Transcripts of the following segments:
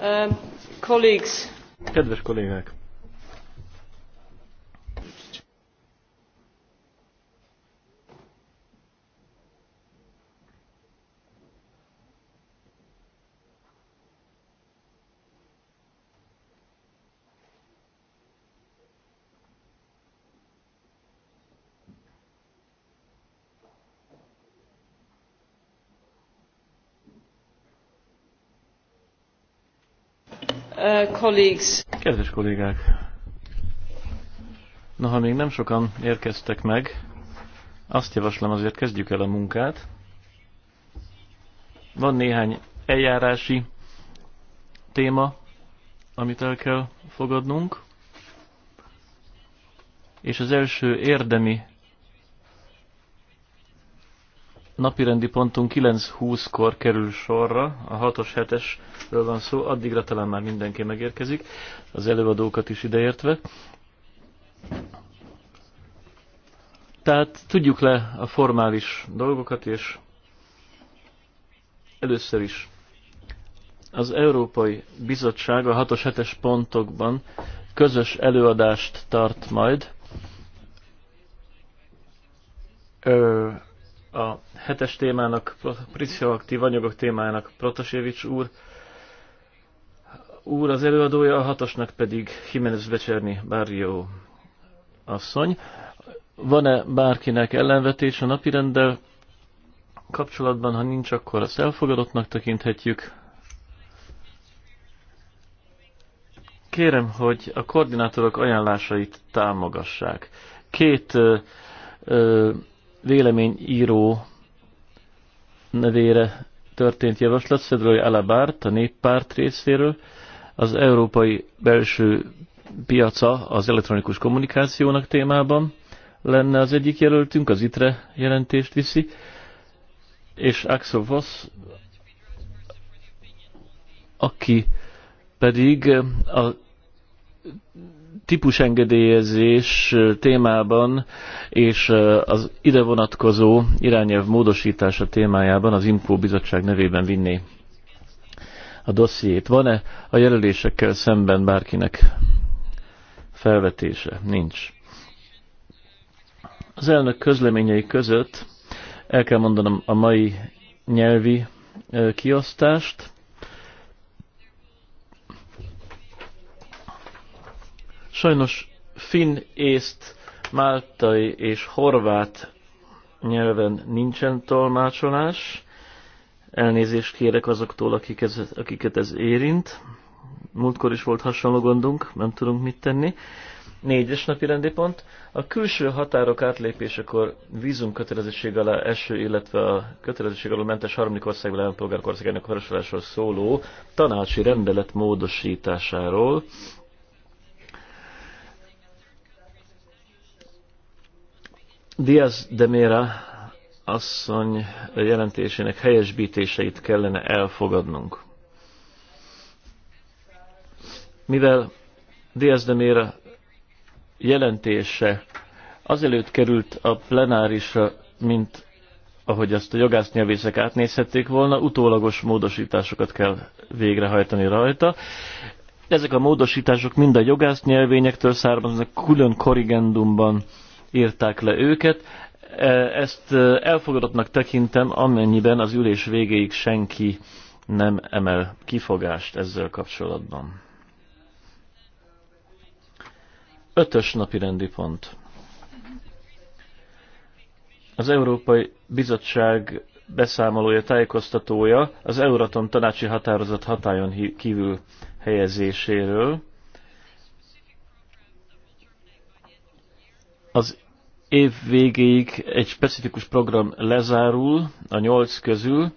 Um, Kedves kollégák! Kedves kollégák! Na, ha még nem sokan érkeztek meg, azt javaslom azért kezdjük el a munkát. Van néhány eljárási téma, amit el kell fogadnunk. És az első érdemi napirendi pontunk 9.20-kor kerül sorra, a 6-os 7-esről van szó, addigra talán már mindenki megérkezik, az előadókat is ideértve. Tehát tudjuk le a formális dolgokat, és először is az Európai Bizottság a 6-os 7-es pontokban közös előadást tart majd. Ö a hetes témának, pszichoaktív anyagok témának Protasevics úr, úr az előadója, a hatosnak pedig Jiménez Becserni Bárjó asszony. Van-e bárkinek ellenvetés a napirenddel kapcsolatban? Ha nincs, akkor azt elfogadottnak tekinthetjük. Kérem, hogy a koordinátorok ajánlásait támogassák. Két ö, ö, véleményíró nevére történt javaslat, Szedrői Alabárt, a néppárt részéről, az európai belső piaca az elektronikus kommunikációnak témában lenne az egyik jelöltünk, az ITRE jelentést viszi, és Axel Voss, aki pedig a típusengedélyezés témában és az ide vonatkozó irányelv módosítása témájában az Impó bizottság nevében vinni a dossziét. Van-e a jelölésekkel szemben bárkinek felvetése? Nincs. Az elnök közleményei között el kell mondanom a mai nyelvi kiosztást. Sajnos finn, észt, máltai és horvát nyelven nincsen tolmácsolás. Elnézést kérek azoktól, akik ez, akiket ez érint. Múltkor is volt hasonló gondunk, nem tudunk mit tenni. Négyes napi rendi pont. A külső határok átlépésekor vízum kötelezettség alá eső, illetve a kötelezettség alól mentes harmadik országban állampolgárkországának országának szóló tanácsi rendelet módosításáról. Diaz de Mera asszony jelentésének helyesbítéseit kellene elfogadnunk. Mivel Diaz de Mera jelentése azelőtt került a plenárisra, mint ahogy azt a jogásznyelvészek átnézhették volna, utólagos módosításokat kell végrehajtani rajta. Ezek a módosítások mind a jogásznyelvényektől származnak, külön korrigendumban írták le őket. E, ezt e, elfogadottnak tekintem, amennyiben az ülés végéig senki nem emel kifogást ezzel kapcsolatban. Ötös napi rendi pont. Az Európai Bizottság beszámolója, tájékoztatója az Euratom tanácsi határozat hatályon kívül helyezéséről. Az év végéig egy specifikus program lezárul, a nyolc közül,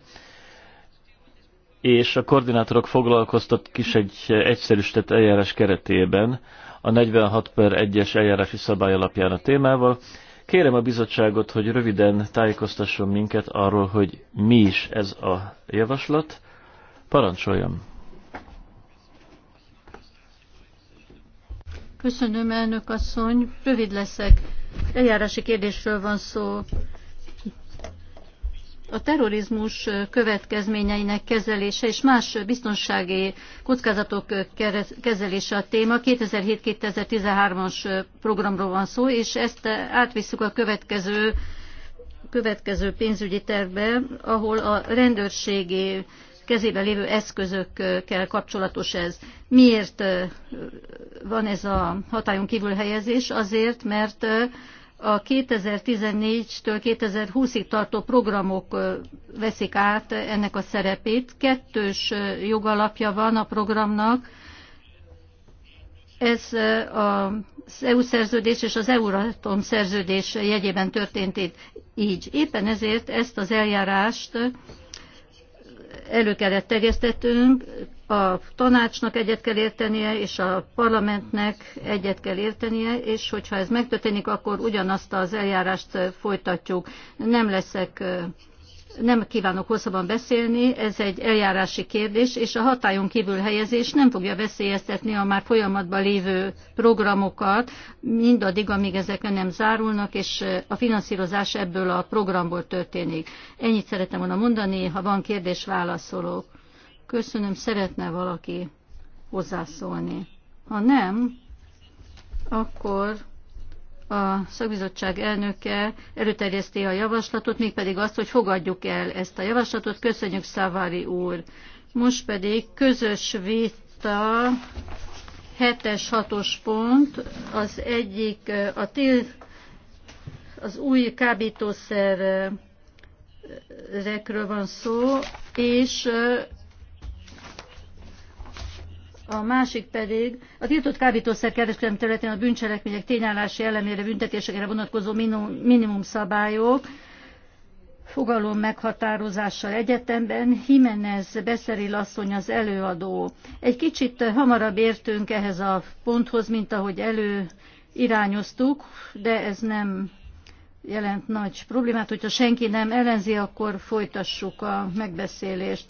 és a koordinátorok foglalkoztat kis egy egyszerűsített eljárás keretében a 46 per 1-es eljárási szabály alapján a témával. Kérem a bizottságot, hogy röviden tájékoztasson minket arról, hogy mi is ez a javaslat. Parancsoljam. Köszönöm, elnök asszony. Rövid leszek. Eljárási kérdésről van szó. A terrorizmus következményeinek kezelése és más biztonsági kockázatok kezelése a téma. 2007-2013-as programról van szó, és ezt átvisszük a következő következő pénzügyi tervbe, ahol a rendőrségi kezében lévő eszközökkel kapcsolatos ez. Miért van ez a hatályon kívül helyezés? Azért, mert a 2014-től 2020-ig tartó programok veszik át ennek a szerepét. Kettős jogalapja van a programnak, ez az EU szerződés és az Euratom szerződés jegyében történt itt így. Éppen ezért ezt az eljárást elő kellett terjesztetünk, a tanácsnak egyet kell értenie, és a parlamentnek egyet kell értenie, és hogyha ez megtörténik, akkor ugyanazt az eljárást folytatjuk. Nem leszek nem kívánok hosszabban beszélni, ez egy eljárási kérdés, és a hatályon kívül helyezés nem fogja veszélyeztetni a már folyamatban lévő programokat, mindaddig, amíg ezek nem zárulnak, és a finanszírozás ebből a programból történik. Ennyit szeretem volna mondani, ha van kérdés, válaszolok. Köszönöm, szeretne valaki hozzászólni. Ha nem, akkor a szakbizottság elnöke előterjeszti a javaslatot, mégpedig azt, hogy fogadjuk el ezt a javaslatot. Köszönjük, szávári úr! Most pedig közös vita, hetes, hatos pont, az egyik eh, a til, az új kábítószerekről van szó, és eh, a másik pedig a tiltott kábtószer kereskedelmi területén a bűncselekmények tényállási ellenére büntetésekre vonatkozó minimumszabályok fogalom meghatározással egyetemben Jimenez Beszeril asszony az előadó. Egy kicsit hamarabb értünk ehhez a ponthoz, mint ahogy elő irányoztuk, de ez nem jelent nagy problémát. Hogyha senki nem ellenzi, akkor folytassuk a megbeszélést.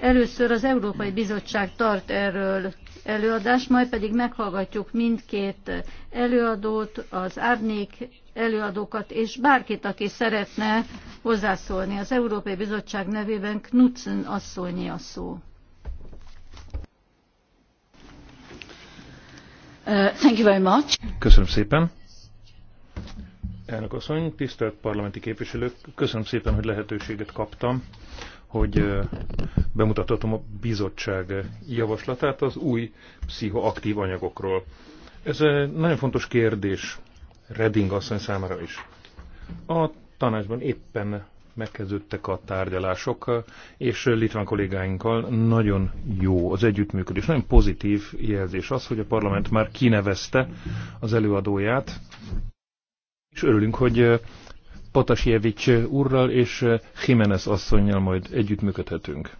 Először az Európai Bizottság tart erről előadást, majd pedig meghallgatjuk mindkét előadót, az árnék előadókat, és bárkit, aki szeretne hozzászólni. Az Európai Bizottság nevében Knudsen asszonyi a szó. Uh, thank you very much. Köszönöm szépen. Elnök asszony, tisztelt parlamenti képviselők, köszönöm szépen, hogy lehetőséget kaptam, hogy bemutathatom a bizottság javaslatát az új pszichoaktív anyagokról. Ez egy nagyon fontos kérdés Reding asszony számára is. A tanácsban éppen megkezdődtek a tárgyalások, és litván kollégáinkkal nagyon jó az együttműködés. Nagyon pozitív jelzés az, hogy a parlament már kinevezte az előadóját, és örülünk, hogy Patasjevics úrral és Jimenez asszonynal majd együttműködhetünk.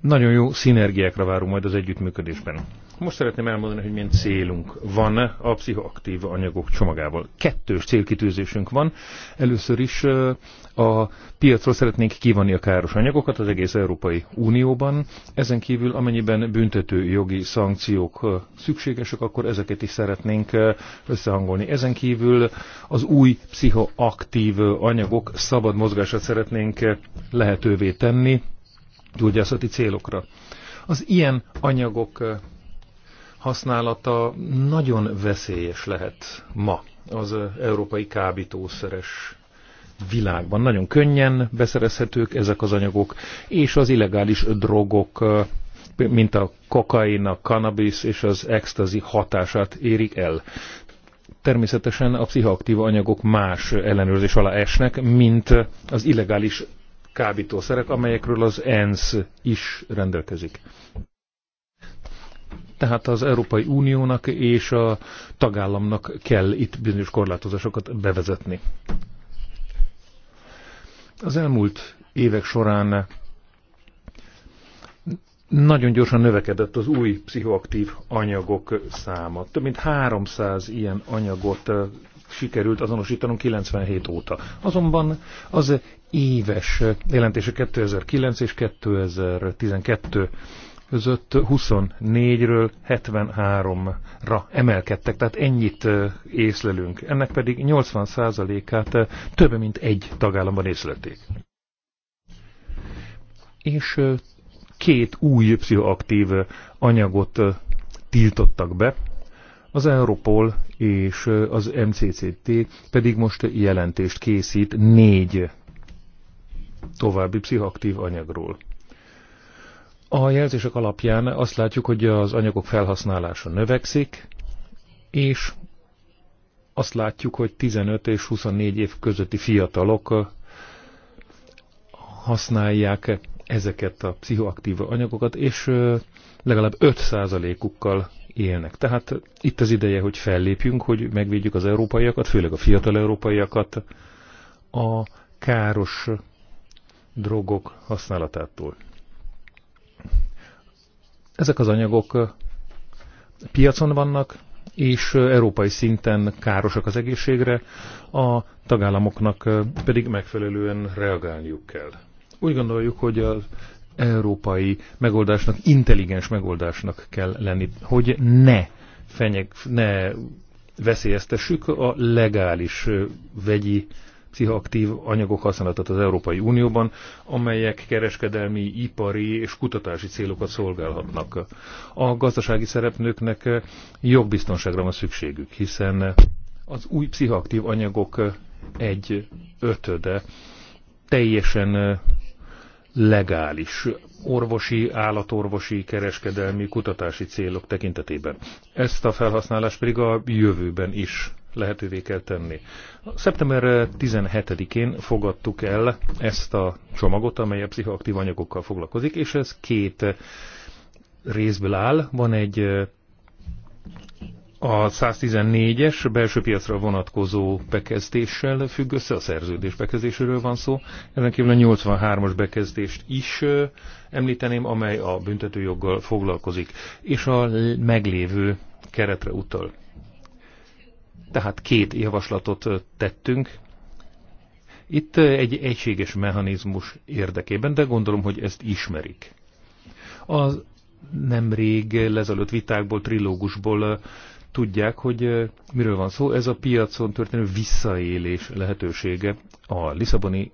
Nagyon jó szinergiákra várunk majd az együttműködésben. Most szeretném elmondani, hogy milyen célunk van a pszichoaktív anyagok csomagával. Kettős célkitűzésünk van. Először is a piacról szeretnénk kivonni a káros anyagokat az egész Európai Unióban. Ezen kívül, amennyiben büntető jogi szankciók szükségesek, akkor ezeket is szeretnénk összehangolni. Ezen kívül az új pszichoaktív anyagok szabad mozgását szeretnénk lehetővé tenni gyógyászati célokra. Az ilyen anyagok használata nagyon veszélyes lehet ma az európai kábítószeres világban. Nagyon könnyen beszerezhetők ezek az anyagok, és az illegális drogok, mint a kokain, a cannabis és az ecstasy hatását érik el. Természetesen a pszichoaktív anyagok más ellenőrzés alá esnek, mint az illegális kábítószerek, amelyekről az ENSZ is rendelkezik. Tehát az Európai Uniónak és a tagállamnak kell itt bizonyos korlátozásokat bevezetni. Az elmúlt évek során nagyon gyorsan növekedett az új pszichoaktív anyagok száma. Több mint 300 ilyen anyagot eh, sikerült azonosítanunk 97 óta. Azonban az éves jelentése 2009 és 2012 között 24-ről 73-ra emelkedtek, tehát ennyit észlelünk. Ennek pedig 80%-át több mint egy tagállamban észlelték. És két új pszichoaktív anyagot tiltottak be, az Europol és az MCCT pedig most jelentést készít négy további pszichoaktív anyagról. A jelzések alapján azt látjuk, hogy az anyagok felhasználása növekszik, és azt látjuk, hogy 15 és 24 év közötti fiatalok használják ezeket a pszichoaktív anyagokat, és legalább 5%-ukkal élnek. Tehát itt az ideje, hogy fellépjünk, hogy megvédjük az európaiakat, főleg a fiatal európaiakat a káros drogok használatától. Ezek az anyagok piacon vannak, és európai szinten károsak az egészségre, a tagállamoknak pedig megfelelően reagálniuk kell. Úgy gondoljuk, hogy az európai megoldásnak, intelligens megoldásnak kell lenni, hogy ne, fenyeg, ne veszélyeztessük a legális vegyi pszichoaktív anyagok használatát az Európai Unióban, amelyek kereskedelmi, ipari és kutatási célokat szolgálhatnak. A gazdasági szereplőknek jogbiztonságra van szükségük, hiszen az új pszichoaktív anyagok egy ötöde teljesen legális orvosi, állatorvosi, kereskedelmi, kutatási célok tekintetében. Ezt a felhasználást pedig a jövőben is lehetővé kell tenni. Szeptember 17-én fogadtuk el ezt a csomagot, amely a pszichoaktív anyagokkal foglalkozik, és ez két részből áll. Van egy a 114-es belső piacra vonatkozó bekezdéssel függ össze, a szerződés bekezdéséről van szó. Ezen kívül a 83-as bekezdést is említeném, amely a büntetőjoggal foglalkozik, és a meglévő keretre utal. Tehát két javaslatot tettünk. Itt egy egységes mechanizmus érdekében, de gondolom, hogy ezt ismerik. A nemrég lezelőtt vitákból, trilógusból tudják, hogy miről van szó. Ez a piacon történő visszaélés lehetősége. A Lisszaboni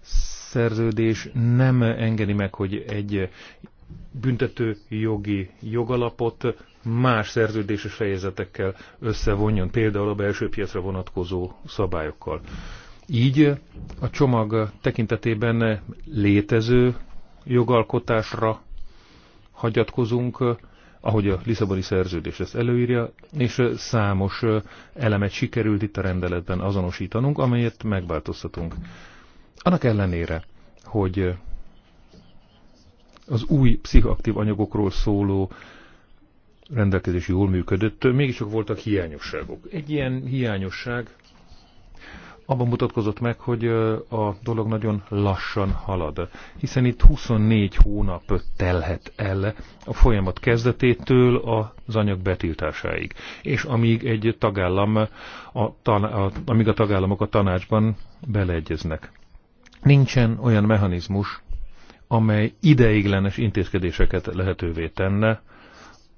szerződés nem engedi meg, hogy egy büntető jogi jogalapot más szerződéses fejezetekkel összevonjon, például a belső piacra vonatkozó szabályokkal. Így a csomag tekintetében létező jogalkotásra hagyatkozunk, ahogy a Lisszaboni szerződés ezt előírja, és számos elemet sikerült itt a rendeletben azonosítanunk, amelyet megváltoztatunk. Annak ellenére, hogy az új pszichoaktív anyagokról szóló rendelkezés jól működött, mégiscsak voltak hiányosságok. Egy ilyen hiányosság abban mutatkozott meg, hogy a dolog nagyon lassan halad, hiszen itt 24 hónap telhet el a folyamat kezdetétől az anyag betiltásáig, és amíg egy tagállam, a, tan, a, amíg a tagállamok a tanácsban beleegyeznek. Nincsen olyan mechanizmus, amely ideiglenes intézkedéseket lehetővé tenne,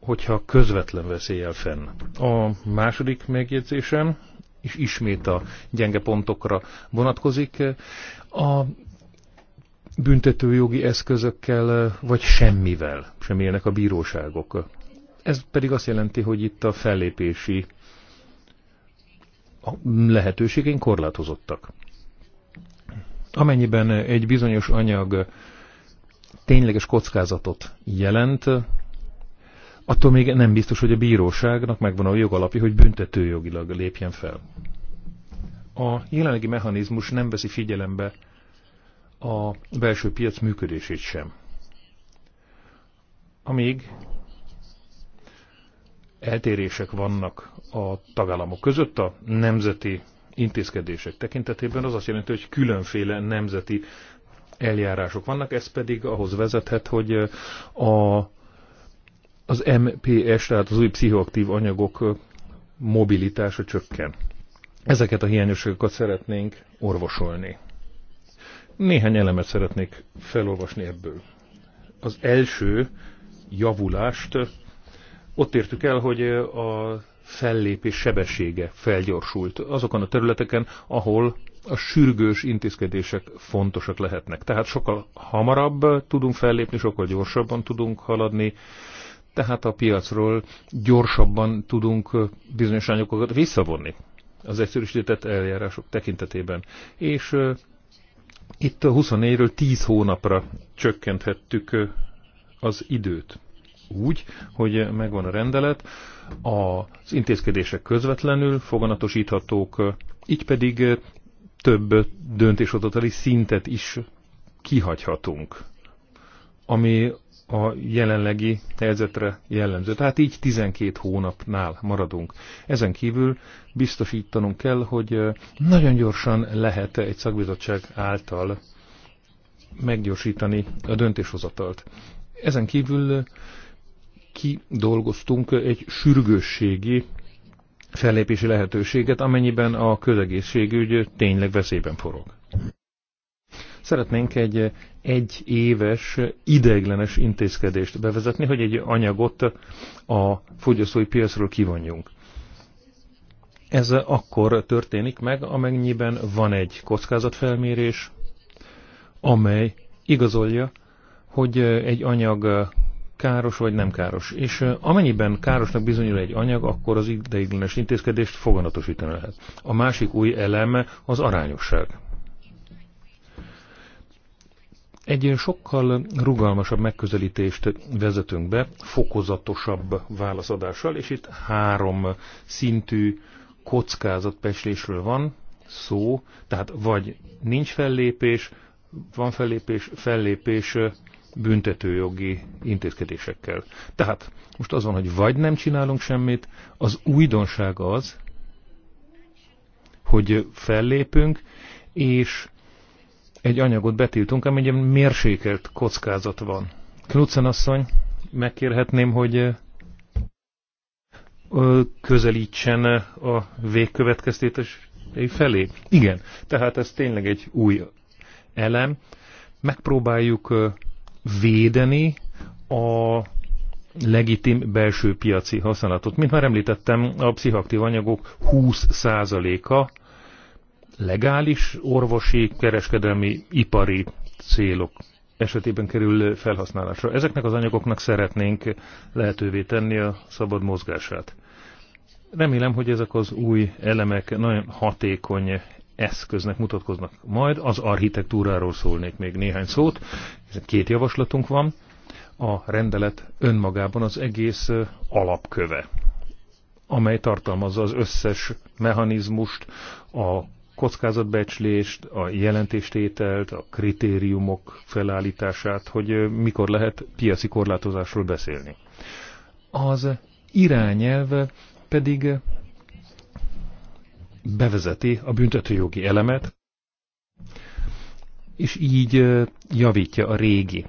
hogyha közvetlen veszélyel fenn. A második megjegyzésem, és ismét a gyenge pontokra vonatkozik, a büntetőjogi eszközökkel, vagy semmivel sem élnek a bíróságok. Ez pedig azt jelenti, hogy itt a fellépési lehetőségén korlátozottak. Amennyiben egy bizonyos anyag tényleges kockázatot jelent, attól még nem biztos, hogy a bíróságnak megvan a jogalapja, hogy büntetőjogilag lépjen fel. A jelenlegi mechanizmus nem veszi figyelembe a belső piac működését sem. Amíg eltérések vannak a tagállamok között a nemzeti intézkedések tekintetében, az azt jelenti, hogy különféle nemzeti eljárások vannak, ez pedig ahhoz vezethet, hogy a, az MPS, tehát az új pszichoaktív anyagok mobilitása csökken. Ezeket a hiányosságokat szeretnénk orvosolni. Néhány elemet szeretnék felolvasni ebből. Az első javulást ott értük el, hogy a fellépés sebessége felgyorsult azokon a területeken, ahol a sürgős intézkedések fontosak lehetnek. Tehát sokkal hamarabb tudunk fellépni, sokkal gyorsabban tudunk haladni, tehát a piacról gyorsabban tudunk bizonyos anyagokat visszavonni az egyszerűsített eljárások tekintetében. És itt a 24-ről 10 hónapra csökkenthettük az időt. Úgy, hogy megvan a rendelet, az intézkedések közvetlenül foganatosíthatók, így pedig több döntéshozatali szintet is kihagyhatunk, ami a jelenlegi helyzetre jellemző. Tehát így 12 hónapnál maradunk. Ezen kívül biztosítanunk kell, hogy nagyon gyorsan lehet egy szakbizottság által meggyorsítani a döntéshozatalt. Ezen kívül kidolgoztunk egy sürgősségi fellépési lehetőséget, amennyiben a közegészségügy tényleg veszélyben forog. Szeretnénk egy egy éves ideiglenes intézkedést bevezetni, hogy egy anyagot a fogyasztói piacról kivonjunk. Ez akkor történik meg, amennyiben van egy kockázatfelmérés, amely igazolja, hogy egy anyag káros vagy nem káros. És amennyiben károsnak bizonyul egy anyag, akkor az ideiglenes intézkedést foganatosítani lehet. A másik új eleme az arányosság. Egy sokkal rugalmasabb megközelítést vezetünk be, fokozatosabb válaszadással, és itt három szintű kockázatpeslésről van szó, tehát vagy nincs fellépés, van fellépés, fellépés büntetőjogi intézkedésekkel. Tehát most az van, hogy vagy nem csinálunk semmit, az újdonság az, hogy fellépünk, és egy anyagot betiltunk, egy mérsékelt kockázat van. Knudsen asszony, megkérhetném, hogy közelítsen a végkövetkeztetés felé. Igen, tehát ez tényleg egy új elem. Megpróbáljuk védeni a legitim belső piaci használatot. Mint már említettem, a pszichoaktív anyagok 20%-a legális orvosi, kereskedelmi, ipari célok esetében kerül felhasználásra. Ezeknek az anyagoknak szeretnénk lehetővé tenni a szabad mozgását. Remélem, hogy ezek az új elemek nagyon hatékony eszköznek mutatkoznak. Majd az architektúráról szólnék még néhány szót. Két javaslatunk van. A rendelet önmagában az egész alapköve, amely tartalmazza az összes mechanizmust, a kockázatbecslést, a jelentéstételt, a kritériumok felállítását, hogy mikor lehet piaci korlátozásról beszélni. Az irányelv pedig bevezeti a büntetőjogi elemet, és így javítja a régi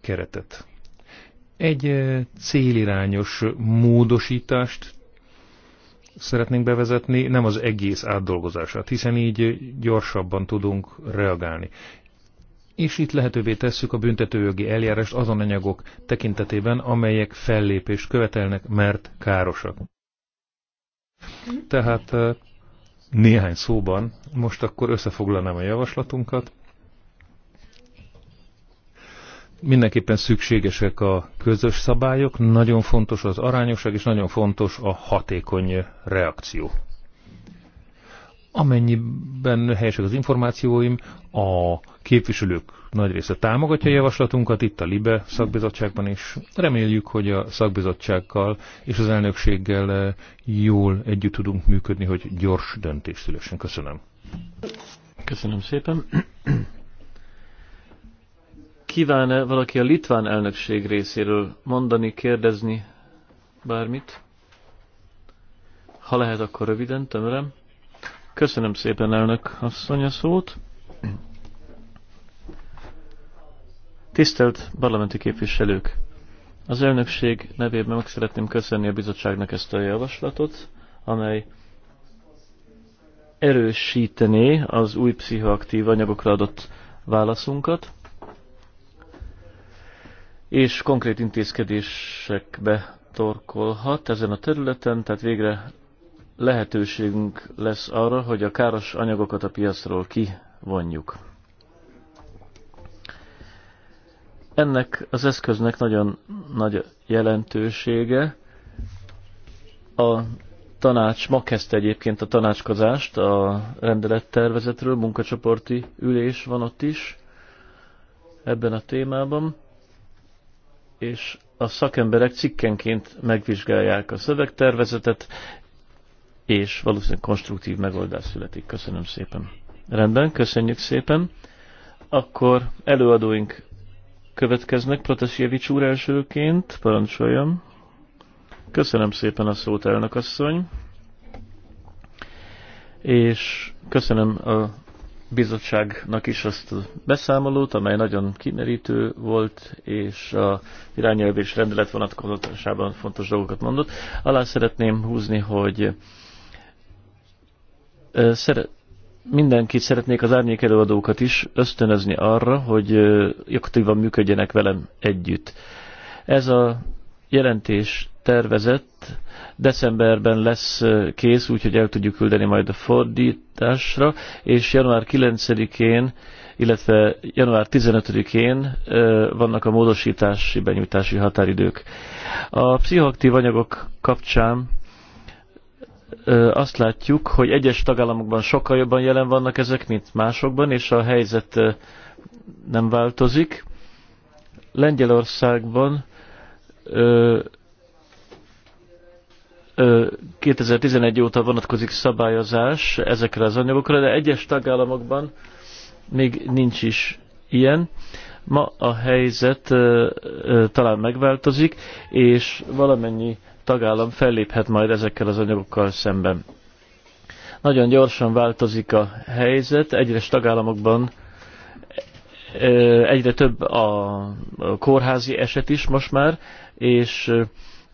keretet. Egy célirányos módosítást szeretnénk bevezetni, nem az egész átdolgozását, hiszen így gyorsabban tudunk reagálni. És itt lehetővé tesszük a büntetőjogi eljárást azon anyagok tekintetében, amelyek fellépést követelnek, mert károsak. Tehát néhány szóban. Most akkor összefoglalnám a javaslatunkat. Mindenképpen szükségesek a közös szabályok, nagyon fontos az arányosság, és nagyon fontos a hatékony reakció. Amennyiben helyesek az információim, a képviselők nagy része támogatja a javaslatunkat itt a LIBE szakbizottságban is. Reméljük, hogy a szakbizottsággal és az elnökséggel eh, jól együtt tudunk működni, hogy gyors döntés szülessen. Köszönöm. Köszönöm szépen. Kíván-e valaki a litván elnökség részéről mondani, kérdezni bármit? Ha lehet, akkor röviden, tömörem. Köszönöm szépen elnök asszony a szót. Tisztelt parlamenti képviselők! Az elnökség nevében meg szeretném köszönni a bizottságnak ezt a javaslatot, amely erősítené az új pszichoaktív anyagokra adott válaszunkat, és konkrét intézkedésekbe torkolhat ezen a területen, tehát végre lehetőségünk lesz arra, hogy a káros anyagokat a piacról kivonjuk. Ennek az eszköznek nagyon nagy jelentősége. A tanács ma kezdte egyébként a tanácskozást a rendelettervezetről, munkacsoporti ülés van ott is ebben a témában, és a szakemberek cikkenként megvizsgálják a szövegtervezetet, és valószínűleg konstruktív megoldás születik. Köszönöm szépen. Rendben, köszönjük szépen. Akkor előadóink következnek, Protasjevics úr elsőként, parancsoljam. Köszönöm szépen a szót, elnök asszony. És köszönöm a bizottságnak is azt a beszámolót, amely nagyon kimerítő volt, és a irányelv és rendelet vonatkozásában fontos dolgokat mondott. Alá szeretném húzni, hogy Szeret, mindenkit szeretnék az árnyékelőadókat is ösztönözni arra, hogy aktívan működjenek velem együtt. Ez a jelentés tervezett decemberben lesz kész, úgyhogy el tudjuk küldeni majd a fordításra, és január 9-én, illetve január 15-én vannak a módosítási benyújtási határidők. A pszichoaktív anyagok kapcsán azt látjuk, hogy egyes tagállamokban sokkal jobban jelen vannak ezek, mint másokban, és a helyzet nem változik. Lengyelországban 2011 óta vonatkozik szabályozás ezekre az anyagokra, de egyes tagállamokban még nincs is ilyen. Ma a helyzet talán megváltozik, és valamennyi tagállam felléphet majd ezekkel az anyagokkal szemben. Nagyon gyorsan változik a helyzet, egyes tagállamokban egyre több a kórházi eset is most már, és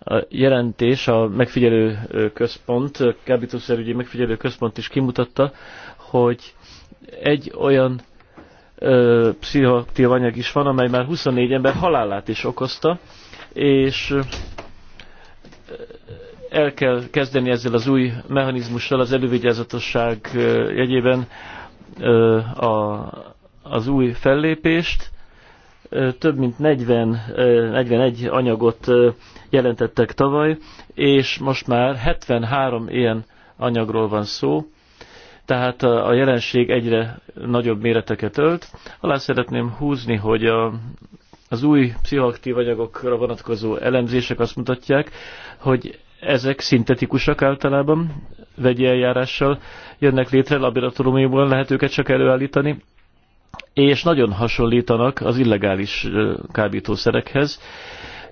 a jelentés, a megfigyelő központ, a kábítószerügyi megfigyelő központ is kimutatta, hogy egy olyan ö, pszichoaktív anyag is van, amely már 24 ember halálát is okozta, és el kell kezdeni ezzel az új mechanizmussal az elővigyázatosság jegyében az új fellépést. Több mint 40, 41 anyagot jelentettek tavaly, és most már 73 ilyen anyagról van szó, tehát a jelenség egyre nagyobb méreteket ölt. Alá szeretném húzni, hogy a, az új pszichoaktív anyagokra vonatkozó elemzések azt mutatják, hogy ezek szintetikusak általában, vegyi eljárással jönnek létre, laboratóriumban lehet őket csak előállítani, és nagyon hasonlítanak az illegális kábítószerekhez.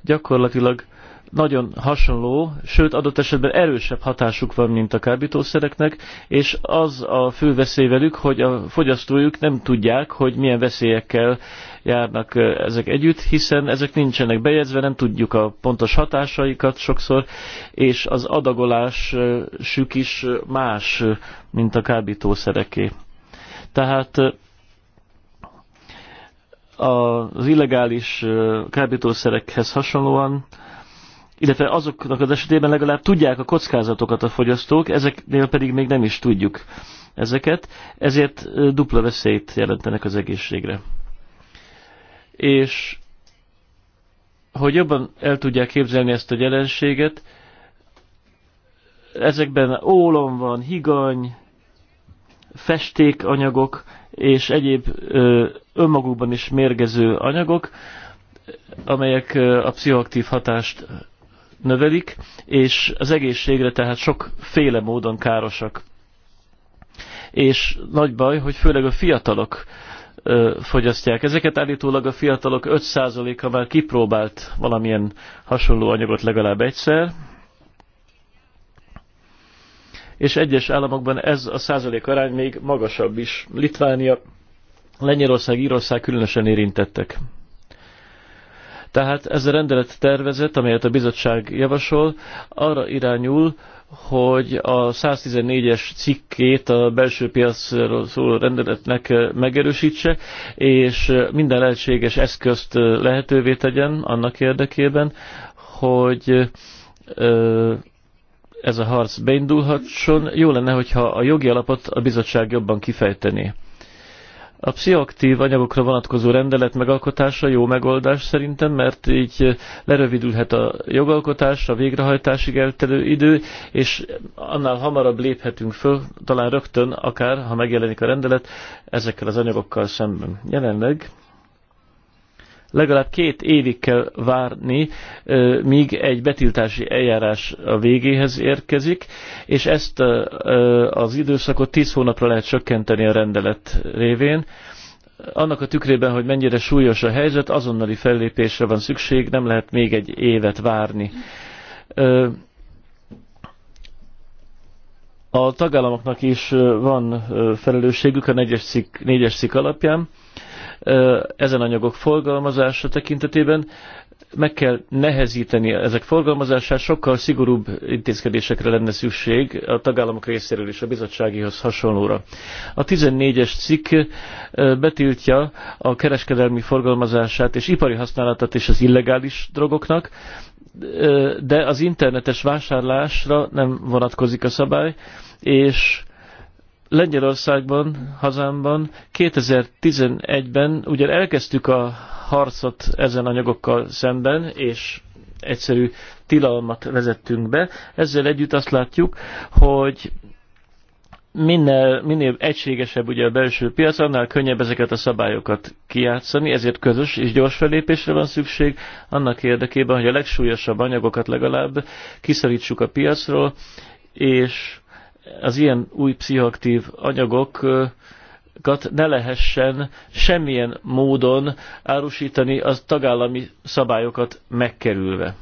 Gyakorlatilag nagyon hasonló, sőt adott esetben erősebb hatásuk van, mint a kábítószereknek, és az a fő veszély velük, hogy a fogyasztójuk nem tudják, hogy milyen veszélyekkel járnak ezek együtt, hiszen ezek nincsenek bejegyzve, nem tudjuk a pontos hatásaikat sokszor, és az adagolásuk is más, mint a kábítószereké. Tehát az illegális kábítószerekhez hasonlóan illetve azoknak az esetében legalább tudják a kockázatokat a fogyasztók, ezeknél pedig még nem is tudjuk ezeket, ezért dupla veszélyt jelentenek az egészségre. És hogy jobban el tudják képzelni ezt a jelenséget, ezekben ólom van, higany, festékanyagok és egyéb önmagukban is mérgező anyagok, amelyek a pszichoaktív hatást növelik, és az egészségre tehát sokféle módon károsak. És nagy baj, hogy főleg a fiatalok fogyasztják. Ezeket állítólag a fiatalok 5%-a már kipróbált valamilyen hasonló anyagot legalább egyszer, és egyes államokban ez a százalék arány még magasabb is. Litvánia, Lengyelország, Írország különösen érintettek. Tehát ez a rendelet tervezet, amelyet a bizottság javasol, arra irányul, hogy a 114-es cikkét a belső piacról szóló rendeletnek eh, megerősítse, és eh, minden lehetséges eszközt eh, lehetővé tegyen annak érdekében, hogy ez a harc beindulhatson. Jó lenne, hogyha a jogi alapot a bizottság jobban kifejtené. A pszichoaktív anyagokra vonatkozó rendelet megalkotása jó megoldás szerintem, mert így lerövidülhet a jogalkotás, a végrehajtásig eltelő idő, és annál hamarabb léphetünk föl, talán rögtön, akár ha megjelenik a rendelet, ezekkel az anyagokkal szemben. Jelenleg legalább két évig kell várni, míg egy betiltási eljárás a végéhez érkezik, és ezt az időszakot 10 hónapra lehet csökkenteni a rendelet révén. Annak a tükrében, hogy mennyire súlyos a helyzet, azonnali fellépésre van szükség, nem lehet még egy évet várni. A tagállamoknak is van felelősségük a 4-es 4 alapján, ezen anyagok forgalmazása tekintetében meg kell nehezíteni ezek forgalmazását, sokkal szigorúbb intézkedésekre lenne szükség a tagállamok részéről és a bizottságihoz hasonlóra. A 14-es cikk betiltja a kereskedelmi forgalmazását és ipari használatát és az illegális drogoknak, de az internetes vásárlásra nem vonatkozik a szabály, és Lengyelországban, hazámban 2011-ben ugyan elkezdtük a harcot ezen anyagokkal szemben, és egyszerű tilalmat vezettünk be. Ezzel együtt azt látjuk, hogy minél, minél egységesebb ugye a belső piac, annál könnyebb ezeket a szabályokat kijátszani, ezért közös és gyors felépésre van szükség, annak érdekében, hogy a legsúlyosabb anyagokat legalább kiszorítsuk a piacról, és az ilyen új pszichoaktív anyagokat ne lehessen semmilyen módon árusítani az tagállami szabályokat megkerülve.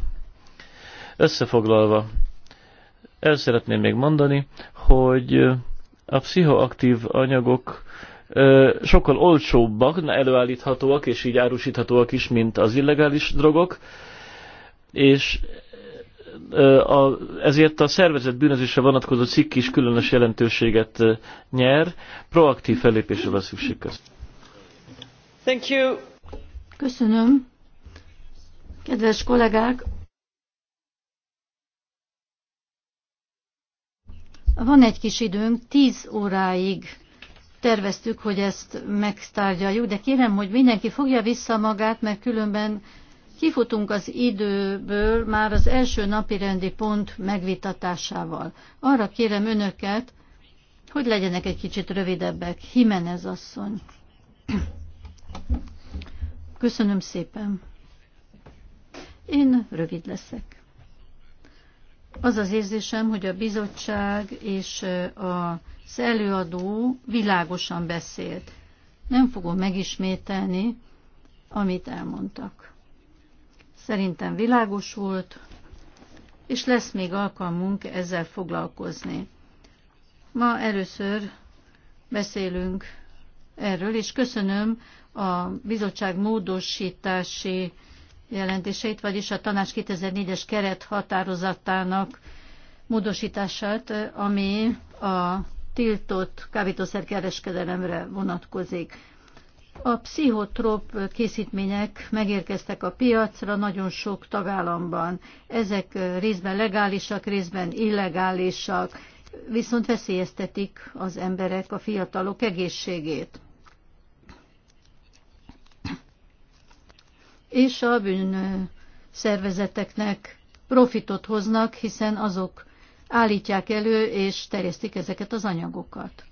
Összefoglalva, el szeretném még mondani, hogy a pszichoaktív anyagok sokkal olcsóbbak, előállíthatóak és így árusíthatóak is, mint az illegális drogok, és a, ezért a szervezet bűnözésre vonatkozó cikk is különös jelentőséget nyer. Proaktív fellépésre van szükség közt. Thank you. Köszönöm. Kedves kollégák, van egy kis időnk, tíz óráig terveztük, hogy ezt megtárgyaljuk, de kérem, hogy mindenki fogja vissza magát, mert különben Kifutunk az időből már az első napi rendi pont megvitatásával. Arra kérem önöket, hogy legyenek egy kicsit rövidebbek. ez asszony. Köszönöm szépen. Én rövid leszek. Az az érzésem, hogy a bizottság és az előadó világosan beszélt. Nem fogom megismételni, amit elmondtak. Szerintem világos volt, és lesz még alkalmunk ezzel foglalkozni. Ma először beszélünk erről, és köszönöm a bizottság módosítási jelentéseit, vagyis a tanács 2004-es keret határozatának módosítását, ami a tiltott kábítószerkereskedelemre vonatkozik. A pszichotróp készítmények megérkeztek a piacra nagyon sok tagállamban. Ezek részben legálisak, részben illegálisak, viszont veszélyeztetik az emberek, a fiatalok egészségét. És a bűn szervezeteknek profitot hoznak, hiszen azok állítják elő és terjesztik ezeket az anyagokat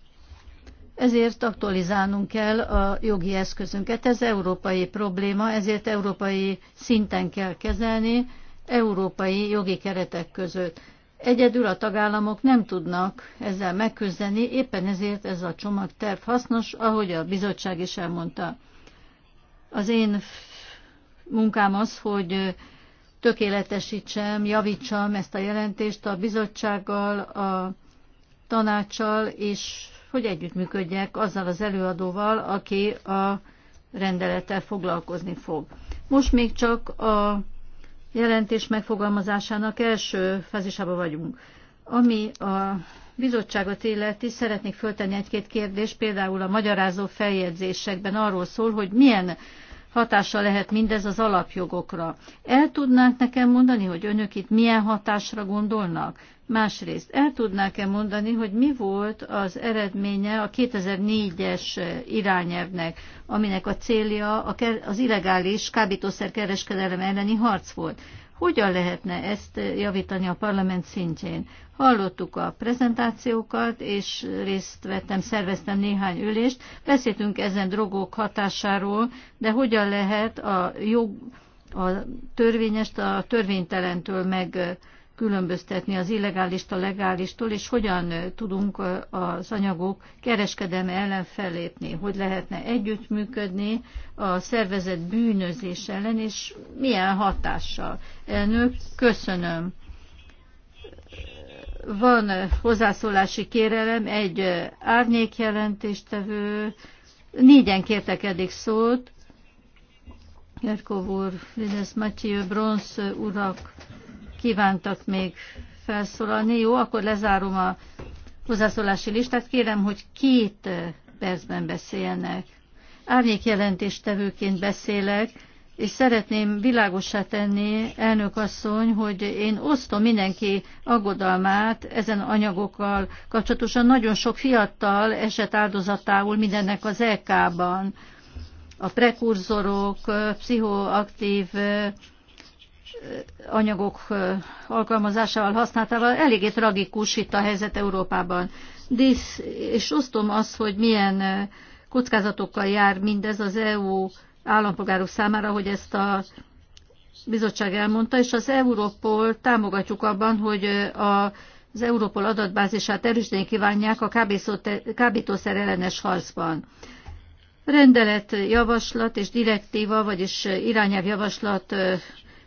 ezért aktualizálnunk kell a jogi eszközünket. Ez európai probléma, ezért európai szinten kell kezelni, európai jogi keretek között. Egyedül a tagállamok nem tudnak ezzel megküzdeni, éppen ezért ez a csomagterv hasznos, ahogy a bizottság is elmondta. Az én munkám az, hogy tökéletesítsem, javítsam ezt a jelentést a bizottsággal, a tanácssal és hogy együttműködjek azzal az előadóval, aki a rendelettel foglalkozni fog. Most még csak a jelentés megfogalmazásának első fázisában vagyunk. Ami a bizottságot illeti, szeretnék föltenni egy-két kérdést, például a magyarázó feljegyzésekben arról szól, hogy milyen hatása lehet mindez az alapjogokra. El tudnánk nekem mondani, hogy önök itt milyen hatásra gondolnak? Másrészt, el tudnák-e mondani, hogy mi volt az eredménye a 2004-es irányelvnek, aminek a célja az illegális kábítószerkereskedelem elleni harc volt? Hogyan lehetne ezt javítani a parlament szintjén? Hallottuk a prezentációkat, és részt vettem, szerveztem néhány ülést. Beszéltünk ezen drogok hatásáról, de hogyan lehet a jog, a törvényest a törvénytelentől meg különböztetni az a legálistól, és hogyan tudunk az anyagok kereskedelme ellen fellépni, hogy lehetne együttműködni a szervezet bűnözés ellen, és milyen hatással. Elnök, köszönöm. Van hozzászólási kérelem, egy árnyékjelentéstevő, négyen kértek eddig szót, Jerkov úr, Lidesz Matyő, Bronz urak, kívántak még felszólalni. Jó, akkor lezárom a hozzászólási listát. Kérem, hogy két percben beszéljenek. Árnyék jelentéstevőként beszélek, és szeretném világosá tenni, elnök asszony, hogy én osztom mindenki aggodalmát ezen anyagokkal kapcsolatosan. Nagyon sok fiatal esett áldozatául mindennek az EK-ban. A prekurzorok, pszichoaktív anyagok alkalmazásával, használtával eléggé tragikus itt a helyzet Európában. Dísz, és osztom azt, hogy milyen kockázatokkal jár mindez az EU állampolgárok számára, hogy ezt a bizottság elmondta, és az Európol támogatjuk abban, hogy a az Európol adatbázisát erősíteni kívánják a kábítószer ellenes harcban. Rendelet, javaslat és direktíva, vagyis irányelv javaslat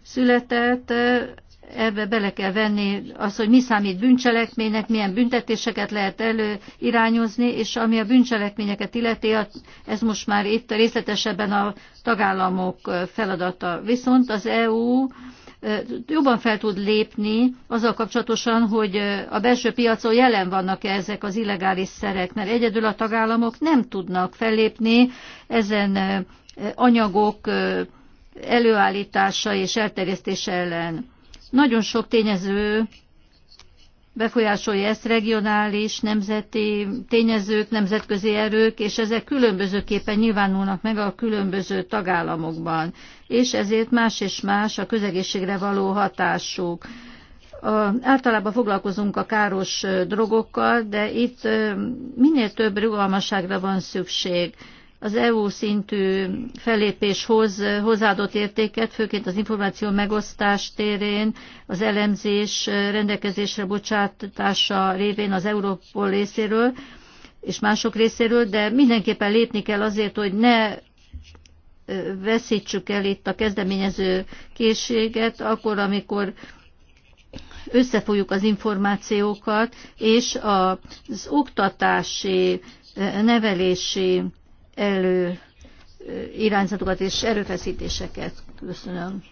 született, ebbe bele kell venni az, hogy mi számít bűncselekménynek, milyen büntetéseket lehet előirányozni, és ami a bűncselekményeket illeti, ez most már itt részletesebben a tagállamok feladata. Viszont az EU jobban fel tud lépni azzal kapcsolatosan, hogy a belső piacon jelen vannak-e ezek az illegális szerek, mert egyedül a tagállamok nem tudnak fellépni ezen anyagok előállítása és elterjesztése ellen. Nagyon sok tényező befolyásolja ezt regionális, nemzeti tényezők, nemzetközi erők, és ezek különbözőképpen nyilvánulnak meg a különböző tagállamokban, és ezért más és más a közegészségre való hatásuk. A, általában foglalkozunk a káros drogokkal, de itt minél több rugalmasságra van szükség az EU szintű fellépéshoz hozzáadott értéket, főként az információ megosztás térén, az elemzés rendelkezésre bocsátása révén az Európol részéről és mások részéről, de mindenképpen lépni kell azért, hogy ne veszítsük el itt a kezdeményező készséget, akkor, amikor összefolyjuk az információkat, és az oktatási, nevelési elő irányzatokat és erőfeszítéseket. Köszönöm.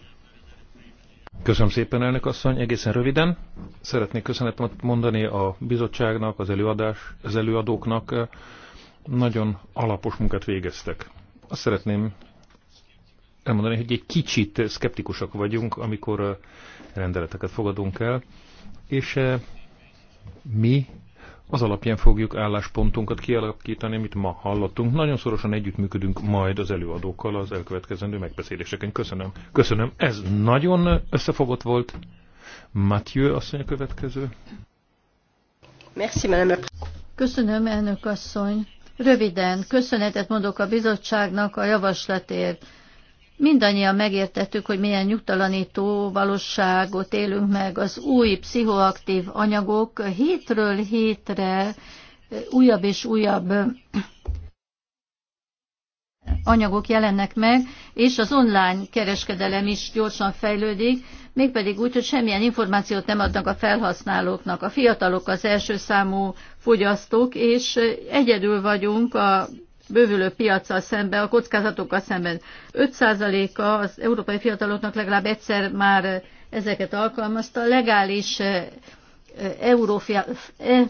Köszönöm szépen, elnök asszony. Egészen röviden szeretnék köszönetet mondani a bizottságnak, az, előadás, az előadóknak. Nagyon alapos munkát végeztek. Azt szeretném elmondani, hogy egy kicsit szkeptikusak vagyunk, amikor rendeleteket fogadunk el, és mi az alapján fogjuk álláspontunkat kialakítani, amit ma hallottunk. Nagyon szorosan együttműködünk majd az előadókkal az elkövetkezendő megbeszéléseken. Köszönöm. Köszönöm. Ez nagyon összefogott volt. Mathieu asszony a következő. Merci, madame. Köszönöm, elnök asszony. Röviden, köszönetet mondok a bizottságnak a javaslatért. Mindannyian megértettük, hogy milyen nyugtalanító valóságot élünk meg. Az új pszichoaktív anyagok hétről hétre újabb és újabb anyagok jelennek meg, és az online kereskedelem is gyorsan fejlődik, mégpedig úgy, hogy semmilyen információt nem adnak a felhasználóknak. A fiatalok az első számú fogyasztók, és egyedül vagyunk a bővülő piacsal szemben, a kockázatokkal szemben. 5%-a az európai fiataloknak legalább egyszer már ezeket alkalmazta. Legális eh, eh, eh,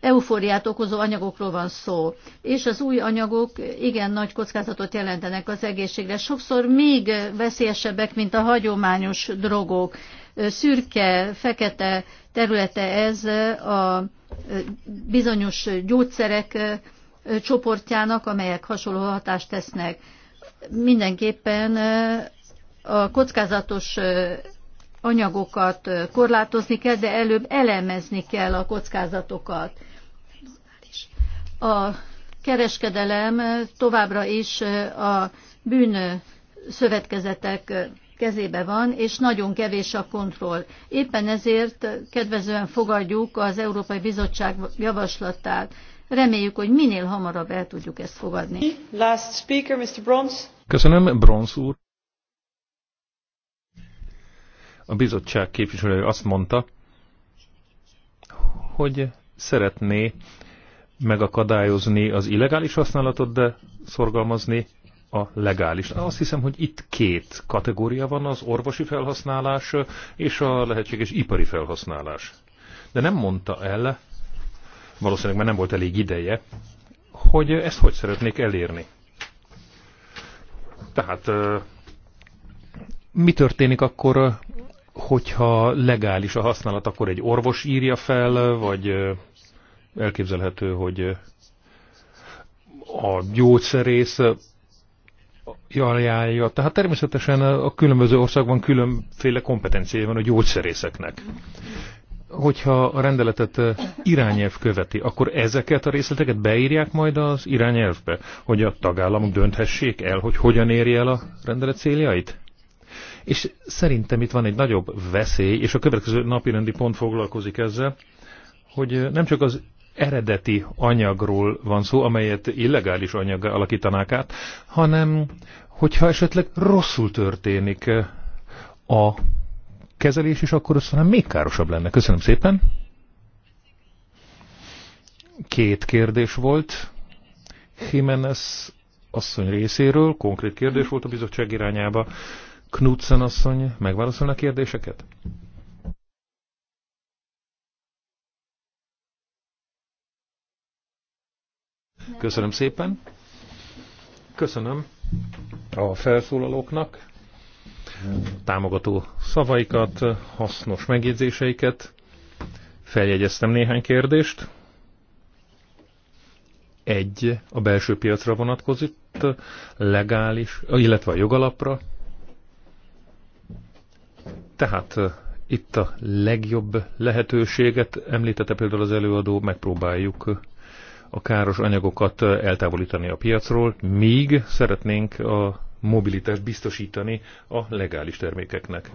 eufóriát okozó anyagokról van szó, és az új anyagok igen nagy kockázatot jelentenek az egészségre. Sokszor még veszélyesebbek, mint a hagyományos drogok. Szürke, fekete területe ez a bizonyos gyógyszerek csoportjának, amelyek hasonló hatást tesznek. Mindenképpen a kockázatos anyagokat korlátozni kell, de előbb elemezni kell a kockázatokat. A kereskedelem továbbra is a bűn szövetkezetek kezébe van, és nagyon kevés a kontroll. Éppen ezért kedvezően fogadjuk az Európai Bizottság javaslatát. Reméljük, hogy minél hamarabb el tudjuk ezt fogadni. Last speaker, Mr. Bronze. Köszönöm, Bronz úr. A bizottság képviselője azt mondta, hogy szeretné megakadályozni az illegális használatot, de szorgalmazni a legális. Azt hiszem, hogy itt két kategória van, az orvosi felhasználás és a lehetséges ipari felhasználás. De nem mondta el, valószínűleg már nem volt elég ideje, hogy ezt hogy szeretnék elérni. Tehát mi történik akkor, hogyha legális a használat, akkor egy orvos írja fel, vagy elképzelhető, hogy a gyógyszerész ajánlja. Tehát természetesen a különböző országban különféle kompetenciája van a gyógyszerészeknek hogyha a rendeletet irányelv követi, akkor ezeket a részleteket beírják majd az irányelvbe, hogy a tagállamok dönthessék el, hogy hogyan éri el a rendelet céljait? És szerintem itt van egy nagyobb veszély, és a következő napi rendi pont foglalkozik ezzel, hogy nem csak az eredeti anyagról van szó, amelyet illegális anyag alakítanák át, hanem hogyha esetleg rosszul történik a kezelés, és akkor az hanem még károsabb lenne. Köszönöm szépen. Két kérdés volt Jimenez asszony részéről, konkrét kérdés volt a bizottság irányába. Knudsen asszony megválaszolna a kérdéseket? Köszönöm szépen. Köszönöm a felszólalóknak támogató szavaikat, hasznos megjegyzéseiket. Feljegyeztem néhány kérdést. Egy a belső piacra vonatkozott, legális, illetve a jogalapra. Tehát eh, itt a legjobb lehetőséget említette például az előadó, megpróbáljuk eh, a káros anyagokat eh, eltávolítani a piacról, míg szeretnénk a mobilitást biztosítani a legális termékeknek.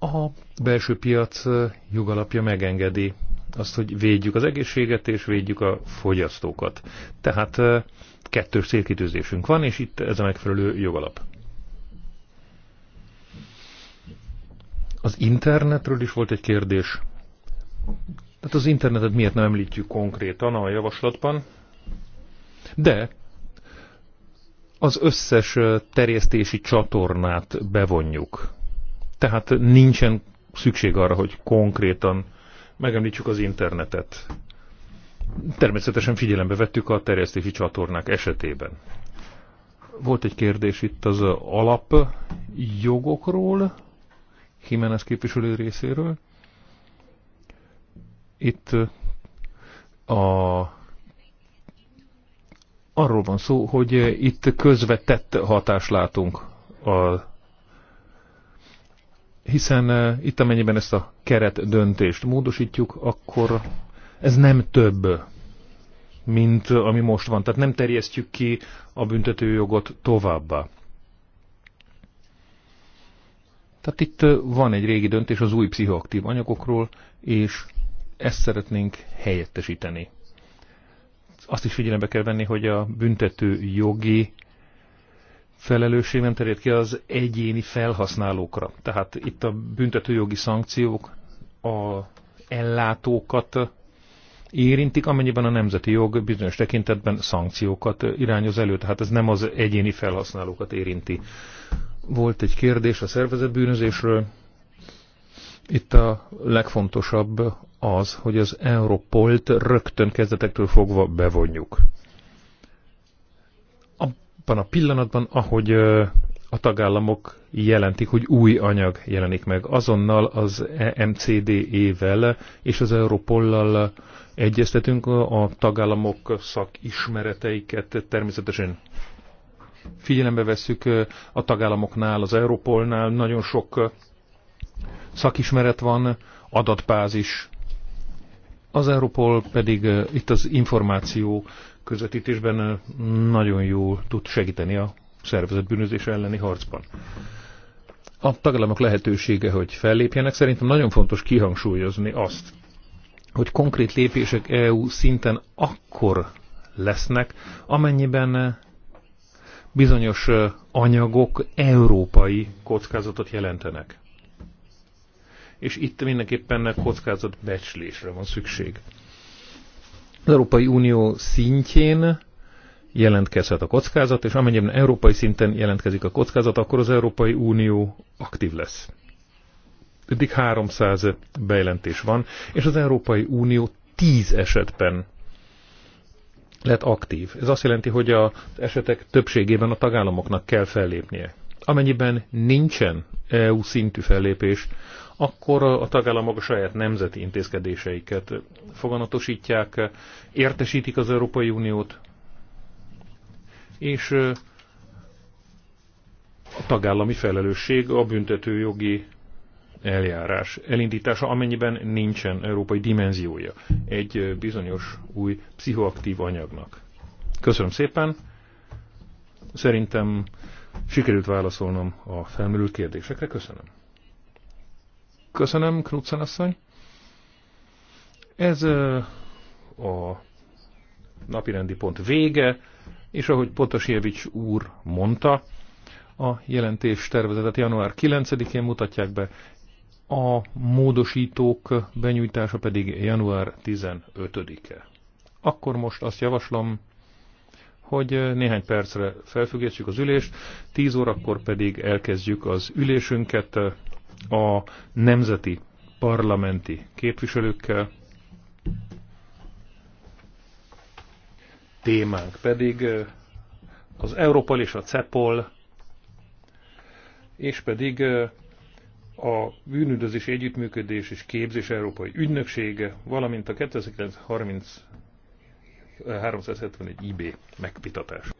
A belső piac jogalapja megengedi azt, hogy védjük az egészséget és védjük a fogyasztókat. Tehát kettős célkitűzésünk van, és itt ez a megfelelő jogalap. Az internetről is volt egy kérdés. Tehát az internetet miért nem említjük konkrétan a javaslatban? De az összes terjesztési csatornát bevonjuk. Tehát nincsen szükség arra, hogy konkrétan megemlítsük az internetet. Természetesen figyelembe vettük a terjesztési csatornák esetében. Volt egy kérdés itt az alapjogokról, Jiménez képviselő részéről. Itt a arról van szó, hogy eh, itt közvetett hatást látunk, a, hiszen eh, itt amennyiben ezt a keret döntést módosítjuk, akkor ez nem több, mint ami most van. Tehát nem terjesztjük ki a büntetőjogot továbbá. Tehát itt eh, van egy régi döntés az új pszichoaktív anyagokról, és ezt szeretnénk helyettesíteni azt is figyelembe kell venni, hogy a büntető jogi felelősség nem terjed ki az egyéni felhasználókra. Tehát itt a jogi szankciók a ellátókat érintik, amennyiben a nemzeti jog bizonyos tekintetben szankciókat irányoz elő, tehát ez nem az egyéni felhasználókat érinti. Volt egy kérdés a szervezetbűnözésről. Itt a legfontosabb az, hogy az Europolt rögtön kezdetektől fogva bevonjuk. Abban a pillanatban, ahogy a tagállamok jelentik, hogy új anyag jelenik meg. Azonnal az e MCDE-vel és az Europollal egyeztetünk a tagállamok szakismereteiket természetesen figyelembe vesszük a tagállamoknál, az Europolnál nagyon sok szakismeret van, adatbázis, az Europol pedig itt az információ közvetítésben nagyon jól tud segíteni a szervezet bűnözés elleni harcban. A tagállamok lehetősége, hogy fellépjenek, szerintem nagyon fontos kihangsúlyozni azt, hogy konkrét lépések EU szinten akkor lesznek, amennyiben bizonyos anyagok európai kockázatot jelentenek és itt mindenképpen kockázatbecslésre van szükség. Az Európai Unió szintjén jelentkezhet a kockázat, és amennyiben európai szinten jelentkezik a kockázat, akkor az Európai Unió aktív lesz. Eddig 300 bejelentés van, és az Európai Unió 10 esetben lett aktív. Ez azt jelenti, hogy az esetek többségében a tagállamoknak kell fellépnie. Amennyiben nincsen EU szintű fellépés, akkor a tagállamok a saját nemzeti intézkedéseiket foganatosítják, értesítik az Európai Uniót, és a tagállami felelősség a büntetőjogi eljárás elindítása, amennyiben nincsen európai dimenziója egy bizonyos új pszichoaktív anyagnak. Köszönöm szépen! Szerintem sikerült válaszolnom a felmerült kérdésekre. Köszönöm! Köszönöm, Knudsen asszony. Ez a napirendi pont vége, és ahogy Potosjevics úr mondta, a jelentés tervezetet január 9-én mutatják be, a módosítók benyújtása pedig január 15-e. Akkor most azt javaslom, hogy néhány percre felfüggesztjük az ülést, 10 órakor pedig elkezdjük az ülésünket, a nemzeti parlamenti képviselőkkel. Témánk pedig az Európol és a CEPOL, és pedig a bűnüldözés együttműködés és képzés Európai Ügynöksége, valamint a 2930 371 IB megpitatás.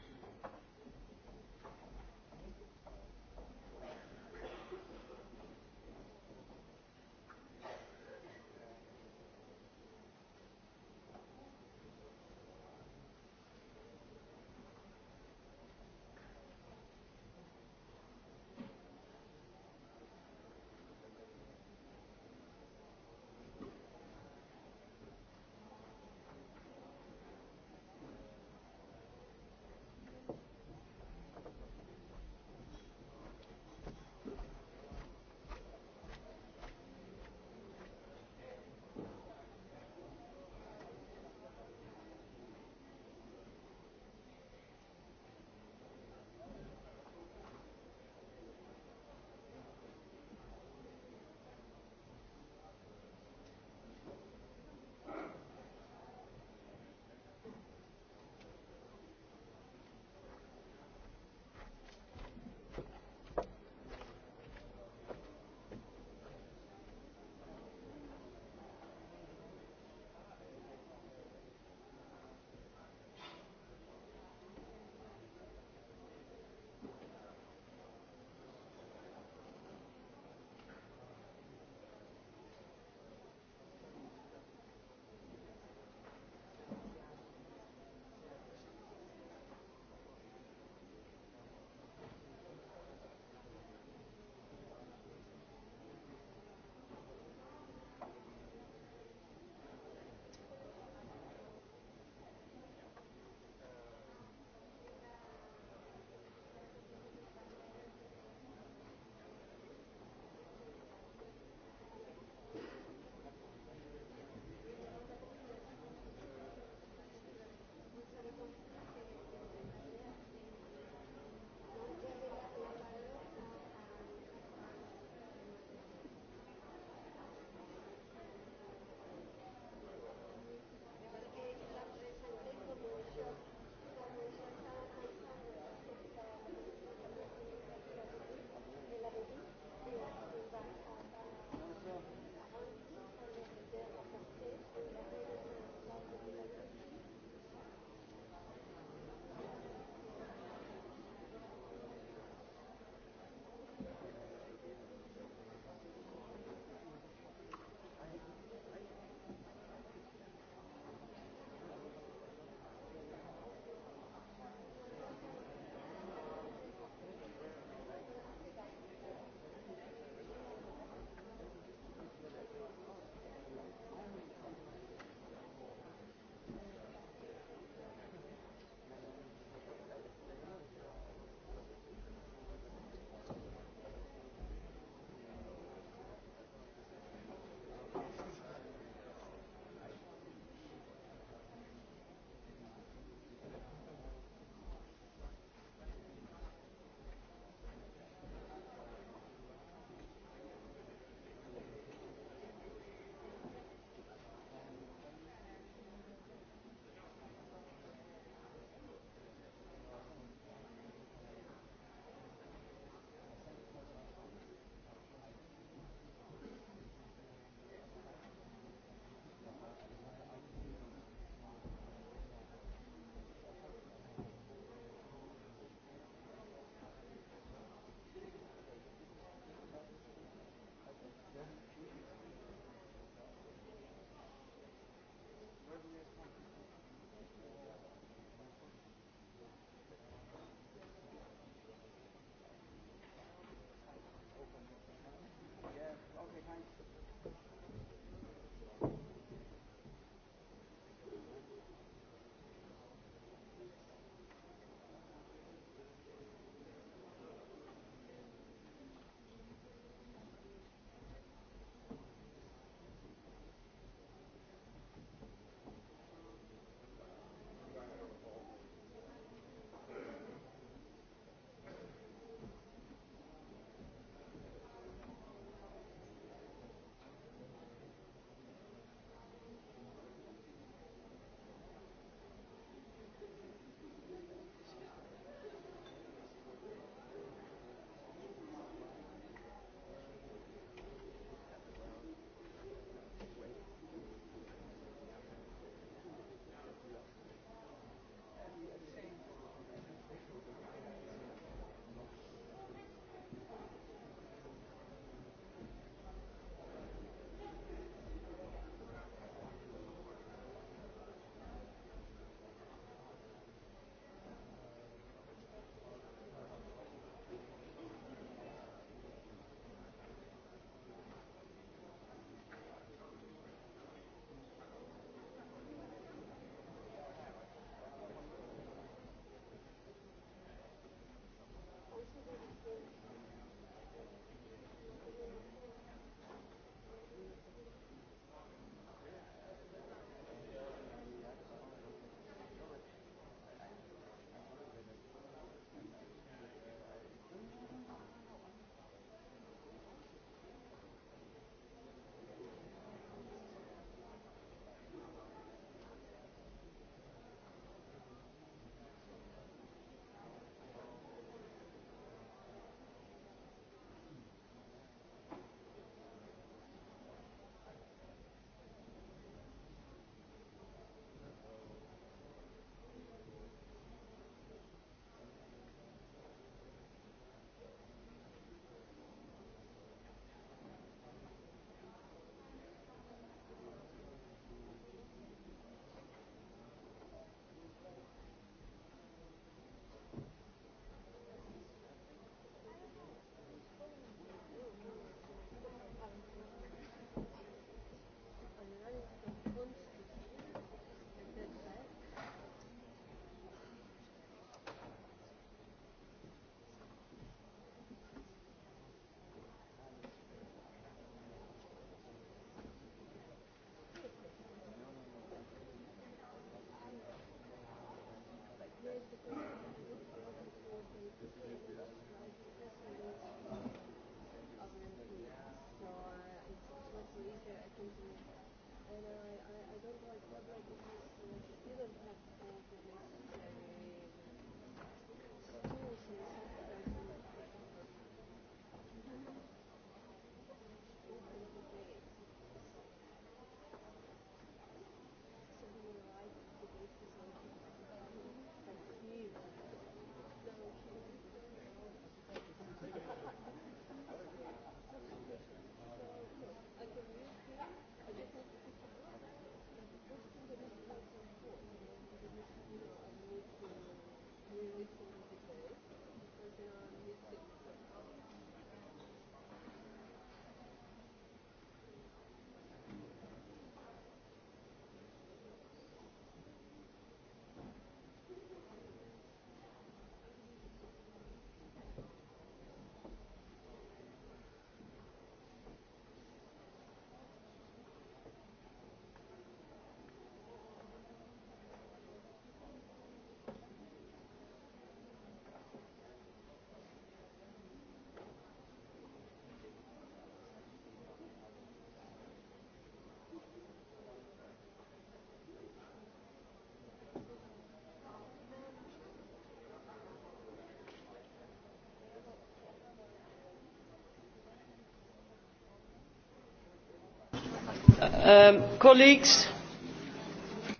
Um,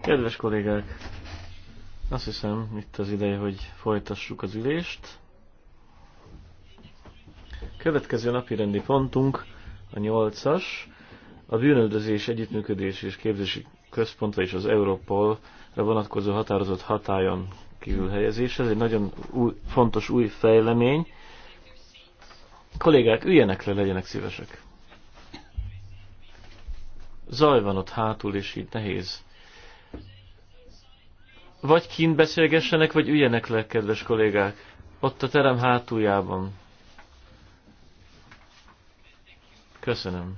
Kedves kollégák, azt hiszem itt az ideje, hogy folytassuk az ülést. Következő napi rendi pontunk a nyolcas, a bűnöldözés, együttműködés és képzési központra és az Europolra vonatkozó határozott hatályon kívül helyezés. Ez egy nagyon új, fontos új fejlemény. Kollégák, üljenek le, legyenek szívesek zaj van ott hátul, és így nehéz. Vagy kint beszélgessenek, vagy üljenek le, kedves kollégák. Ott a terem hátuljában. Köszönöm.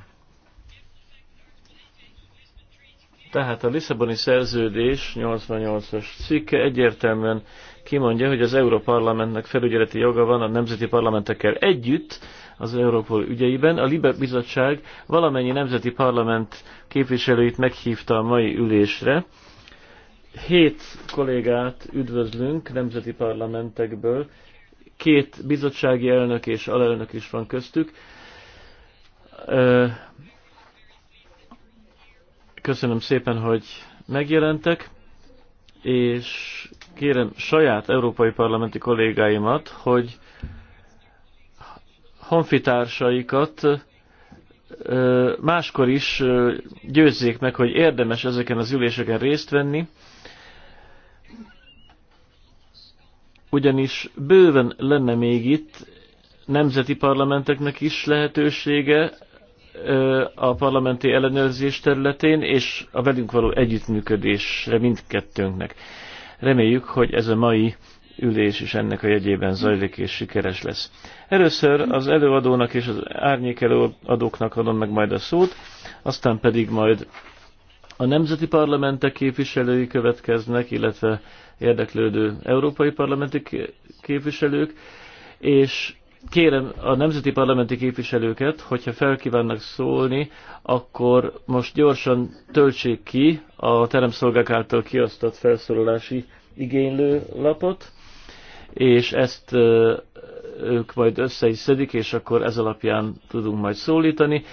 Tehát a Lisszaboni szerződés 88-as cikke egyértelműen kimondja, hogy az Európarlamentnek felügyeleti joga van a nemzeti parlamentekkel együtt, az Európol ügyeiben. A Libe Bizottság valamennyi nemzeti parlament képviselőit meghívta a mai ülésre. Hét kollégát üdvözlünk nemzeti parlamentekből, két bizottsági elnök és alelnök is van köztük. Köszönöm szépen, hogy megjelentek, és kérem saját európai parlamenti kollégáimat, hogy honfitársaikat máskor is győzzék meg, hogy érdemes ezeken az üléseken részt venni, ugyanis bőven lenne még itt nemzeti parlamenteknek is lehetősége a parlamenti ellenőrzés területén, és a velünk való együttműködésre mindkettőnknek. Reméljük, hogy ez a mai ülés is ennek a jegyében zajlik és sikeres lesz. Először az előadónak és az árnyék előadóknak adom meg majd a szót, aztán pedig majd a nemzeti parlamentek képviselői következnek, illetve érdeklődő európai parlamenti képviselők, és kérem a nemzeti parlamenti képviselőket, hogyha felkívánnak szólni, akkor most gyorsan töltsék ki a teremszolgák által kiasztott felszólalási igénylő lapot, és ezt ők majd össze is szedik, és akkor ez alapján tudunk majd szólítani.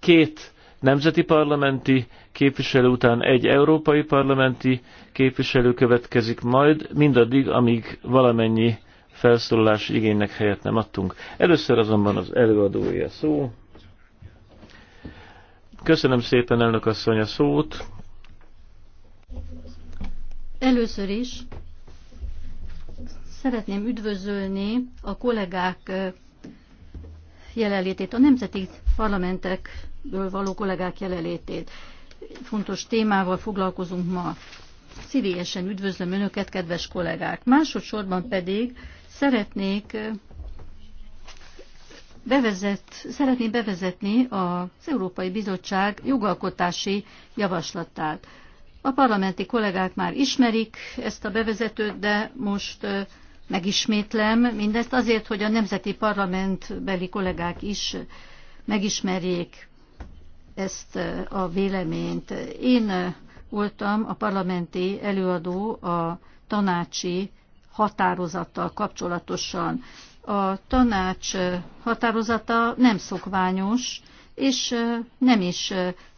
Két nemzeti parlamenti képviselő után egy európai parlamenti képviselő következik majd, mindaddig, amíg valamennyi felszólalás igénynek helyet nem adtunk. Először azonban az előadója szó. Köszönöm szépen, elnök asszony, a szót. Először is Szeretném üdvözölni a kollégák jelenlétét, a nemzeti parlamentekből való kollégák jelenlétét. Fontos témával foglalkozunk ma. Szívélyesen üdvözlöm Önöket, kedves kollégák. Másodszorban pedig szeretnék bevezet, szeretném bevezetni az Európai Bizottság jogalkotási javaslatát. A parlamenti kollégák már ismerik ezt a bevezetőt, de most megismétlem mindezt azért, hogy a nemzeti parlamentbeli kollégák is megismerjék ezt a véleményt. Én voltam a parlamenti előadó a tanácsi határozattal kapcsolatosan. A tanács határozata nem szokványos, és nem is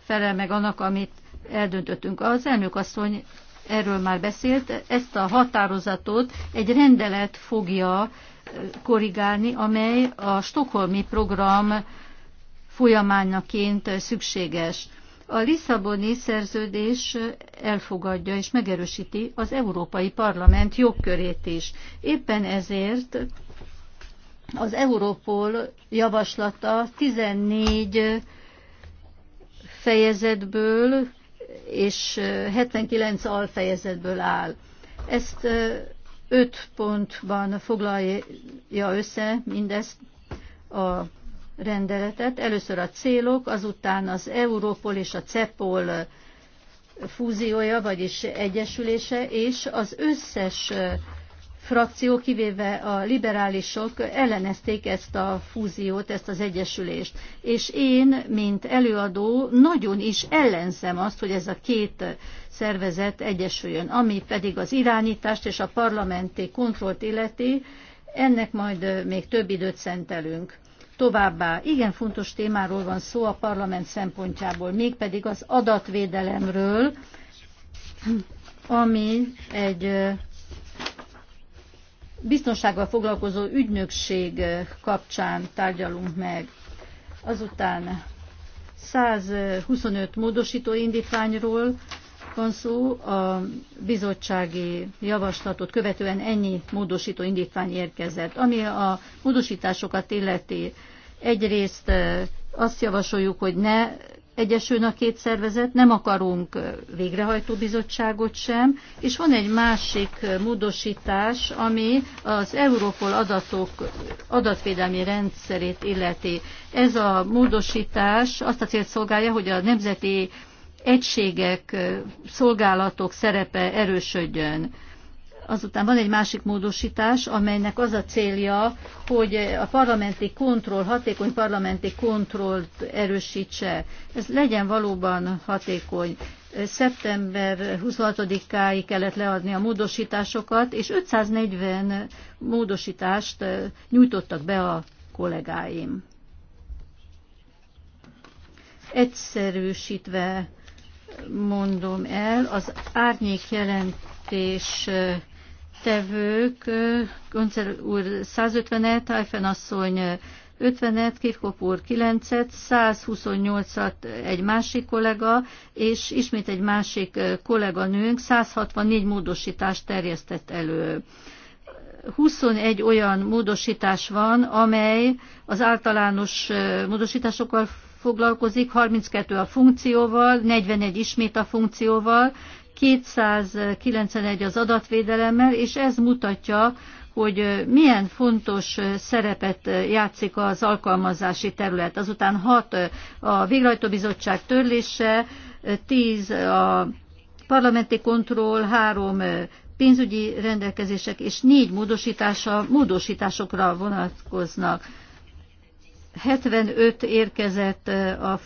felel meg annak, amit eldöntöttünk. Az elnök asszony erről már beszélt, ezt a határozatot egy rendelet fogja eh, korrigálni, amely a stokholmi program folyamányaként szükséges. A Lisszaboni szerződés elfogadja és megerősíti az Európai Parlament jogkörét is. Éppen ezért az Európol javaslata 14 fejezetből és 79 alfejezetből áll. Ezt öt pontban foglalja össze mindezt a rendeletet. Először a célok, azután az Európol és a CEPOL fúziója, vagyis egyesülése, és az összes frakció, kivéve a liberálisok ellenezték ezt a fúziót, ezt az egyesülést. És én, mint előadó, nagyon is ellenzem azt, hogy ez a két szervezet egyesüljön, ami pedig az irányítást és a parlamenti kontrollt illeti, ennek majd még több időt szentelünk. Továbbá igen fontos témáról van szó a parlament szempontjából, mégpedig az adatvédelemről, ami egy biztonsággal foglalkozó ügynökség eh, kapcsán tárgyalunk meg. Azután 125 módosító indítványról van szó, a bizottsági javaslatot követően ennyi módosító indítvány érkezett. Ami a módosításokat illeti, egyrészt eh, azt javasoljuk, hogy ne egyesülne a két szervezet, nem akarunk végrehajtó bizottságot sem, és van egy másik módosítás, ami az Európol adatok adatvédelmi rendszerét illeti. Ez a módosítás azt a célt szolgálja, hogy a nemzeti egységek, szolgálatok szerepe erősödjön Azután van egy másik módosítás, amelynek az a célja, hogy a parlamenti kontroll, hatékony parlamenti kontrollt erősítse. Ez legyen valóban hatékony. Szeptember 26-áig kellett leadni a módosításokat, és 540 módosítást nyújtottak be a kollégáim. Egyszerűsítve mondom el, az árnyék jelentés tevők, Göncel úr 150-et, Hajfen asszony 50-et, Kivkop úr 9-et, 128-at egy másik kollega, és ismét egy másik kolléganőnk 164 módosítást terjesztett elő. 21 olyan módosítás van, amely az általános módosításokkal foglalkozik, 32 a funkcióval, 41 ismét a funkcióval, 291 az adatvédelemmel, és ez mutatja, hogy milyen fontos szerepet játszik az alkalmazási terület. Azután 6 a végrehajtóbizottság törlése, 10 a parlamenti kontroll, 3 pénzügyi rendelkezések és négy módosítása módosításokra vonatkoznak. 75 érkezett a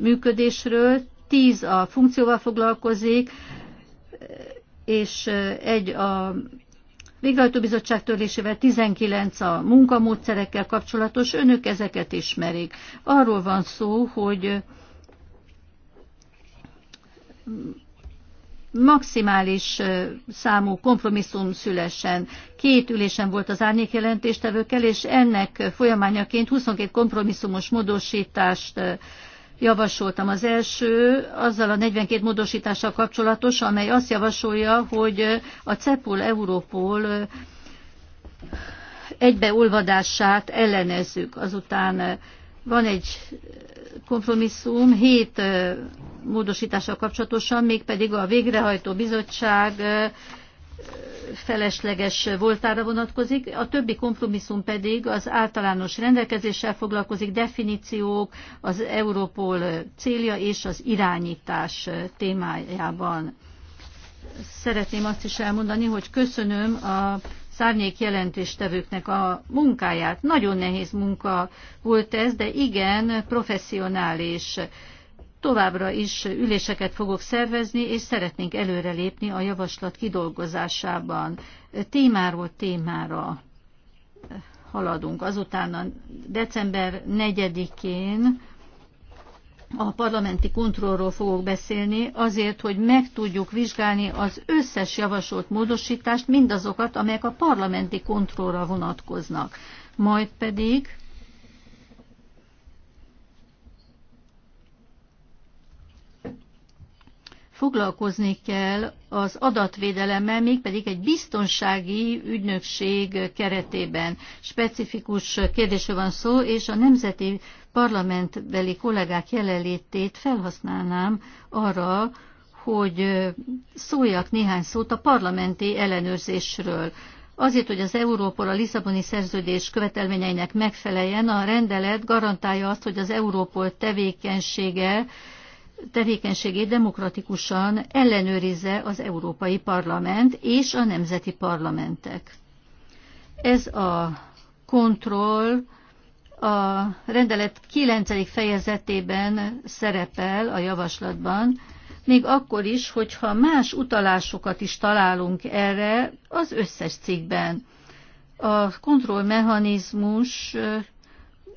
működésről, tíz a funkcióval foglalkozik, és egy a Végrehajtóbizottság törlésével 19 a munkamódszerekkel kapcsolatos, önök ezeket ismerik. Arról van szó, hogy maximális számú kompromisszum szülessen. Két ülésen volt az árnyékjelentéstevőkkel, és ennek folyamányaként 22 kompromisszumos módosítást javasoltam. Az első azzal a 42 módosítással kapcsolatos, amely azt javasolja, hogy a CEPOL-Europol egybeolvadását ellenezzük. Azután van egy kompromisszum hét módosítással kapcsolatosan, mégpedig a végrehajtó bizottság felesleges voltára vonatkozik, a többi kompromisszum pedig az általános rendelkezéssel foglalkozik, definíciók, az Európol célja és az irányítás témájában. Szeretném azt is elmondani, hogy köszönöm a szárnyék jelentéstevőknek a munkáját. Nagyon nehéz munka volt ez, de igen, professzionális Továbbra is üléseket fogok szervezni, és szeretnénk előrelépni a javaslat kidolgozásában. Témáról témára haladunk. Azután a december 4-én a parlamenti kontrollról fogok beszélni, azért, hogy meg tudjuk vizsgálni az összes javasolt módosítást, mindazokat, amelyek a parlamenti kontrollra vonatkoznak. Majd pedig foglalkozni kell az adatvédelemmel, mégpedig egy biztonsági ügynökség keretében. Specifikus kérdésről van szó, és a nemzeti parlamentbeli kollégák jelenlétét felhasználnám arra, hogy szóljak néhány szót a parlamenti ellenőrzésről. Azért, hogy az Európol a Lisszaboni szerződés követelményeinek megfeleljen, a rendelet garantálja azt, hogy az Európol tevékenysége tevékenységét demokratikusan ellenőrizze az Európai Parlament és a nemzeti parlamentek. Ez a kontroll a rendelet 9. fejezetében szerepel a javaslatban, még akkor is, hogyha más utalásokat is találunk erre az összes cikkben. A kontrollmechanizmus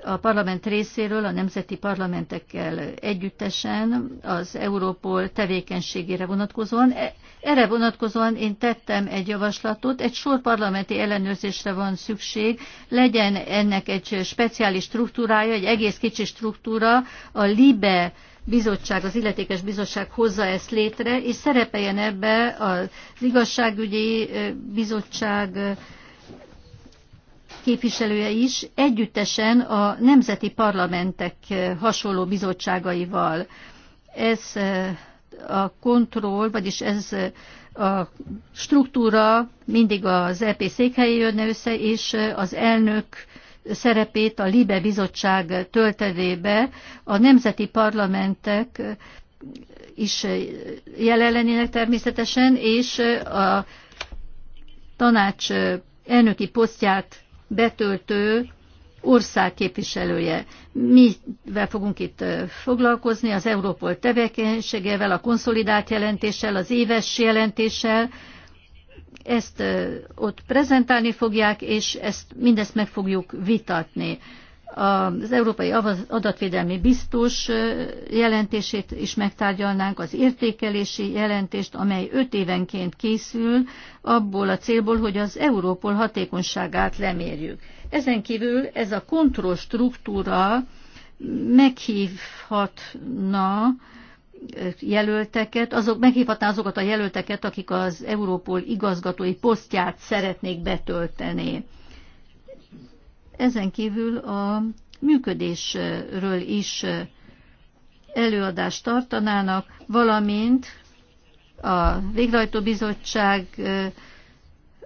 a parlament részéről a nemzeti parlamentekkel együttesen az Európol tevékenységére vonatkozóan. E, erre vonatkozóan én tettem egy javaslatot, egy sor parlamenti ellenőrzésre van szükség, legyen ennek egy speciális struktúrája, egy egész kicsi struktúra, a LIBE bizottság, az illetékes bizottság hozza ezt létre, és szerepeljen ebbe az igazságügyi bizottság, képviselője is együttesen a nemzeti parlamentek eh, hasonló bizottságaival. Ez eh, a kontroll, vagyis ez eh, a struktúra mindig az EP székhelyé jönne össze, és az elnök szerepét a LIBE bizottság töltedébe a nemzeti parlamentek is jelen lennének természetesen, és a tanács elnöki posztját betöltő ország képviselője. Mivel fogunk itt foglalkozni? Az Európol tevékenységevel, a konszolidált jelentéssel, az éves jelentéssel. Ezt ott prezentálni fogják, és ezt mindezt meg fogjuk vitatni az Európai Adatvédelmi Biztos jelentését is megtárgyalnánk, az értékelési jelentést, amely öt évenként készül, abból a célból, hogy az Európol hatékonyságát lemérjük. Ezen kívül ez a kontrollstruktúra meghívhatna jelölteket, azok, meghívhatná azokat a jelölteket, akik az Európol igazgatói posztját szeretnék betölteni ezen kívül a működésről is előadást tartanának, valamint a végrehajtó bizottság,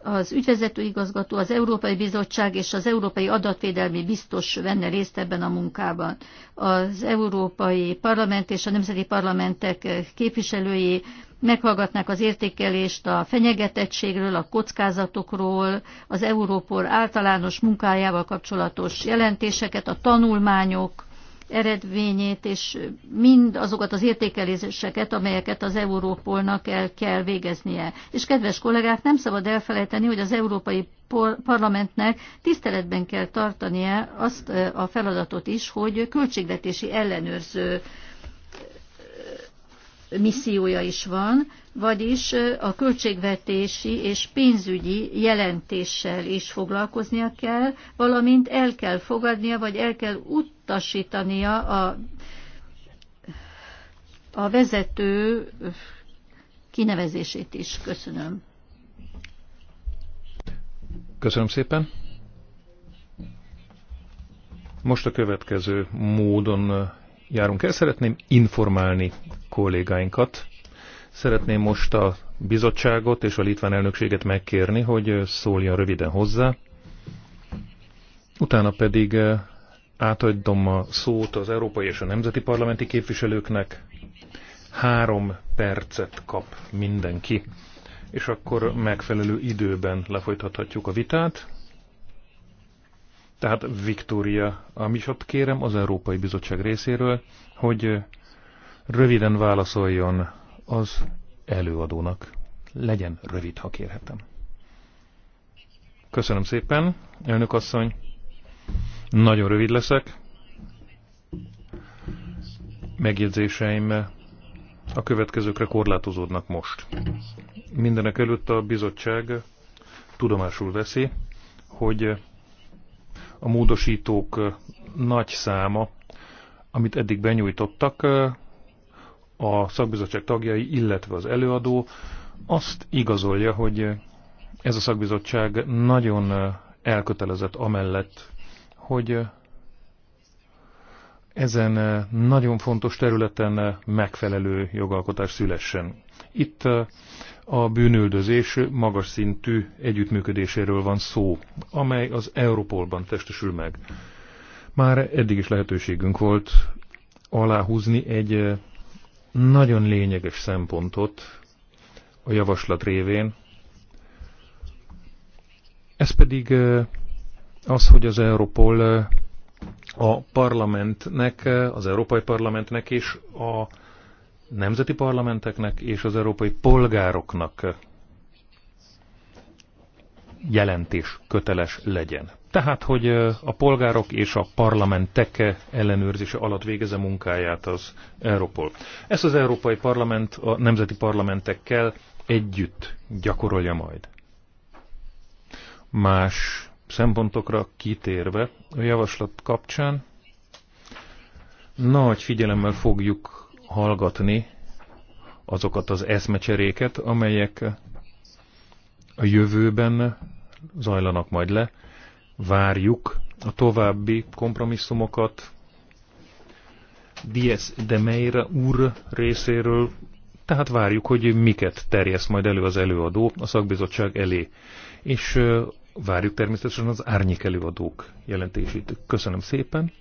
az ügyvezető igazgató, az Európai Bizottság és az Európai Adatvédelmi Biztos venne részt ebben a munkában. Az Európai Parlament és a Nemzeti Parlamentek képviselői meghallgatnák az értékelést a fenyegetettségről, a kockázatokról, az Európor általános munkájával kapcsolatos jelentéseket, a tanulmányok eredményét, és mind azokat az értékeléseket, amelyeket az Európolnak el kell végeznie. És kedves kollégák, nem szabad elfelejteni, hogy az Európai Parlamentnek tiszteletben kell tartania azt a feladatot is, hogy költségvetési ellenőrző missziója is van, vagyis a költségvetési és pénzügyi jelentéssel is foglalkoznia kell, valamint el kell fogadnia, vagy el kell utasítania a, a vezető kinevezését is. Köszönöm. Köszönöm szépen. Most a következő módon járunk el. Szeretném informálni kollégáinkat. Szeretném most a bizottságot és a litván elnökséget megkérni, hogy szóljon röviden hozzá. Utána pedig eh, átadom a szót az európai és a nemzeti parlamenti képviselőknek. Három percet kap mindenki, és akkor megfelelő időben lefolytathatjuk a vitát. Tehát Viktória Amisot kérem az Európai Bizottság részéről, hogy eh, röviden válaszoljon az előadónak. Legyen rövid, ha kérhetem. Köszönöm szépen, elnök asszony. Nagyon rövid leszek. Megjegyzéseim a következőkre korlátozódnak most. Mindenek előtt a bizottság tudomásul veszi, hogy a módosítók nagy száma, amit eddig benyújtottak, a szakbizottság tagjai, illetve az előadó azt igazolja, hogy ez a szakbizottság nagyon elkötelezett amellett, hogy ezen nagyon fontos területen megfelelő jogalkotás szülessen. Itt a bűnüldözés magas szintű együttműködéséről van szó, amely az Európolban testesül meg. Már eddig is lehetőségünk volt aláhúzni egy nagyon lényeges szempontot a javaslat révén, ez pedig az, hogy az Europol a parlamentnek, az Európai Parlamentnek és a nemzeti parlamenteknek és az európai polgároknak jelentés köteles legyen. Tehát, hogy a polgárok és a parlamentek ellenőrzése alatt végeze munkáját az Európol. Ezt az Európai Parlament a nemzeti parlamentekkel együtt gyakorolja majd. Más szempontokra kitérve a javaslat kapcsán nagy figyelemmel fogjuk hallgatni azokat az eszmecseréket, amelyek a jövőben zajlanak majd le. Várjuk a további kompromisszumokat. Diez de Meira úr részéről, tehát várjuk, hogy miket terjesz majd elő az előadó a szakbizottság elé. És várjuk természetesen az árnyék előadók jelentését. Köszönöm szépen.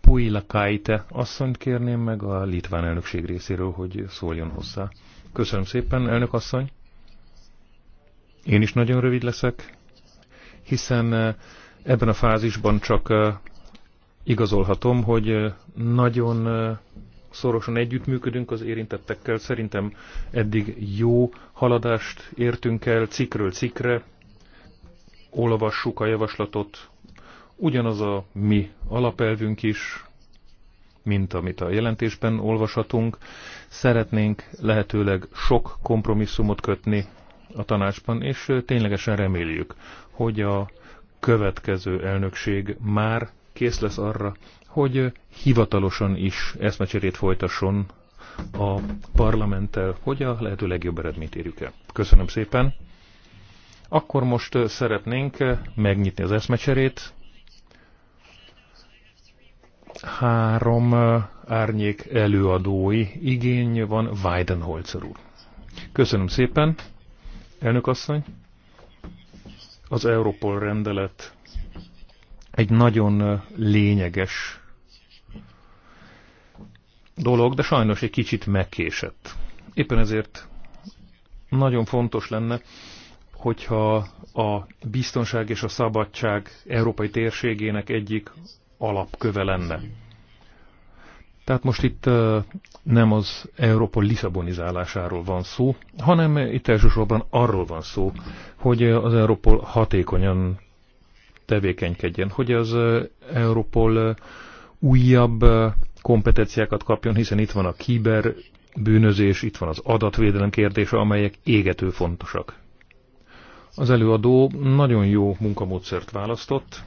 Puila Kaite asszonyt kérném meg a litván elnökség részéről, hogy szóljon hozzá. Köszönöm szépen, elnök asszony. Én is nagyon rövid leszek hiszen eh, ebben a fázisban csak eh, igazolhatom, hogy eh, nagyon szorosan együttműködünk az érintettekkel. Szerintem eddig jó haladást értünk el cikről cikre, olvassuk a javaslatot, ugyanaz a mi alapelvünk is, mint amit a jelentésben olvashatunk. Szeretnénk lehetőleg sok kompromisszumot kötni a tanácsban, és ténylegesen reméljük, hogy a következő elnökség már kész lesz arra, hogy hivatalosan is eszmecserét folytasson a parlamenttel, hogy a lehető legjobb eredményt érjük el. Köszönöm szépen. Akkor most szeretnénk megnyitni az eszmecserét. Három árnyék előadói igény van Weidenholzer úr. Köszönöm szépen, elnök asszony az Europol rendelet egy nagyon lényeges dolog, de sajnos egy kicsit megkésett. Éppen ezért nagyon fontos lenne, hogyha a biztonság és a szabadság európai térségének egyik alapköve lenne. Tehát most itt nem az Európa liszabonizálásáról van szó, hanem itt elsősorban arról van szó, hogy az Európol hatékonyan tevékenykedjen, hogy az Európol újabb kompetenciákat kapjon, hiszen itt van a kiber bűnözés, itt van az adatvédelem kérdése, amelyek égető fontosak. Az előadó nagyon jó munkamódszert választott,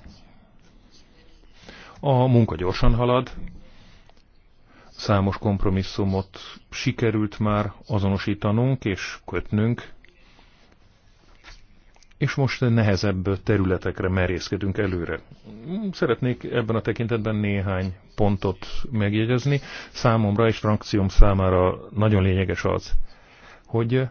a munka gyorsan halad, számos kompromisszumot sikerült már azonosítanunk és kötnünk, és most nehezebb területekre merészkedünk előre. Szeretnék ebben a tekintetben néhány pontot megjegyezni. Számomra és frakcióm számára nagyon lényeges az, hogy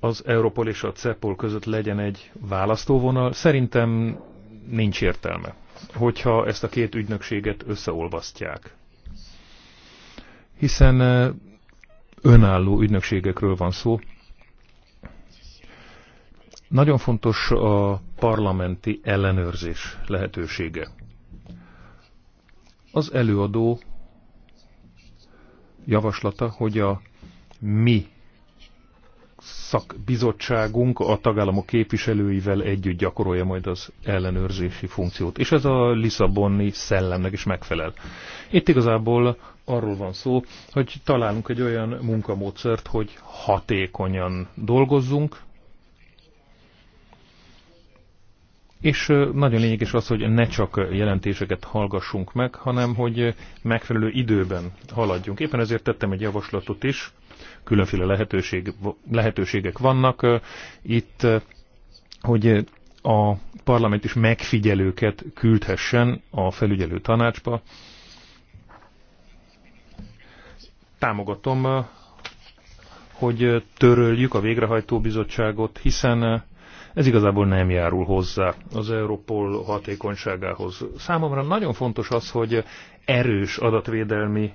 az Európol és a CEPOL között legyen egy választóvonal. Szerintem nincs értelme, hogyha ezt a két ügynökséget összeolvasztják hiszen eh, önálló ügynökségekről van szó. Nagyon fontos a parlamenti ellenőrzés lehetősége. Az előadó javaslata, hogy a mi szakbizottságunk a tagállamok képviselőivel együtt gyakorolja majd az ellenőrzési funkciót. És ez a Lisszaboni szellemnek is megfelel. Itt igazából arról van szó, hogy találunk egy olyan munkamódszert, hogy hatékonyan dolgozzunk, és nagyon lényeges az, hogy ne csak jelentéseket hallgassunk meg, hanem hogy megfelelő időben haladjunk. Éppen ezért tettem egy javaslatot is, különféle lehetőség, lehetőségek vannak itt, hogy a parlament is megfigyelőket küldhessen a felügyelő tanácsba, támogatom, eh, hogy eh, töröljük a végrehajtó bizottságot, hiszen eh, ez igazából nem járul hozzá az Europol hatékonyságához. Számomra nagyon fontos az, hogy erős adatvédelmi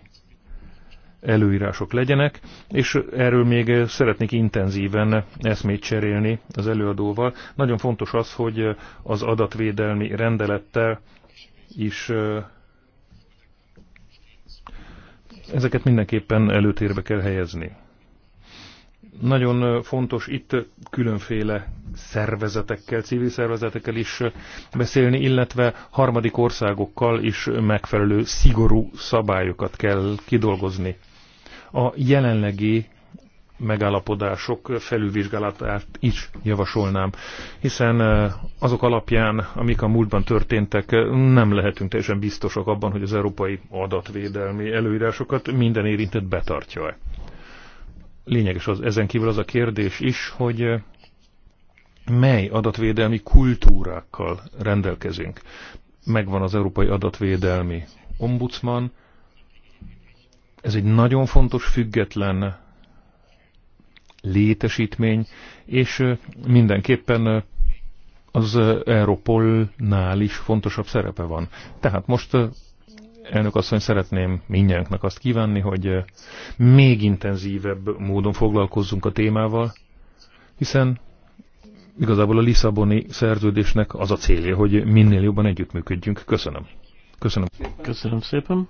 előírások legyenek, és erről még szeretnék intenzíven eszmét cserélni az előadóval. Nagyon fontos az, hogy az adatvédelmi rendelettel is Ezeket mindenképpen előtérbe kell helyezni. Nagyon fontos itt különféle szervezetekkel, civil szervezetekkel is beszélni, illetve harmadik országokkal is megfelelő szigorú szabályokat kell kidolgozni. A jelenlegi megállapodások felülvizsgálatát is javasolnám, hiszen azok alapján, amik a múltban történtek, nem lehetünk teljesen biztosak abban, hogy az európai adatvédelmi előírásokat minden érintett betartja-e. Lényeges az ezen kívül az a kérdés is, hogy mely adatvédelmi kultúrákkal rendelkezünk. Megvan az Európai Adatvédelmi Ombudsman, ez egy nagyon fontos független létesítmény, és mindenképpen az Europolnál is fontosabb szerepe van. Tehát most elnök asszony, szeretném mindjártnak azt kívánni, hogy még intenzívebb módon foglalkozzunk a témával, hiszen igazából a Lisszaboni szerződésnek az a célja, hogy minél jobban együttműködjünk. Köszönöm. Köszönöm. Köszönöm szépen.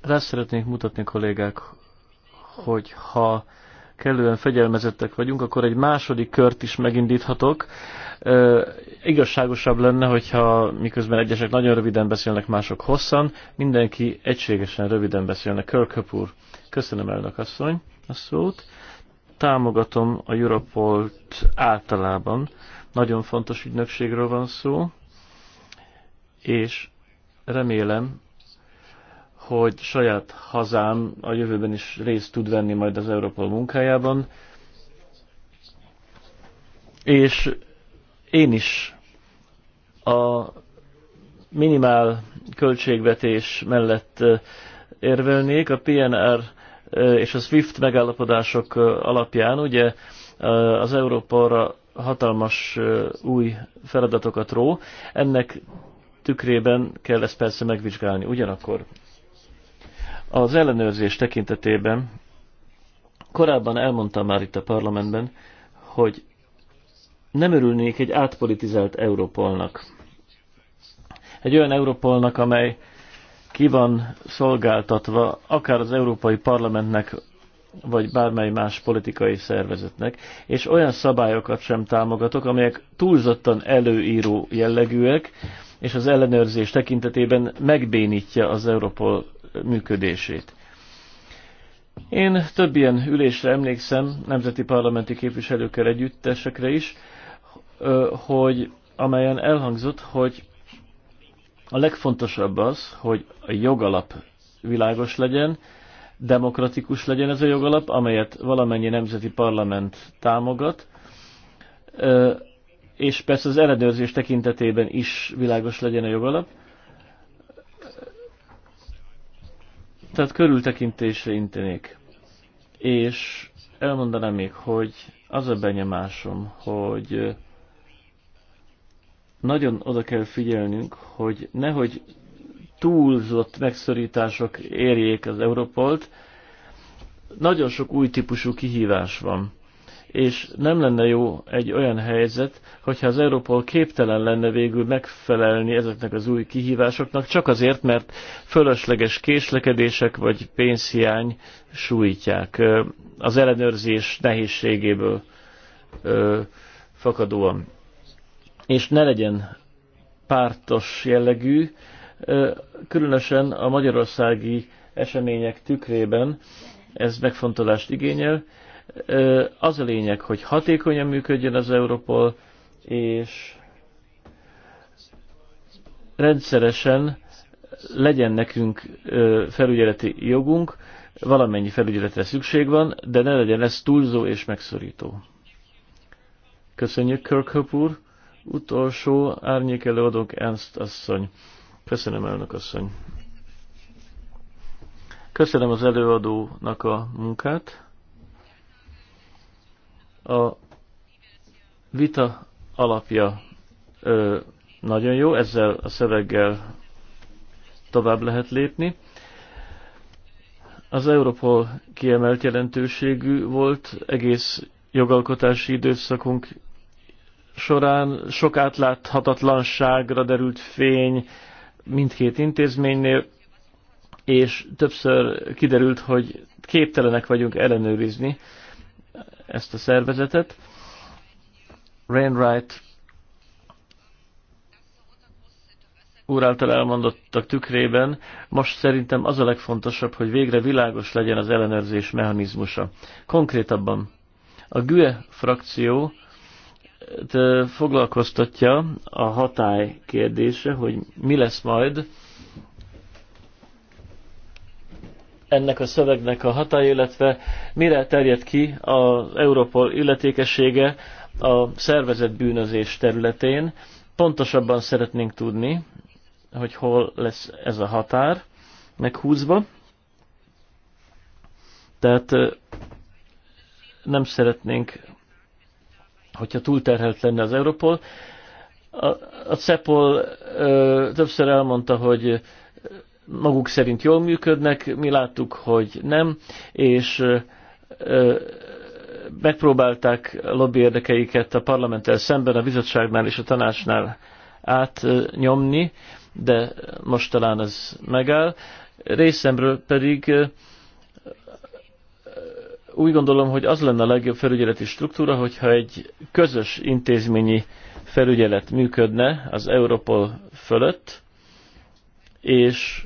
Rá szeretnék mutatni kollégák, hogy ha kellően fegyelmezettek vagyunk, akkor egy második kört is megindíthatok. E, igazságosabb lenne, hogyha miközben egyesek nagyon röviden beszélnek, mások hosszan, mindenki egységesen röviden beszélne. Kirk úr, köszönöm elnök asszony a szót. Támogatom a Europolt általában. Nagyon fontos ügynökségről van szó, és remélem, hogy saját hazám a jövőben is részt tud venni majd az Európa munkájában. És én is a minimál költségvetés mellett érvelnék. A PNR és a SWIFT megállapodások alapján ugye az Európára hatalmas új feladatokat ró. Ennek tükrében kell ezt persze megvizsgálni. Ugyanakkor az ellenőrzés tekintetében korábban elmondtam már itt a parlamentben, hogy nem örülnék egy átpolitizált Európolnak. Egy olyan Európolnak, amely ki van szolgáltatva akár az Európai Parlamentnek, vagy bármely más politikai szervezetnek, és olyan szabályokat sem támogatok, amelyek túlzottan előíró jellegűek, és az ellenőrzés tekintetében megbénítja az Európol működését. Én több ilyen ülésre emlékszem, nemzeti parlamenti képviselőkkel együttesekre is, hogy amelyen elhangzott, hogy a legfontosabb az, hogy a jogalap világos legyen, demokratikus legyen ez a jogalap, amelyet valamennyi nemzeti parlament támogat, és persze az ellenőrzés tekintetében is világos legyen a jogalap, Tehát körültekintésre intenék. És elmondanám még, hogy az a benyomásom, hogy nagyon oda kell figyelnünk, hogy nehogy túlzott megszorítások érjék az Európolt. Nagyon sok új típusú kihívás van és nem lenne jó egy olyan helyzet, hogyha az Európol képtelen lenne végül megfelelni ezeknek az új kihívásoknak, csak azért, mert fölösleges késlekedések vagy pénzhiány sújtják az ellenőrzés nehézségéből fakadóan. És ne legyen pártos jellegű, különösen a magyarországi események tükrében ez megfontolást igényel, az a lényeg, hogy hatékonyan működjön az Europol, és rendszeresen legyen nekünk felügyeleti jogunk, valamennyi felügyeletre szükség van, de ne legyen ez túlzó és megszorító. Köszönjük, Kirkhope úr! Utolsó árnyék előadók, Ernst asszony. Köszönöm, elnök asszony. Köszönöm az előadónak a munkát. A vita alapja ö, nagyon jó, ezzel a szöveggel tovább lehet lépni. Az Europol kiemelt jelentőségű volt egész jogalkotási időszakunk során. Sok átláthatatlanságra derült fény mindkét intézménynél, és többször kiderült, hogy képtelenek vagyunk ellenőrizni ezt a szervezetet. Rainwright úr által elmondottak tükrében, most szerintem az a legfontosabb, hogy végre világos legyen az ellenőrzés mechanizmusa. Konkrétabban, a GUE frakció eh, foglalkoztatja a hatály kérdése, hogy mi lesz majd ennek a szövegnek a hatája, illetve mire terjed ki az Európol illetékessége a szervezett bűnözés területén. Pontosabban szeretnénk tudni, hogy hol lesz ez a határ meghúzva. Tehát nem szeretnénk, hogyha túlterhelt lenne az Europol. A, a CEPOL ö, többször elmondta, hogy maguk szerint jól működnek, mi láttuk, hogy nem, és megpróbálták lobby érdekeiket a parlamenttel szemben, a bizottságnál és a tanácsnál átnyomni, de most talán ez megáll. Részemről pedig úgy gondolom, hogy az lenne a legjobb felügyeleti struktúra, hogyha egy közös intézményi felügyelet működne az Europol fölött, és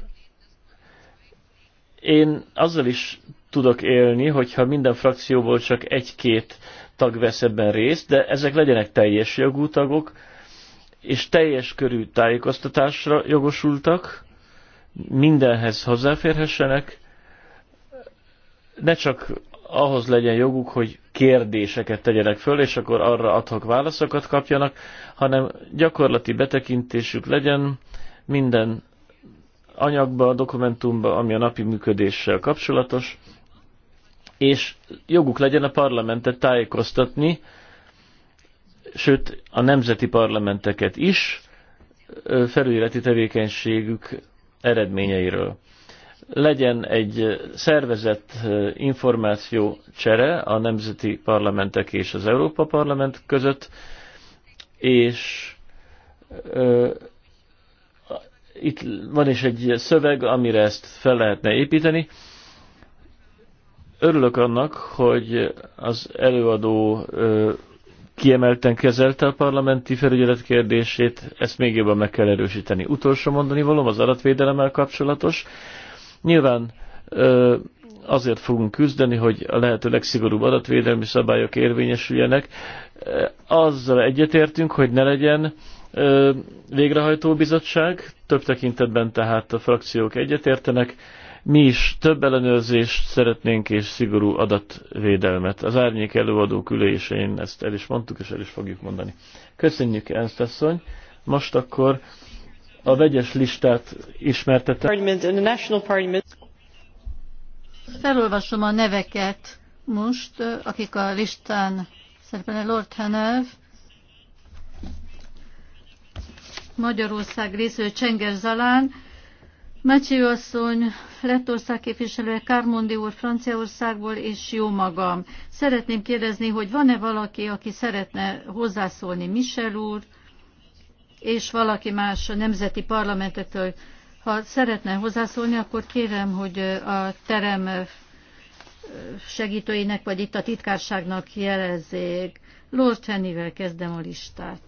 én azzal is tudok élni, hogyha minden frakcióból csak egy-két tag vesz ebben részt, de ezek legyenek teljes jogú tagok, és teljes körű tájékoztatásra jogosultak, mindenhez hozzáférhessenek, ne csak ahhoz legyen joguk, hogy kérdéseket tegyenek föl, és akkor arra adhok válaszokat kapjanak, hanem gyakorlati betekintésük legyen minden anyagba, a dokumentumba, ami a napi működéssel kapcsolatos, és joguk legyen a parlamentet tájékoztatni, sőt a nemzeti parlamenteket is felületi tevékenységük eredményeiről. Legyen egy szervezett információ csere a nemzeti parlamentek és az Európa Parlament között, és itt van is egy szöveg, amire ezt fel lehetne építeni. Örülök annak, hogy az előadó kiemelten kezelte a parlamenti felügyelet kérdését, ezt még jobban meg kell erősíteni. Utolsó mondani valóm az adatvédelemmel kapcsolatos. Nyilván azért fogunk küzdeni, hogy a lehető legszigorúbb adatvédelmi szabályok érvényesüljenek. Azzal egyetértünk, hogy ne legyen végrehajtó bizottság, több tekintetben tehát a frakciók egyetértenek, mi is több ellenőrzést szeretnénk és szigorú adatvédelmet. Az árnyék előadók ülésén ezt el is mondtuk, és el is fogjuk mondani. Köszönjük, Ernst asszony. Most akkor a vegyes listát ismertette. Felolvasom a neveket most, akik a listán szerepelnek. Lord Hanev, Magyarország részéről Csenger Zalán, Mecsi asszony, Lettország képviselője, Kármondi úr Franciaországból, és jó magam. Szeretném kérdezni, hogy van-e valaki, aki szeretne hozzászólni Michel úr, és valaki más a nemzeti parlamentektől. Ha szeretne hozzászólni, akkor kérem, hogy a terem segítőinek, vagy itt a titkárságnak jelezzék. Lord Hennivel kezdem a listát.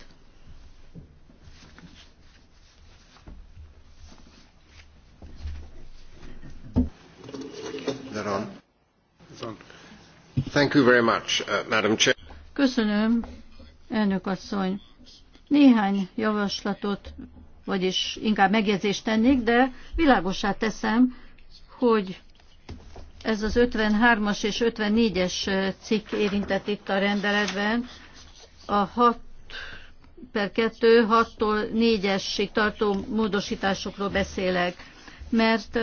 Uh, Köszönöm, elnök asszony. Néhány javaslatot, vagyis inkább megjegyzést tennék, de világosá teszem, hogy ez az 53-as és 54-es cikk érintett itt a rendeletben, a 6 per 2, 6-tól 4-esig tartó módosításokról beszélek, mert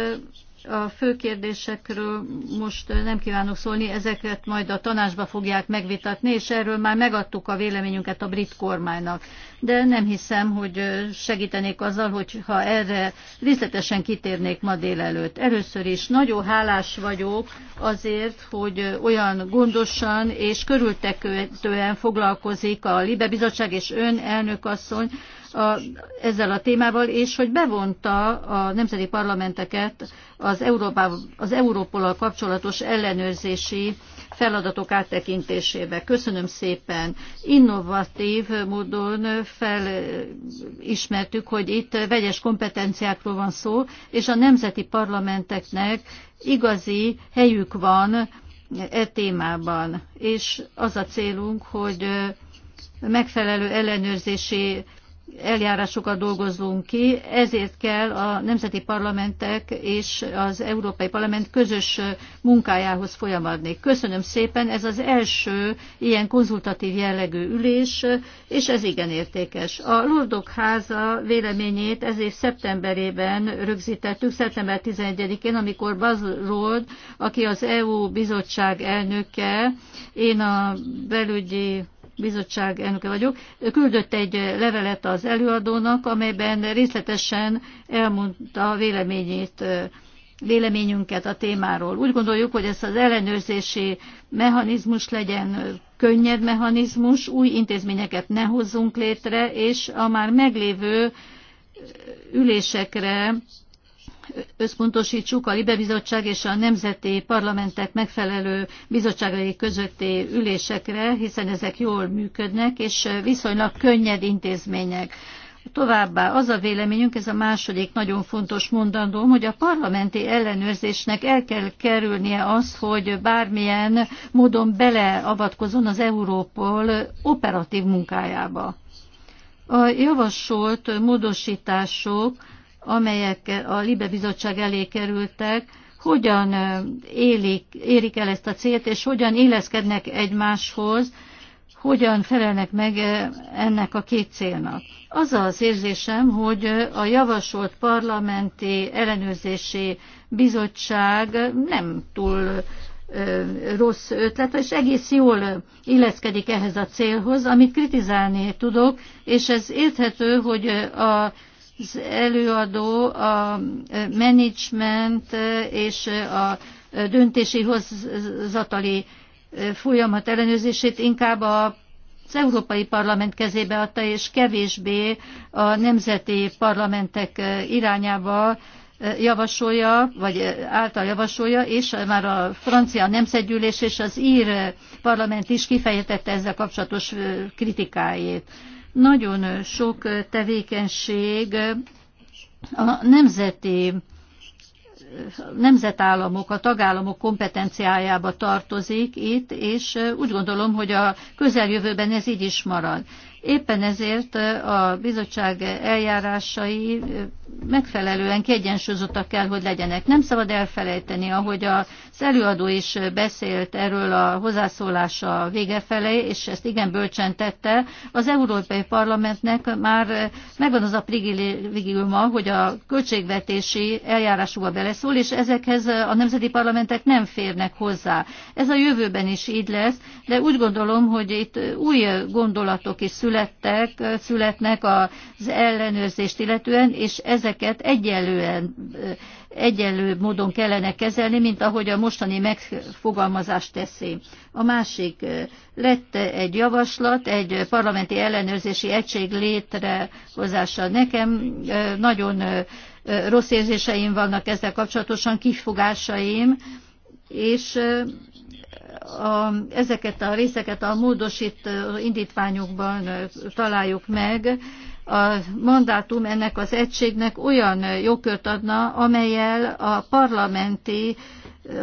a fő kérdésekről most nem kívánok szólni, ezeket majd a tanácsba fogják megvitatni, és erről már megadtuk a véleményünket a brit kormánynak de nem hiszem, hogy segítenék azzal, hogyha erre részletesen kitérnék ma délelőtt. Először is nagyon hálás vagyok azért, hogy olyan gondosan és körültekően foglalkozik a Libe Bizottság és ön elnökasszony a, ezzel a témával, és hogy bevonta a nemzeti parlamenteket az, európával az Európolal kapcsolatos ellenőrzési feladatok áttekintésébe. Köszönöm szépen. Innovatív módon felismertük, hogy itt vegyes kompetenciákról van szó, és a nemzeti parlamenteknek igazi helyük van e témában. És az a célunk, hogy megfelelő ellenőrzési eljárásokat dolgozunk ki, ezért kell a nemzeti parlamentek és az Európai Parlament közös munkájához folyamadni. Köszönöm szépen, ez az első ilyen konzultatív jellegű ülés, és ez igen értékes. A Lordok háza véleményét ezért szeptemberében rögzítettük, szeptember 11-én, amikor Buzz Lord, aki az EU bizottság elnöke, én a belügyi bizottság elnöke vagyok, küldött egy levelet az előadónak, amelyben részletesen elmondta a véleményét véleményünket a témáról. Úgy gondoljuk, hogy ez az ellenőrzési mechanizmus legyen könnyed mechanizmus, új intézményeket ne hozzunk létre, és a már meglévő ülésekre összpontosítsuk a Libe Bizottság és a nemzeti parlamentek megfelelő bizottságai közötti ülésekre, hiszen ezek jól működnek, és viszonylag könnyed intézmények. Továbbá az a véleményünk, ez a második nagyon fontos mondandóm, hogy a parlamenti ellenőrzésnek el kell kerülnie az, hogy bármilyen módon beleavatkozon az Európol operatív munkájába. A javasolt módosítások amelyek a Libe Bizottság elé kerültek, hogyan élik, érik el ezt a célt, és hogyan éleszkednek egymáshoz, hogyan felelnek meg ennek a két célnak. Az az érzésem, hogy a javasolt parlamenti ellenőrzési bizottság nem túl rossz ötlet, és egész jól illeszkedik ehhez a célhoz, amit kritizálni tudok, és ez érthető, hogy a az előadó a menedzsment és a döntési hozatali folyamat ellenőrzését inkább a az Európai Parlament kezébe adta, és kevésbé a nemzeti parlamentek irányába javasolja, vagy által javasolja, és már a francia nemzetgyűlés és az ír parlament is kifejtette ezzel kapcsolatos kritikáit. Nagyon sok tevékenység a nemzeti nemzetállamok, a tagállamok kompetenciájába tartozik itt, és úgy gondolom, hogy a közeljövőben ez így is marad. Éppen ezért a bizottság eljárásai megfelelően kiegyensúlyozottak kell, hogy legyenek. Nem szabad elfelejteni, ahogy az előadó is beszélt erről a hozzászólása vége felé, és ezt igen bölcsen tette, az Európai Parlamentnek már megvan az a privilégiuma, hogy a költségvetési eljárásúba beleszól, és ezekhez a nemzeti parlamentek nem férnek hozzá. Ez a jövőben is így lesz, de úgy gondolom, hogy itt új gondolatok is születnek, születtek, születnek az ellenőrzést illetően, és ezeket egyenlően, egyenlő módon kellene kezelni, mint ahogy a mostani megfogalmazást teszi. A másik lett egy javaslat, egy parlamenti ellenőrzési egység létrehozása. Nekem nagyon rossz érzéseim vannak ezzel kapcsolatosan, kifogásaim, és a, ezeket a részeket a módosít indítványokban találjuk meg. A mandátum ennek az egységnek olyan jogkört adna, amelyel a parlamenti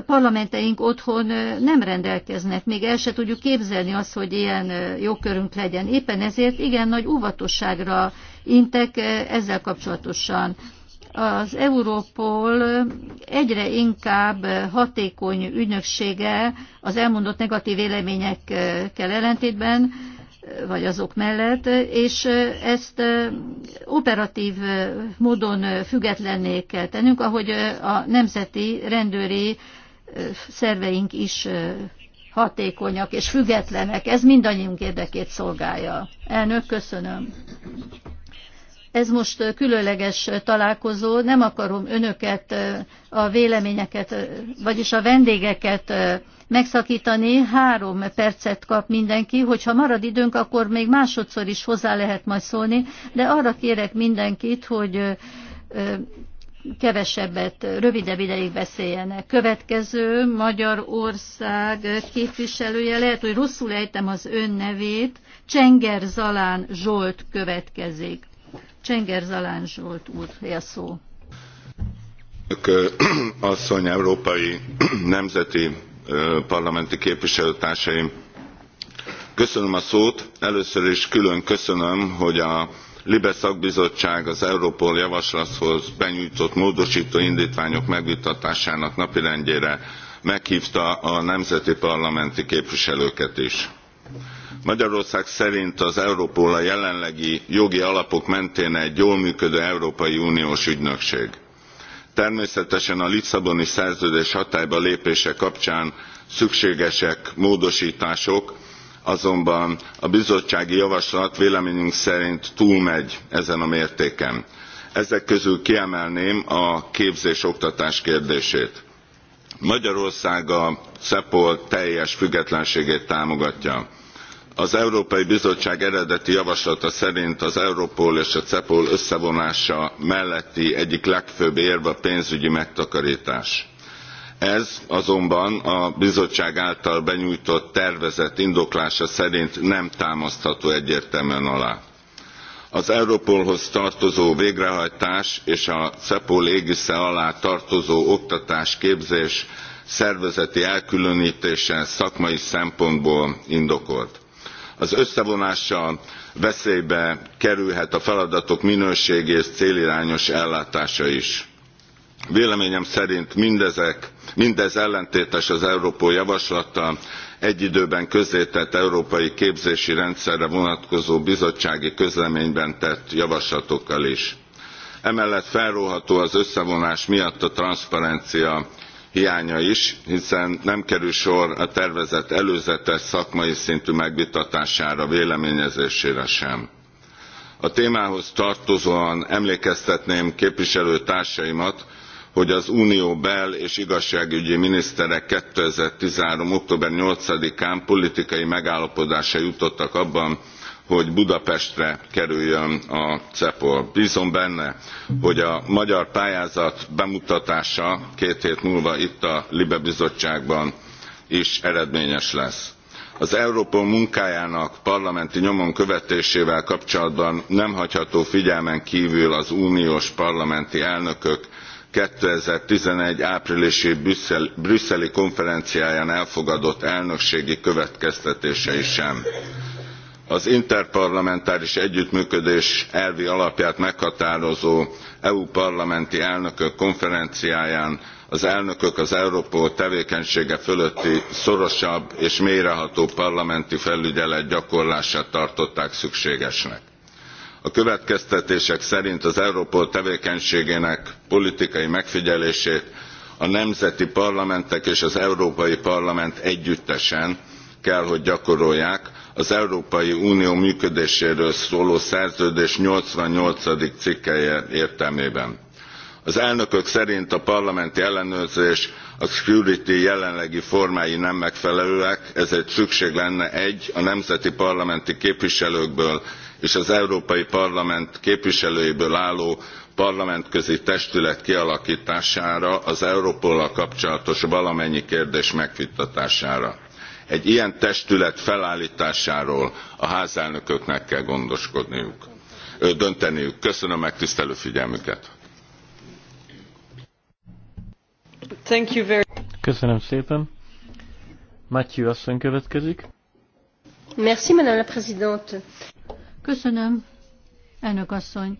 parlamenteink otthon nem rendelkeznek. Még el se tudjuk képzelni azt, hogy ilyen jogkörünk legyen. Éppen ezért igen nagy óvatosságra intek ezzel kapcsolatosan az Európol egyre inkább hatékony ügynöksége az elmondott negatív véleményekkel ellentétben, vagy azok mellett, és ezt operatív módon függetlenné kell tennünk, ahogy a nemzeti rendőri szerveink is hatékonyak és függetlenek. Ez mindannyiunk érdekét szolgálja. Elnök, köszönöm. Ez most különleges találkozó, nem akarom önöket, a véleményeket, vagyis a vendégeket megszakítani. Három percet kap mindenki, hogyha marad időnk, akkor még másodszor is hozzá lehet majd szólni, de arra kérek mindenkit, hogy kevesebbet, rövidebb ideig beszéljenek. Következő Magyarország képviselője, lehet, hogy rosszul ejtem az ön nevét, Csenger Zalán Zsolt következik. Csenger Zalán Zsolt úr, a szó. Asszony, európai nemzeti parlamenti képviselőtársaim! Köszönöm a szót. Először is külön köszönöm, hogy a libe szakbizottság az europol javaslathoz benyújtott módostó indtványok megvitatásának napirendjére meghvta a nemzeti parlamenti képviselőket is magyarország szerint az europol a jelenlegi jogi alapok mentén egy jól működő európai uniós ügynökség. természetesen a lisszaboni szerződés hatályba lépése kapcsán szükségesek módostások azonban a bizottsági javaslat véleményünk szerint túlmegy ezen a mértéken. ezek közül kiemelném a képzés oktatás kérdését. magyarország a cepol teljes függetlenségét támogatja az európai bizottság eredeti javaslata szerint az europol és a cepol összevonása melletti egyik legfőbb érv a pénzügyi megtakartás. ez azonban a bizottság által benyújtott tervezet indoklása szerint nem támasztható egyértelműen alá. az europolhoz tartozó végrehajtás és a cepol égisze alá tartozó oktatás képzés szervezeti elkülöntése szakmai szempontból indokolt az összevonása veszélybe kerülhet a feladatok minőségi és célirányos ellátása is. véleményem szerint mindezek, mindez ellentétes az europol javaslattal egy időben közzétett európai képzési rendszerre vonatkozó bizottsági közleményben tett javaslatokkal is. emellett felróható az összevonás miatt a transzparencia hiánya is hiszen nem kerül sor a tervezet előzetes szakmai szintű megvitatására véleményezésére sem. a témához tartozóan emlékeztetném képviselőtársaimat hogy az unió bel és igazságügyi miniszterek 2013. október 8 án politikai megállapodásra jutottak abban hogy budapestre kerüljön a cepol. bzom benne hogy a magyar pályázat bemutatása két hét múlva itt a libe bizottságban is eredményes lesz. az europol munkájának parlamenti nyomon követésével kapcsolatban nem hagyható figyelmen kvül az uniós parlamenti elnökök two thousand and eleven áprilisi brüsszeli, brüsszeli konferenciáján elfogadott elnökségi következtetései sem az interparlamentáris együttműködés elvi alapját meghatározó eu parlamenti elnökök konferenciáján az elnökök az europol tevékenysége fölötti szorosabb és mélyreható parlamenti felügyelet gyakorlását tartották szükségesnek. a következtetések szerint az europol tevékenységének politikai megfigyelését a nemzeti parlamentek és az európai parlament együttesen kell hogy gyakorolják az európai unió működéséről szóló szerződés eighty cikkelye értelmében. az elnökök szerint a parlamenti ellenőrzés a security jelenlegi formái nem megfelelőek ezért szükség lenne egy a nemzeti parlamenti képviselőkből és az európai parlament képviselőiből álló parlamentközi testület kialaktására az europollal kapcsolatos valamennyi kérdés megvitatására egy ilyen testület felálltásáról a házelnököknek kell gondoskodniuk dönteniük. köszönöm megtisztelő figyelmüket. Köszönöm szépen. Matthew asszony következik. Merci, Madame la Présidente. Köszönöm, elnök asszony.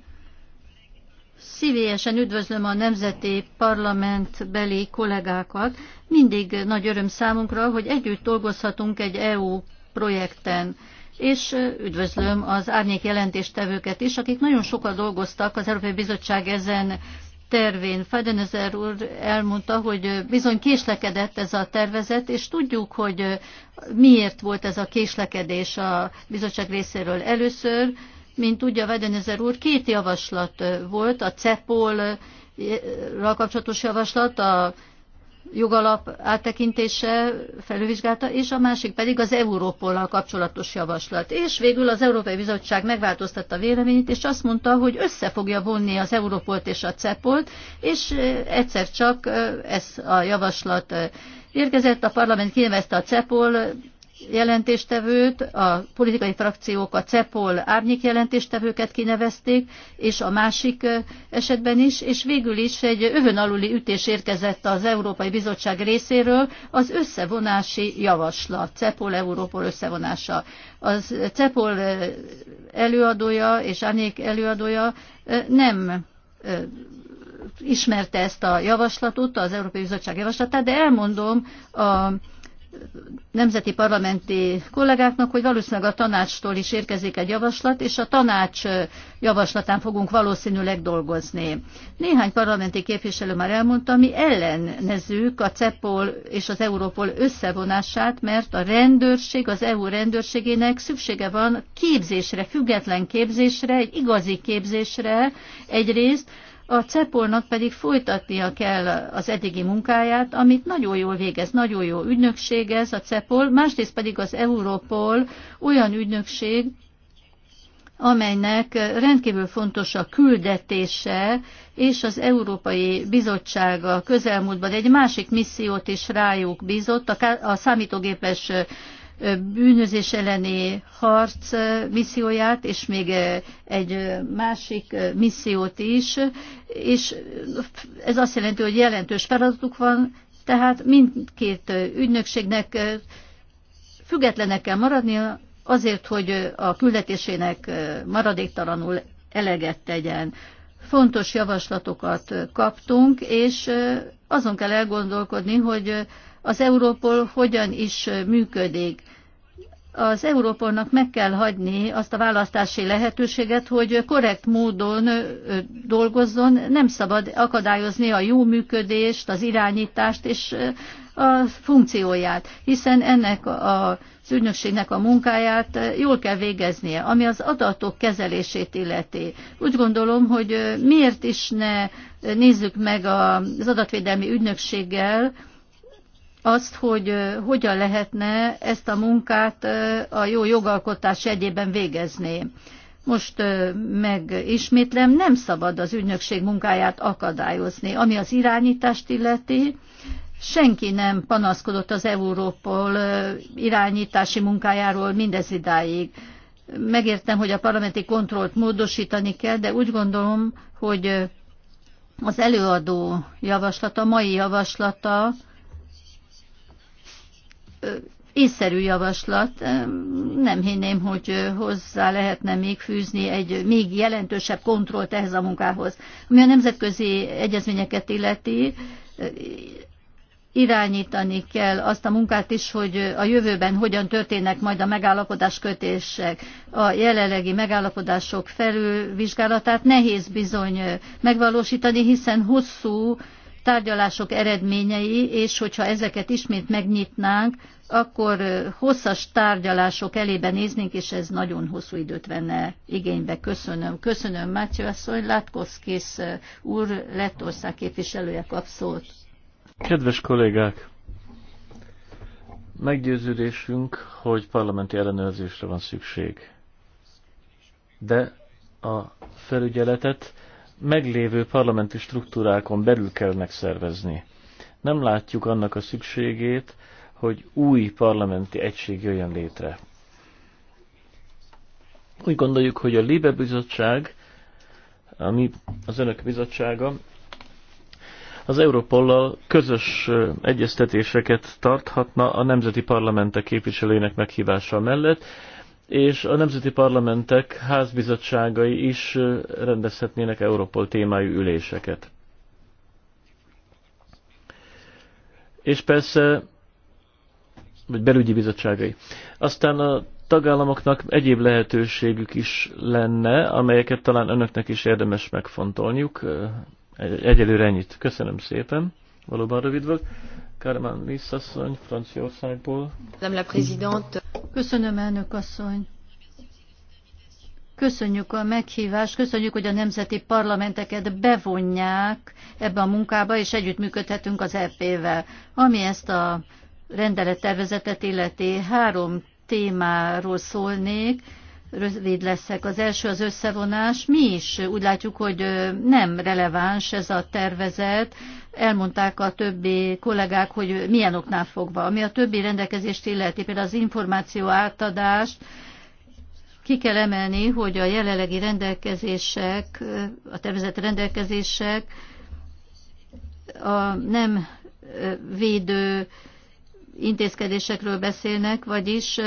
Szívélyesen üdvözlöm a nemzeti parlament beli kollégákat. Mindig nagy öröm számunkra, hogy együtt dolgozhatunk egy EU projekten. És üdvözlöm az árnyék jelentéstevőket is, akik nagyon sokat dolgoztak az Európai Bizottság ezen tervén. Fadenezer úr elmondta, hogy bizony késlekedett ez a tervezet, és tudjuk, hogy miért volt ez a késlekedés a bizottság részéről először mint tudja Vedenezer úr, két javaslat volt, a CEPOL kapcsolatos javaslat, a jogalap áttekintése felülvizsgálta, és a másik pedig az Európollal kapcsolatos javaslat. És végül az Európai Bizottság megváltoztatta véleményét, és azt mondta, hogy össze fogja vonni az Európolt és a Cepolt, és egyszer csak ez a javaslat érkezett, a parlament kinevezte a Cepol jelentéstevőt, a politikai frakciók a CEPOL árnyék jelentéstevőket kinevezték, és a másik esetben is, és végül is egy övön aluli ütés érkezett az Európai Bizottság részéről az összevonási javaslat, CEPOL-Európol összevonása. Az CEPOL előadója és árnyék előadója nem ismerte ezt a javaslatot, az Európai Bizottság javaslatát, de elmondom a nemzeti parlamenti kollégáknak, hogy valószínűleg a tanácstól is érkezik egy javaslat, és a tanács javaslatán fogunk valószínűleg dolgozni. Néhány parlamenti képviselő már elmondta, mi ellenezzük a CEPOL és az Európol összevonását, mert a rendőrség, az EU rendőrségének szüksége van képzésre, független képzésre, egy igazi képzésre egyrészt, a CEPOL-nak pedig folytatnia kell az eddigi munkáját, amit nagyon jól végez, nagyon jó ügynökség ez a CEPOL, másrészt pedig az Europol olyan ügynökség, amelynek rendkívül fontos a küldetése, és az Európai bizottság a közelmúltban egy másik missziót is rájuk bízott, a számítógépes bűnözés elleni harc misszióját, és még egy másik missziót is, és ez azt jelenti, hogy jelentős feladatuk van, tehát mindkét ügynökségnek függetlenek kell maradnia azért, hogy a küldetésének maradéktalanul eleget tegyen. Fontos javaslatokat kaptunk, és azon kell elgondolkodni, hogy az Európol hogyan is működik az európornak meg kell hagyni azt a választási lehetőséget, hogy korrekt módon dolgozzon, nem szabad akadályozni a jó működést, az irányítást és a funkcióját, hiszen ennek a az ügynökségnek a munkáját jól kell végeznie, ami az adatok kezelését illeti. Úgy gondolom, hogy miért is ne nézzük meg az adatvédelmi ügynökséggel, azt, hogy hogyan lehetne ezt a munkát a jó jogalkotás egyében végezni. Most megismétlem, nem szabad az ügynökség munkáját akadályozni. Ami az irányítást illeti, senki nem panaszkodott az Európol irányítási munkájáról mindez idáig. Megértem, hogy a parlamenti kontrollt módosítani kell, de úgy gondolom, hogy az előadó javaslata, mai javaslata, észszerű javaslat. Nem hinném, hogy hozzá lehetne még fűzni egy még jelentősebb kontrollt ehhez a munkához. Ami a nemzetközi egyezményeket illeti, irányítani kell azt a munkát is, hogy a jövőben hogyan történnek majd a megállapodás kötések, a jelenlegi megállapodások felülvizsgálatát nehéz bizony megvalósítani, hiszen hosszú tárgyalások eredményei, és hogyha ezeket ismét megnyitnánk, akkor hosszas tárgyalások elébe néznénk, és ez nagyon hosszú időt venne igénybe. Köszönöm. Köszönöm, Mátyó asszony. Látkoszkész úr, Lettország képviselője kap szót. Kedves kollégák! Meggyőződésünk, hogy parlamenti ellenőrzésre van szükség. De a felügyeletet meglévő parlamenti struktúrákon belül kell megszervezni. Nem látjuk annak a szükségét, hogy új parlamenti egység jöjjön létre. Úgy gondoljuk, hogy a Libe Bizottság, ami az önök bizottsága, az Európollal közös egyeztetéseket tarthatna a nemzeti parlamentek képviselőinek meghívása mellett, és a nemzeti parlamentek házbizottságai is rendezhetnének Európol témájú üléseket. És persze, vagy belügyi bizottságai. Aztán a tagállamoknak egyéb lehetőségük is lenne, amelyeket talán önöknek is érdemes megfontolniuk. Egyelőre ennyit. Köszönöm szépen. Valóban rövid volt. Kármán Lissasszony, Franciaországból. Madame la Köszönöm, elnök asszony. Köszönjük a meghívást, köszönjük, hogy a nemzeti parlamenteket bevonják ebbe a munkába, és együttműködhetünk az EP-vel. Ami ezt a rendelettervezetet illeti, három témáról szólnék rövid leszek. Az első az összevonás. Mi is úgy látjuk, hogy nem releváns ez a tervezet. Elmondták a többi kollégák, hogy milyen oknál fogva. Ami a többi rendelkezést illeti, például az információ átadást, ki kell emelni, hogy a jelenlegi rendelkezések, a tervezett rendelkezések a nem védő intézkedésekről beszélnek, vagyis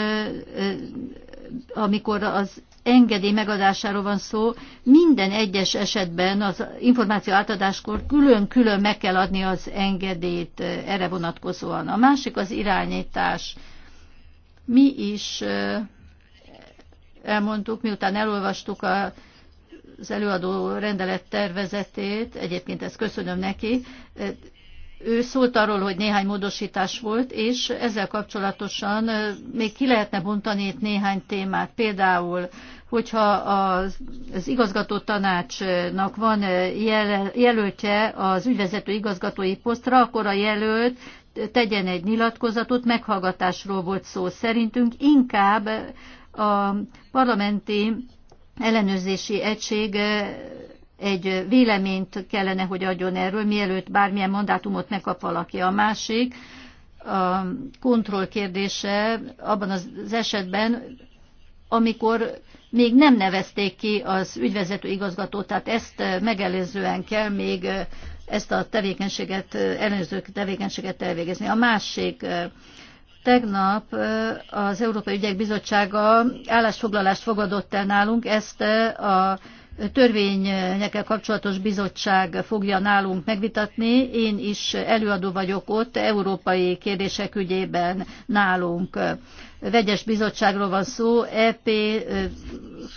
amikor az engedély megadásáról van szó, minden egyes esetben az információ átadáskor külön-külön meg kell adni az engedélyt eh, erre vonatkozóan. A másik az irányítás. Mi is eh, elmondtuk, miután elolvastuk a az előadó rendelet tervezetét, egyébként ezt köszönöm neki, eh, ő szólt arról, hogy néhány módosítás volt, és ezzel kapcsolatosan még ki lehetne bontani itt néhány témát. Például, hogyha az, az igazgató tanácsnak van jel, jelöltje az ügyvezető igazgatói posztra, akkor a jelölt tegyen egy nyilatkozatot, meghallgatásról volt szó. Szerintünk inkább a parlamenti ellenőrzési egység egy véleményt kellene, hogy adjon erről, mielőtt bármilyen mandátumot megkap valaki. A másik, a kontroll kérdése abban az esetben, amikor még nem nevezték ki az ügyvezető igazgatót, tehát ezt megelőzően kell még ezt a tevékenységet, ellenőrző tevékenységet elvégezni. A másik Tegnap az Európai Ügyek Bizottsága állásfoglalást fogadott el nálunk, ezt a törvényekkel kapcsolatos bizottság fogja nálunk megvitatni. Én is előadó vagyok ott európai kérdések ügyében nálunk. Vegyes bizottságról van szó, EP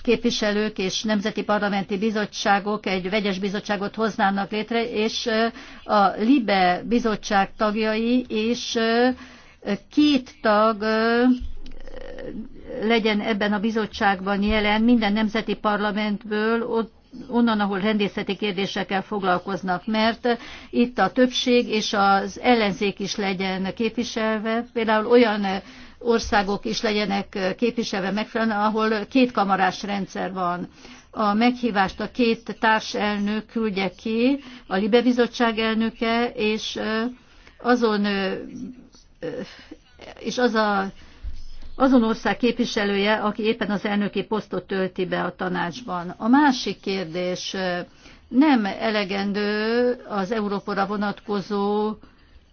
képviselők és nemzeti parlamenti bizottságok egy vegyes bizottságot hoznának létre, és a LIBE bizottság tagjai és két tag legyen ebben a bizottságban jelen minden nemzeti parlamentből, ott onnan, ahol rendészeti kérdésekkel foglalkoznak, mert itt a többség és az ellenzék is legyen képviselve, például olyan országok is legyenek képviselve megfelelően, ahol két kamarás rendszer van. A meghívást a két társelnök küldje ki, a Libe Bizottság elnöke, és azon és az a azon ország képviselője, aki éppen az elnöki posztot tölti be a tanácsban. A másik kérdés, nem elegendő az Európora vonatkozó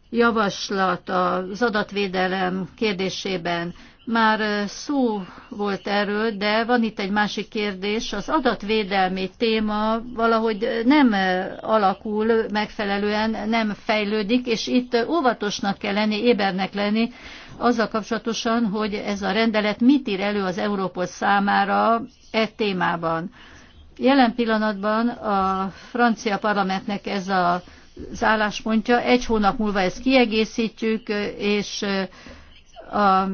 javaslat az adatvédelem kérdésében. Már szó volt erről, de van itt egy másik kérdés. Az adatvédelmi téma valahogy nem alakul megfelelően, nem fejlődik, és itt óvatosnak kell lenni, ébernek lenni azzal kapcsolatosan, hogy ez a rendelet mit ír elő az Európol számára e témában. Jelen pillanatban a francia parlamentnek ez a, az álláspontja. Egy hónap múlva ezt kiegészítjük, és a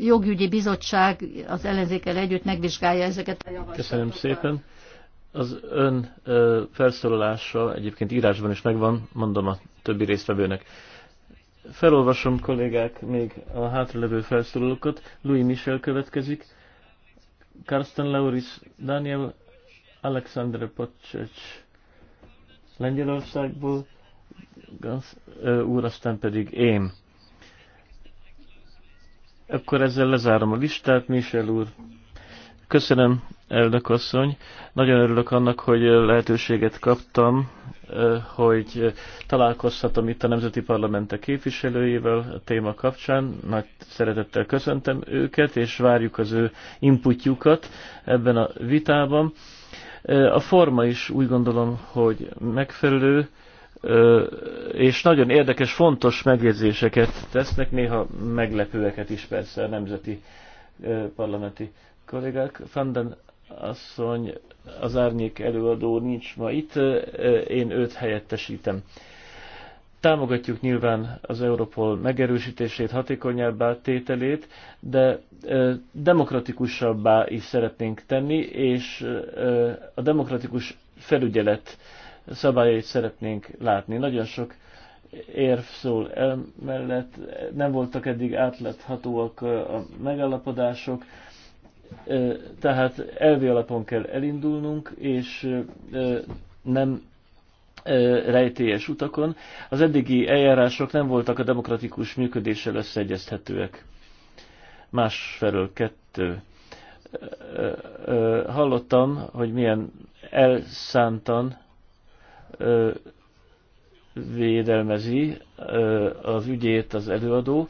jogügyi bizottság az ellenzékkel együtt megvizsgálja ezeket a javaslatokat. Köszönöm szépen. Az ön ö, felszólalása egyébként írásban is megvan, mondom a többi résztvevőnek. Felolvasom kollégák még a hátralevő felszólalókat. Louis Michel következik, Karsten Lauris, Daniel, Alexandre Pocsecs Lengyelországból, Gans, ö, úr, aztán pedig én. Akkor ezzel lezárom a listát, Michel úr. Köszönöm, elnök asszony. Nagyon örülök annak, hogy lehetőséget kaptam, eh, hogy találkozhatom itt a Nemzeti Parlamentek képviselőjével a téma kapcsán. Nagy szeretettel köszöntem őket, és várjuk az ő inputjukat ebben a vitában. Eh, a forma is úgy gondolom, hogy megfelelő és nagyon érdekes, fontos megjegyzéseket tesznek, néha meglepőeket is persze a nemzeti parlamenti kollégák. Fanden asszony, az árnyék előadó nincs ma itt, én őt helyettesítem. Támogatjuk nyilván az Europol megerősítését, hatékonyabbá tételét, de demokratikusabbá is szeretnénk tenni, és a demokratikus felügyelet szabályait szeretnénk látni. Nagyon sok érv szól mellett, nem voltak eddig átláthatóak a megállapodások, tehát elvi alapon kell elindulnunk, és nem rejtélyes utakon. Az eddigi eljárások nem voltak a demokratikus működéssel összeegyezhetőek. Másfelől kettő. Hallottam, hogy milyen elszántan védelmezi az ügyét az előadó,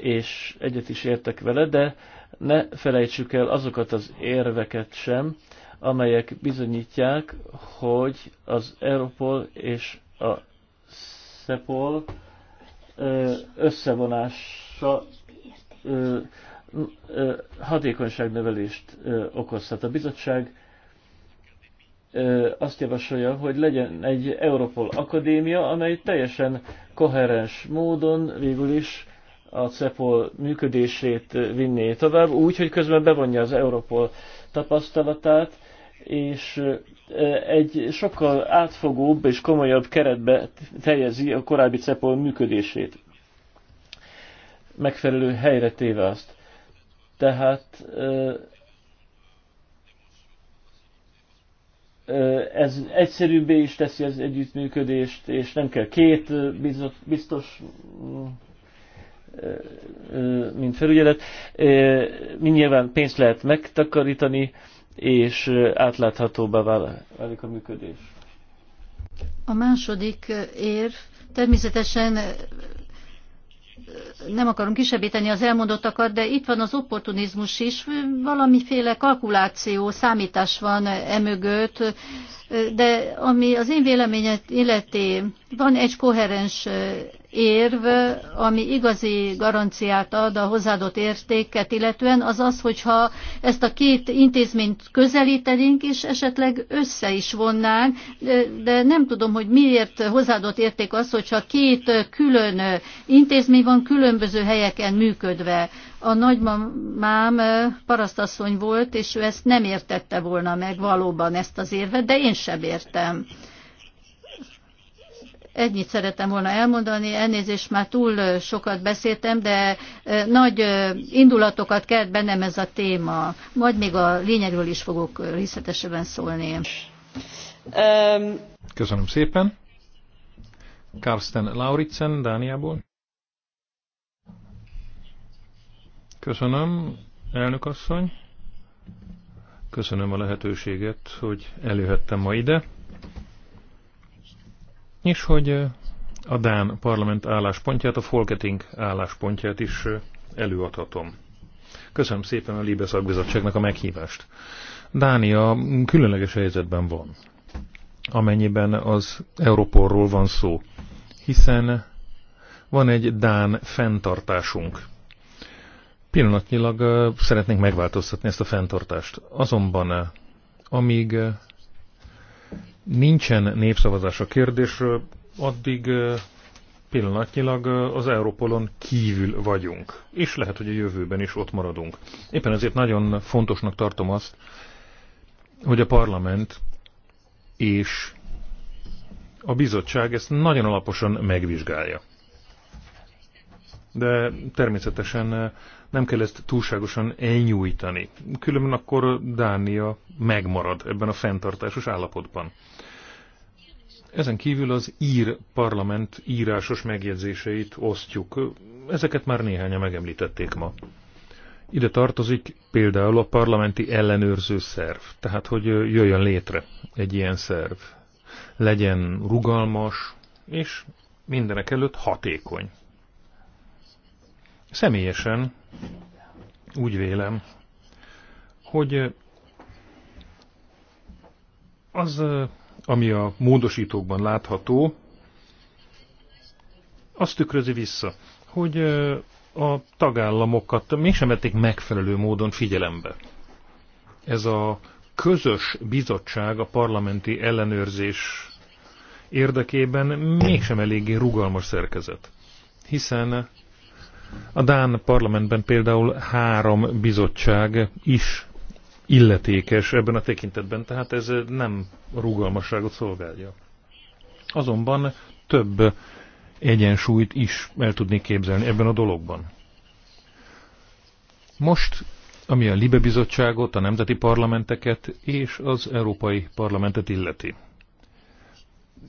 és egyet is értek vele, de ne felejtsük el azokat az érveket sem, amelyek bizonyítják, hogy az Europol és a Szepol összevonása hatékonyságnövelést okozhat. A bizottság azt javasolja, hogy legyen egy Europol akadémia, amely teljesen koherens módon végül is a CEPOL működését vinné tovább, úgy, hogy közben bevonja az Europol tapasztalatát, és egy sokkal átfogóbb és komolyabb keretbe teljezi a korábbi CEPOL működését, megfelelő helyre téve azt. Tehát ez egyszerűbbé is teszi az együttműködést, és nem kell két biztos, biztos mint felügyelet. Nyilván pénzt lehet megtakarítani, és átláthatóbbá válik a működés. A második érv természetesen nem akarom kisebbíteni az elmondottakat, de itt van az opportunizmus is, valamiféle kalkuláció, számítás van emögött, de ami az én véleményet illeti, van egy koherens érv, ami igazi garanciát ad a hozzáadott értéket, illetően az az, hogyha ezt a két intézményt közelítenénk, és esetleg össze is vonnánk, de nem tudom, hogy miért hozzáadott érték az, hogyha két külön intézmény van különböző helyeken működve. A nagymamám parasztasszony volt, és ő ezt nem értette volna meg valóban ezt az érvet, de én sem értem ennyit szerettem volna elmondani, elnézést már túl sokat beszéltem, de nagy indulatokat kelt bennem ez a téma. Majd még a lényegről is fogok részletesebben szólni. Köszönöm szépen. Karsten Lauritsen, Dániából. Köszönöm, elnök asszony. Köszönöm a lehetőséget, hogy előhettem ma ide és hogy a Dán parlament álláspontját, a Folketing álláspontját is előadhatom. Köszönöm szépen a Libe szakbizottságnak a meghívást. Dánia különleges helyzetben van, amennyiben az Európorról van szó, hiszen van egy Dán fenntartásunk. Pillanatnyilag szeretnénk megváltoztatni ezt a fenntartást. Azonban, amíg nincsen népszavazás a kérdésről, addig pillanatnyilag az Európolon kívül vagyunk, és lehet, hogy a jövőben is ott maradunk. Éppen ezért nagyon fontosnak tartom azt, hogy a parlament és a bizottság ezt nagyon alaposan megvizsgálja. De természetesen nem kell ezt túlságosan elnyújtani. Különben akkor Dánia megmarad ebben a fenntartásos állapotban. Ezen kívül az ír parlament írásos megjegyzéseit osztjuk. Ezeket már néhányan megemlítették ma. Ide tartozik például a parlamenti ellenőrző szerv, tehát hogy jöjjön létre egy ilyen szerv. Legyen rugalmas, és mindenek előtt hatékony. Személyesen úgy vélem, hogy eh, az, eh, ami a módosítókban látható, azt tükrözi vissza, hogy eh, a tagállamokat mégsem vették megfelelő módon figyelembe. Ez a közös bizottság a parlamenti ellenőrzés érdekében mégsem eléggé rugalmas szerkezet. Hiszen a Dán parlamentben például három bizottság is illetékes ebben a tekintetben, tehát ez nem rugalmasságot szolgálja. Azonban több egyensúlyt is el tudnék képzelni ebben a dologban. Most, ami a Libe bizottságot, a nemzeti parlamenteket és az Európai Parlamentet illeti.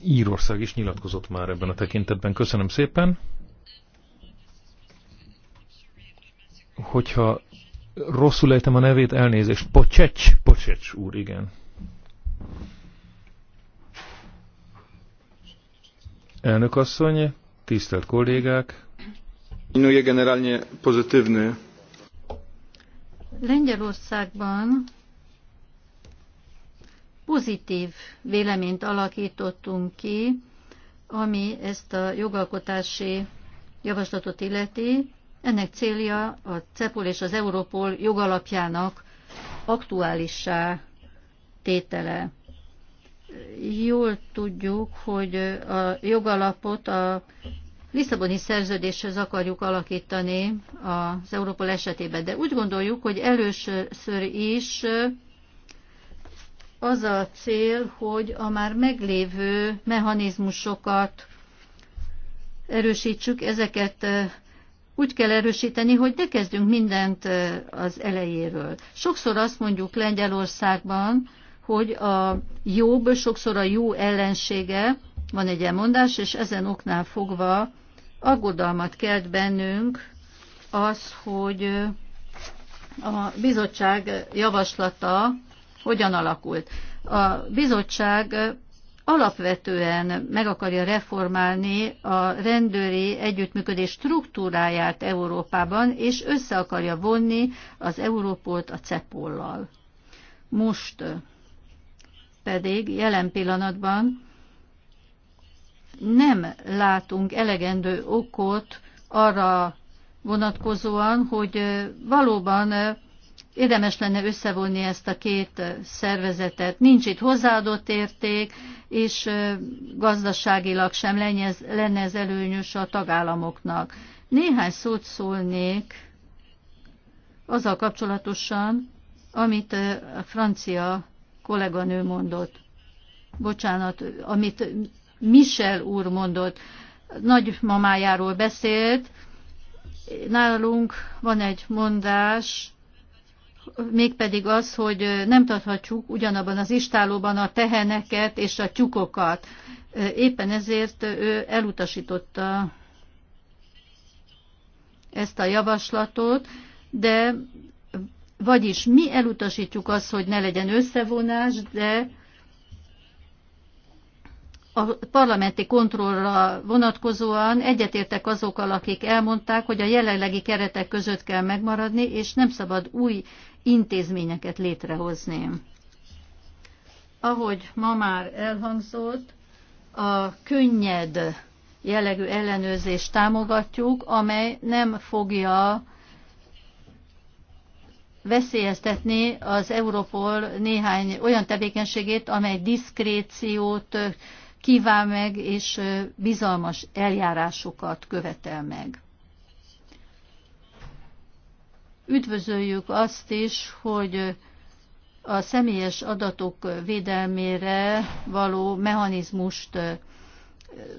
Írország is nyilatkozott már ebben a tekintetben. Köszönöm szépen. hogyha rosszul ejtem a nevét, elnézést. Pocsecs, Pocsecs úr, igen. Elnök asszony, tisztelt kollégák. Inúje generálnie pozitívny. Lengyelországban pozitív véleményt alakítottunk ki, ami ezt a jogalkotási javaslatot illeti, ennek célja a CEPOL és az Európol jogalapjának aktuálissá tétele. Jól tudjuk, hogy a jogalapot a Lisszaboni szerződéshez akarjuk alakítani az Európol esetében, de úgy gondoljuk, hogy először is az a cél, hogy a már meglévő mechanizmusokat erősítsük, ezeket úgy kell erősíteni, hogy ne kezdünk mindent az elejéről. Sokszor azt mondjuk Lengyelországban, hogy a jobb sokszor a jó ellensége, van egy elmondás, és ezen oknál fogva aggodalmat kelt bennünk az, hogy a bizottság javaslata hogyan alakult. A bizottság alapvetően meg akarja reformálni a rendőri együttműködés struktúráját Európában, és össze akarja vonni az Európolt a Cepollal. Most pedig jelen pillanatban nem látunk elegendő okot arra vonatkozóan, hogy valóban Érdemes lenne összevonni ezt a két szervezetet. Nincs itt hozzáadott érték, és gazdaságilag sem lenne ez előnyös a tagállamoknak. Néhány szót szólnék azzal kapcsolatosan, amit a francia kolléganő mondott. Bocsánat, amit Michel úr mondott. Nagymamájáról beszélt. Nálunk van egy mondás, mégpedig az, hogy nem tarthatjuk ugyanabban az istálóban a teheneket és a tyukokat. Éppen ezért ő elutasította ezt a javaslatot, de vagyis mi elutasítjuk azt, hogy ne legyen összevonás, de a parlamenti kontrollra vonatkozóan egyetértek azokkal, akik elmondták, hogy a jelenlegi keretek között kell megmaradni, és nem szabad új intézményeket létrehozni. Ahogy ma már elhangzott, a könnyed jellegű ellenőrzést támogatjuk, amely nem fogja veszélyeztetni az Europol néhány olyan tevékenységét, amely diszkréciót kíván meg és bizalmas eljárásokat követel meg. Üdvözöljük azt is, hogy a személyes adatok védelmére való mechanizmust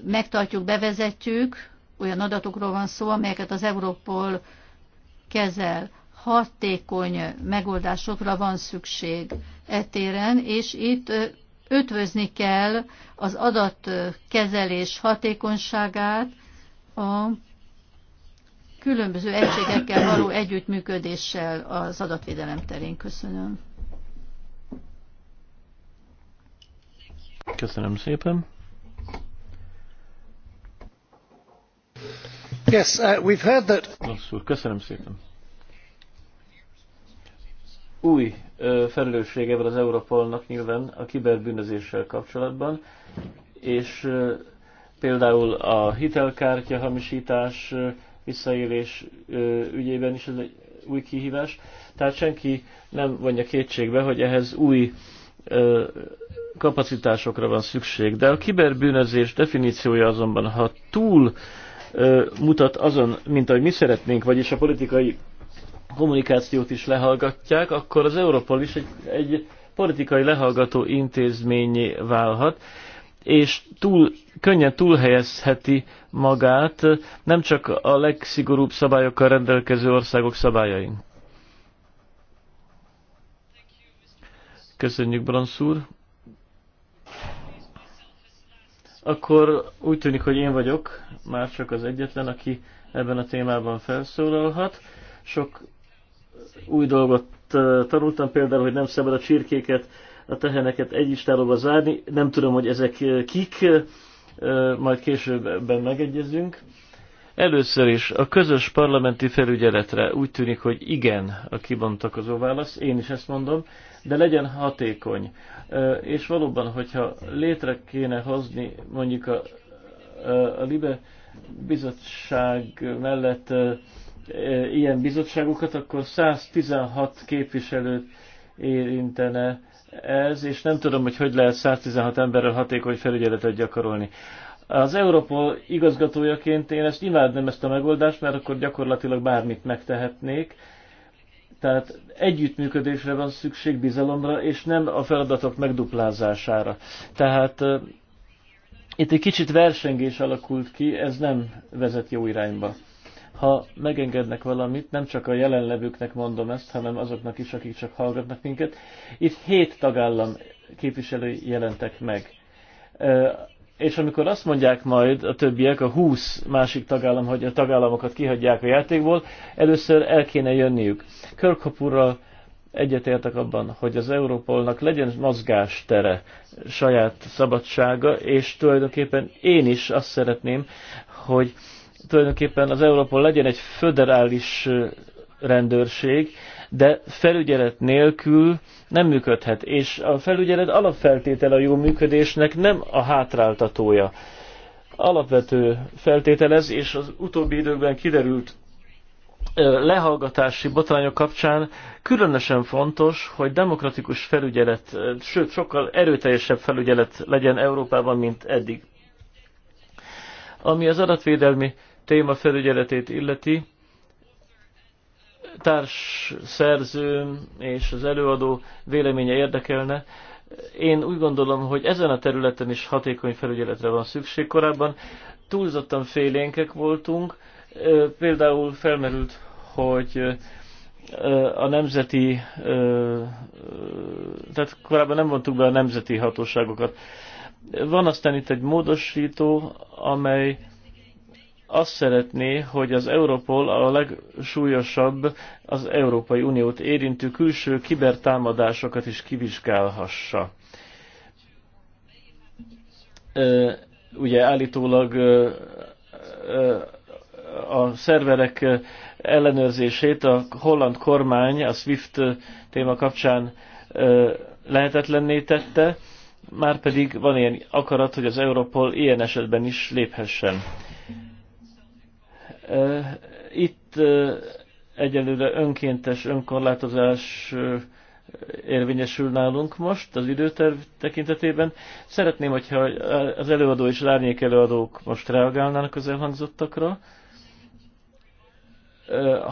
megtartjuk, bevezetjük, olyan adatokról van szó, amelyeket az Európol kezel. Hatékony megoldásokra van szükség etéren, és itt ötvözni kell az adatkezelés hatékonyságát a különböző egységekkel való együttműködéssel az adatvédelem terén. Köszönöm. Köszönöm szépen. Yes, uh, we've heard that... Lasszul, köszönöm szépen. Új ö, felelőssége van az Európolnak nyilván a kiberbűnözéssel kapcsolatban, és ö, például a hitelkártya hamisítás, visszaélés ügyében is ez egy új kihívás. Tehát senki nem vonja kétségbe, hogy ehhez új kapacitásokra van szükség. De a kiberbűnözés definíciója azonban, ha túl mutat azon, mint ahogy mi szeretnénk, vagyis a politikai kommunikációt is lehallgatják, akkor az Europol is egy, egy politikai lehallgató intézményé válhat, és túl, könnyen túlhelyezheti magát nem csak a legszigorúbb szabályokkal rendelkező országok szabályain. Köszönjük, Bransz úr. Akkor úgy tűnik, hogy én vagyok, már csak az egyetlen, aki ebben a témában felszólalhat. Sok új dolgot eh, tanultam, például, hogy nem szabad a csirkéket a teheneket egy istálóba zárni. Nem tudom, hogy ezek kik, majd később ebben megegyezünk. Először is a közös parlamenti felügyeletre úgy tűnik, hogy igen a kibontakozó válasz, én is ezt mondom, de legyen hatékony. És valóban, hogyha létre kéne hozni mondjuk a, a Libe bizottság mellett ilyen bizottságokat, akkor 116 képviselőt érintene ez, és nem tudom, hogy hogy lehet 116 emberrel hatékony felügyeletet gyakorolni. Az Európol igazgatójaként én ezt imádnám ezt a megoldást, mert akkor gyakorlatilag bármit megtehetnék. Tehát együttműködésre van szükség, bizalomra, és nem a feladatok megduplázására. Tehát uh, itt egy kicsit versengés alakult ki, ez nem vezet jó irányba ha megengednek valamit, nem csak a jelenlevőknek mondom ezt, hanem azoknak is, akik csak hallgatnak minket. Itt hét tagállam képviselői jelentek meg. És amikor azt mondják majd a többiek, a 20 másik tagállam, hogy a tagállamokat kihagyják a játékból, először el kéne jönniük. Körkapurral egyetértek abban, hogy az Európolnak legyen mozgástere, saját szabadsága, és tulajdonképpen én is azt szeretném, hogy tulajdonképpen az Európa legyen egy föderális rendőrség, de felügyelet nélkül nem működhet, és a felügyelet alapfeltétele a jó működésnek nem a hátráltatója. Alapvető feltételez, és az utóbbi időkben kiderült lehallgatási botrányok kapcsán különösen fontos, hogy demokratikus felügyelet, sőt sokkal erőteljesebb felügyelet legyen Európában, mint eddig. Ami az adatvédelmi felügyeletét illeti, társ szerzőm és az előadó véleménye érdekelne. Én úgy gondolom, hogy ezen a területen is hatékony felügyeletre van szükség. Korábban túlzottan félénkek voltunk, például felmerült, hogy a nemzeti, tehát korábban nem vontuk be a nemzeti hatóságokat. Van aztán itt egy módosító, amely azt szeretné, hogy az Europol a legsúlyosabb az Európai Uniót érintő külső kibertámadásokat is kivizsgálhassa. Ugye állítólag a szerverek ellenőrzését a holland kormány a SWIFT téma kapcsán lehetetlenné tette, már pedig van ilyen akarat, hogy az Europol ilyen esetben is léphessen. Itt egyelőre önkéntes önkorlátozás érvényesül nálunk most az időterv tekintetében. Szeretném, hogyha az előadó és lárnyék előadók most reagálnának az elhangzottakra.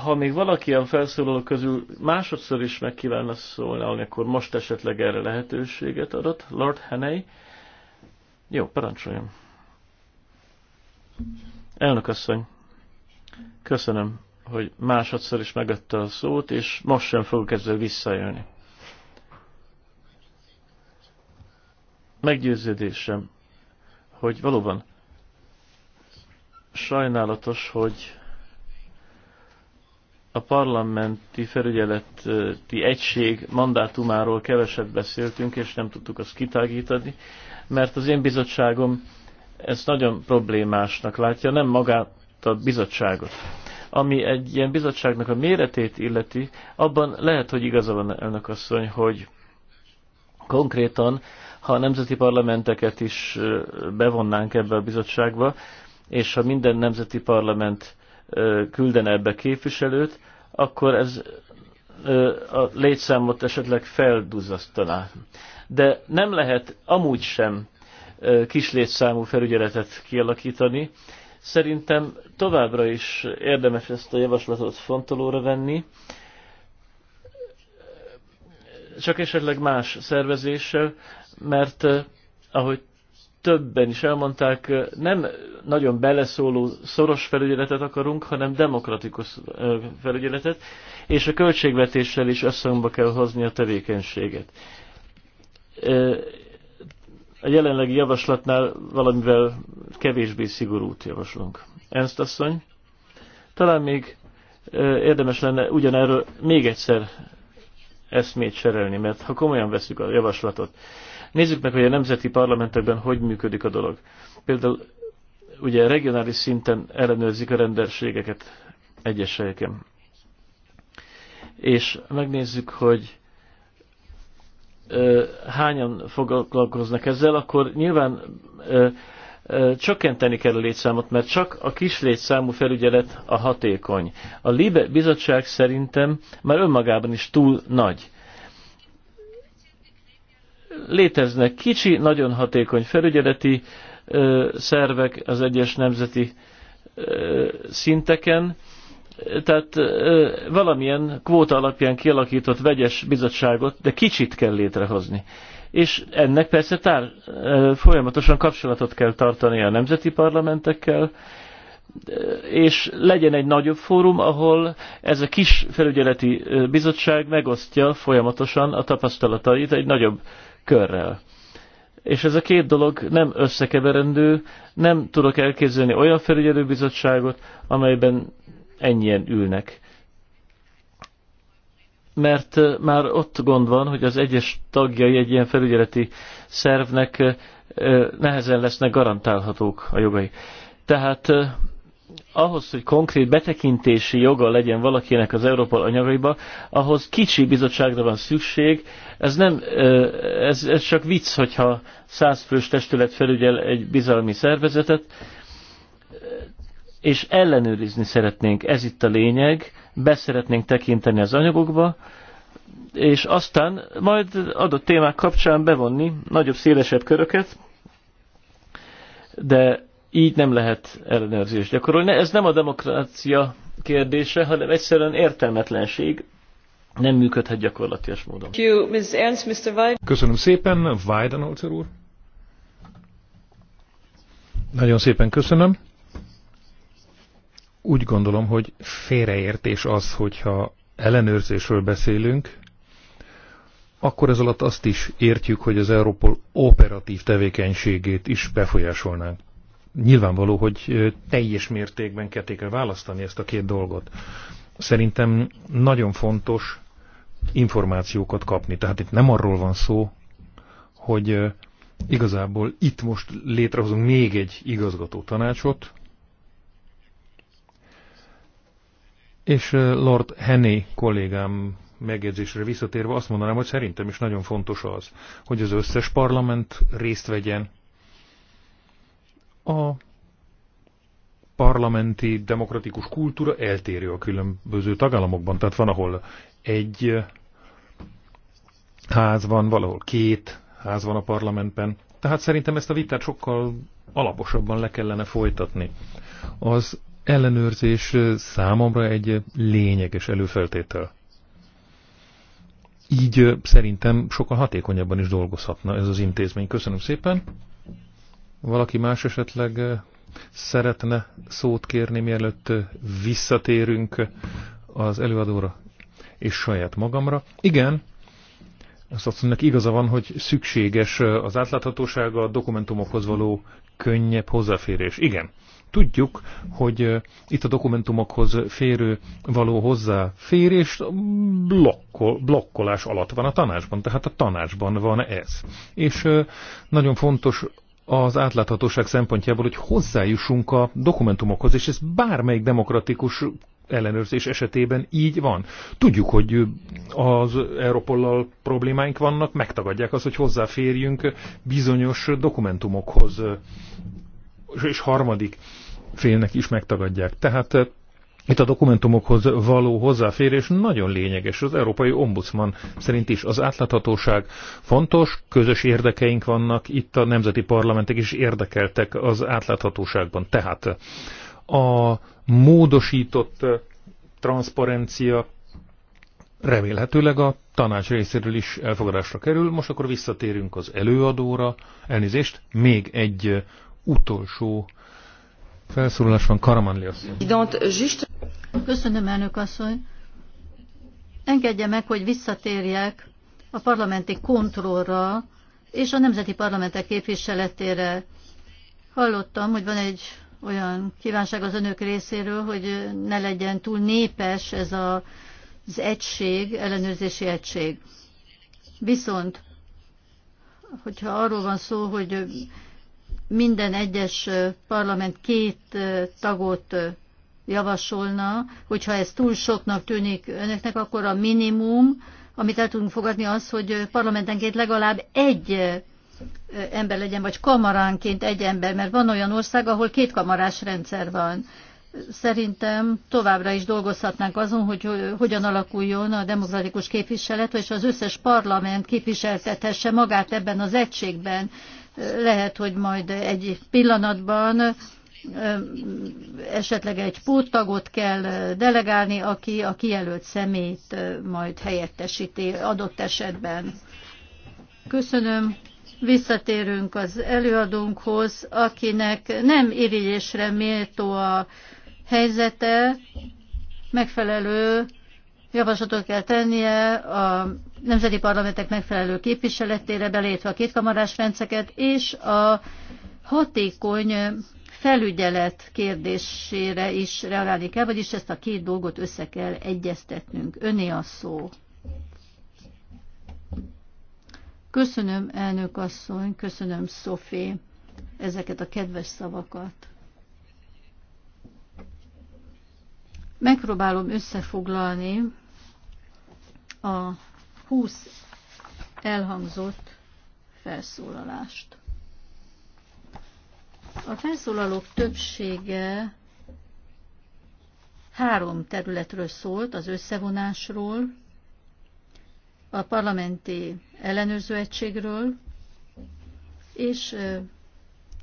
Ha még valaki a felszólalók közül másodszor is meg kívánna szólni, akkor most esetleg erre lehetőséget adott. Lord Henney. Jó, parancsoljon. Elnök asszony. Köszönöm, hogy másodszor is megadta a szót, és most sem fogok ezzel visszajönni. Meggyőződésem, hogy valóban sajnálatos, hogy a parlamenti felügyeleti egység mandátumáról keveset beszéltünk, és nem tudtuk azt kitágítani, mert az én bizottságom ezt nagyon problémásnak látja, nem magát a bizottságot. Ami egy ilyen bizottságnak a méretét illeti, abban lehet, hogy igaza van elnök asszony, hogy konkrétan, ha a nemzeti parlamenteket is bevonnánk ebbe a bizottságba, és ha minden nemzeti parlament küldene ebbe képviselőt, akkor ez a létszámot esetleg felduzzasztaná. De nem lehet amúgy sem kis létszámú felügyeletet kialakítani, Szerintem továbbra is érdemes ezt a javaslatot fontolóra venni, csak esetleg más szervezéssel, mert eh, ahogy többen is elmondták, eh, nem nagyon beleszóló szoros felügyeletet akarunk, hanem demokratikus eh, felügyeletet, és a költségvetéssel is összhangba kell hozni a tevékenységet a jelenlegi javaslatnál valamivel kevésbé szigorút javaslunk. Ernst asszony, talán még érdemes lenne ugyanerről még egyszer eszmét serelni, mert ha komolyan veszük a javaslatot, nézzük meg, hogy a nemzeti parlamentekben hogy működik a dolog. Például ugye regionális szinten ellenőrzik a rendőrségeket egyes helyeken. És megnézzük, hogy hányan foglalkoznak ezzel, akkor nyilván csökkenteni kell a létszámot, mert csak a kis létszámú felügyelet a hatékony. A LIBE bizottság szerintem már önmagában is túl nagy. Léteznek kicsi, nagyon hatékony felügyeleti szervek az egyes nemzeti szinteken, tehát valamilyen kvóta alapján kialakított vegyes bizottságot, de kicsit kell létrehozni. És ennek persze tár, folyamatosan kapcsolatot kell tartani a nemzeti parlamentekkel, és legyen egy nagyobb fórum, ahol ez a kis felügyeleti bizottság megosztja folyamatosan a tapasztalatait egy nagyobb körrel. És ez a két dolog nem összekeverendő, nem tudok elképzelni olyan felügyelőbizottságot, amelyben ennyien ülnek. Mert már ott gond van, hogy az egyes tagjai egy ilyen felügyeleti szervnek nehezen lesznek garantálhatók a jogai. Tehát ahhoz, hogy konkrét betekintési joga legyen valakinek az Európa anyagaiba, ahhoz kicsi bizottságra van szükség. Ez nem, ez, ez csak vicc, hogyha százfős testület felügyel egy bizalmi szervezetet és ellenőrizni szeretnénk, ez itt a lényeg, beszeretnénk tekinteni az anyagokba, és aztán majd adott témák kapcsán bevonni nagyobb, szélesebb köröket, de így nem lehet ellenőrzést gyakorolni. Ez nem a demokrácia kérdése, hanem egyszerűen értelmetlenség, nem működhet gyakorlatias módon. Köszönöm szépen, Weidenholzer úr. Nagyon szépen köszönöm. Úgy gondolom, hogy félreértés az, hogyha ellenőrzésről beszélünk, akkor ez alatt azt is értjük, hogy az Európol operatív tevékenységét is befolyásolnánk. Nyilvánvaló, hogy teljes mértékben ketté kell választani ezt a két dolgot. Szerintem nagyon fontos információkat kapni. Tehát itt nem arról van szó, hogy igazából itt most létrehozunk még egy igazgató tanácsot, És Lord Henné kollégám megjegyzésre visszatérve azt mondanám, hogy szerintem is nagyon fontos az, hogy az összes parlament részt vegyen a parlamenti demokratikus kultúra eltérő a különböző tagállamokban. Tehát van, ahol egy ház van, valahol két ház van a parlamentben. Tehát szerintem ezt a vitát sokkal alaposabban le kellene folytatni. Az ellenőrzés számomra egy lényeges előfeltétel. Így szerintem sokkal hatékonyabban is dolgozhatna ez az intézmény. Köszönöm szépen. Valaki más esetleg szeretne szót kérni, mielőtt visszatérünk az előadóra és saját magamra. Igen, azt hogy igaza van, hogy szükséges az átláthatósága a dokumentumokhoz való könnyebb hozzáférés. Igen, Tudjuk, hogy itt a dokumentumokhoz férő való hozzáférés blokkol, blokkolás alatt van a tanácsban, tehát a tanácsban van ez. És nagyon fontos az átláthatóság szempontjából, hogy hozzájussunk a dokumentumokhoz, és ez bármelyik demokratikus ellenőrzés esetében így van. Tudjuk, hogy az Európollal problémáink vannak, megtagadják azt, hogy hozzáférjünk bizonyos dokumentumokhoz és harmadik félnek is megtagadják. Tehát eh, itt a dokumentumokhoz való hozzáférés nagyon lényeges, az Európai Ombudsman szerint is. Az átláthatóság fontos, közös érdekeink vannak, itt a nemzeti parlamentek is érdekeltek az átláthatóságban. Tehát a módosított eh, transzparencia remélhetőleg a tanács részéről is elfogadásra kerül. Most akkor visszatérünk az előadóra. Elnézést, még egy eh, utolsó felszólalás van Karamanli asszony. Köszönöm, elnök asszony. Engedje meg, hogy visszatérjek a parlamenti kontrollra és a nemzeti parlamentek képviseletére. Hallottam, hogy van egy olyan kívánság az önök részéről, hogy ne legyen túl népes ez a, az egység, ellenőrzési egység. Viszont, hogyha arról van szó, hogy minden egyes parlament két tagot javasolna, hogyha ez túl soknak tűnik önöknek, akkor a minimum, amit el tudunk fogadni, az, hogy parlamentenként legalább egy ember legyen, vagy kamaránként egy ember, mert van olyan ország, ahol két kamarás rendszer van. Szerintem továbbra is dolgozhatnánk azon, hogy hogyan alakuljon a demokratikus képviselet, és az összes parlament képviseltethesse magát ebben az egységben. Lehet, hogy majd egy pillanatban esetleg egy póttagot kell delegálni, aki a kijelölt szemét majd helyettesíti adott esetben. Köszönöm. Visszatérünk az előadónkhoz, akinek nem irigyésre méltó a helyzete, megfelelő javaslatot kell tennie a nemzeti parlamentek megfelelő képviseletére, belétve a kétkamarás rendszeket, és a hatékony felügyelet kérdésére is reagálni kell, vagyis ezt a két dolgot össze kell egyeztetnünk. Öné a szó. Köszönöm, elnök asszony, köszönöm, Szofi, ezeket a kedves szavakat. Megpróbálom összefoglalni a 20 elhangzott felszólalást. A felszólalók többsége három területről szólt, az összevonásról, a parlamenti ellenőrzőegységről, és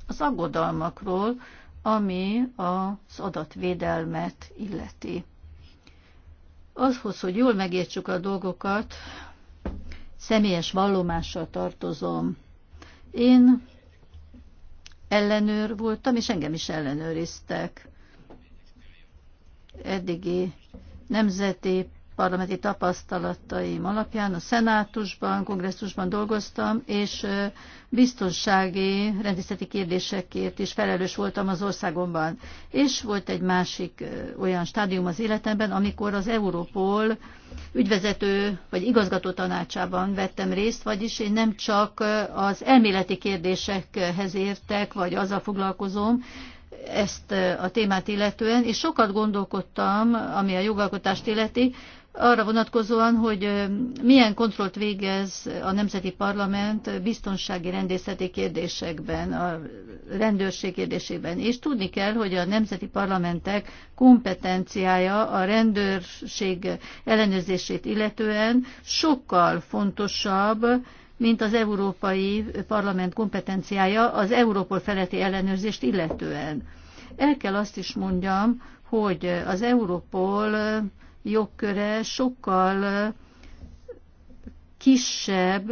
az aggodalmakról, ami az adatvédelmet illeti. Azhoz, hogy jól megértsük a dolgokat, személyes vallomással tartozom. Én ellenőr voltam, és engem is ellenőriztek. Eddigi nemzeti parlamenti tapasztalataim alapján a szenátusban, kongresszusban dolgoztam, és biztonsági rendészeti kérdésekért is felelős voltam az országomban. És volt egy másik olyan stádium az életemben, amikor az Európol ügyvezető vagy igazgató tanácsában vettem részt, vagyis én nem csak az elméleti kérdésekhez értek, vagy azzal foglalkozom, ezt a témát illetően, és sokat gondolkodtam, ami a jogalkotást illeti, arra vonatkozóan, hogy milyen kontrollt végez a Nemzeti Parlament biztonsági rendészeti kérdésekben, a rendőrség kérdésében. És tudni kell, hogy a Nemzeti Parlamentek kompetenciája a rendőrség ellenőrzését illetően sokkal fontosabb, mint az Európai Parlament kompetenciája az Európol feletti ellenőrzést illetően. El kell azt is mondjam, hogy az Európol jogköre sokkal kisebb,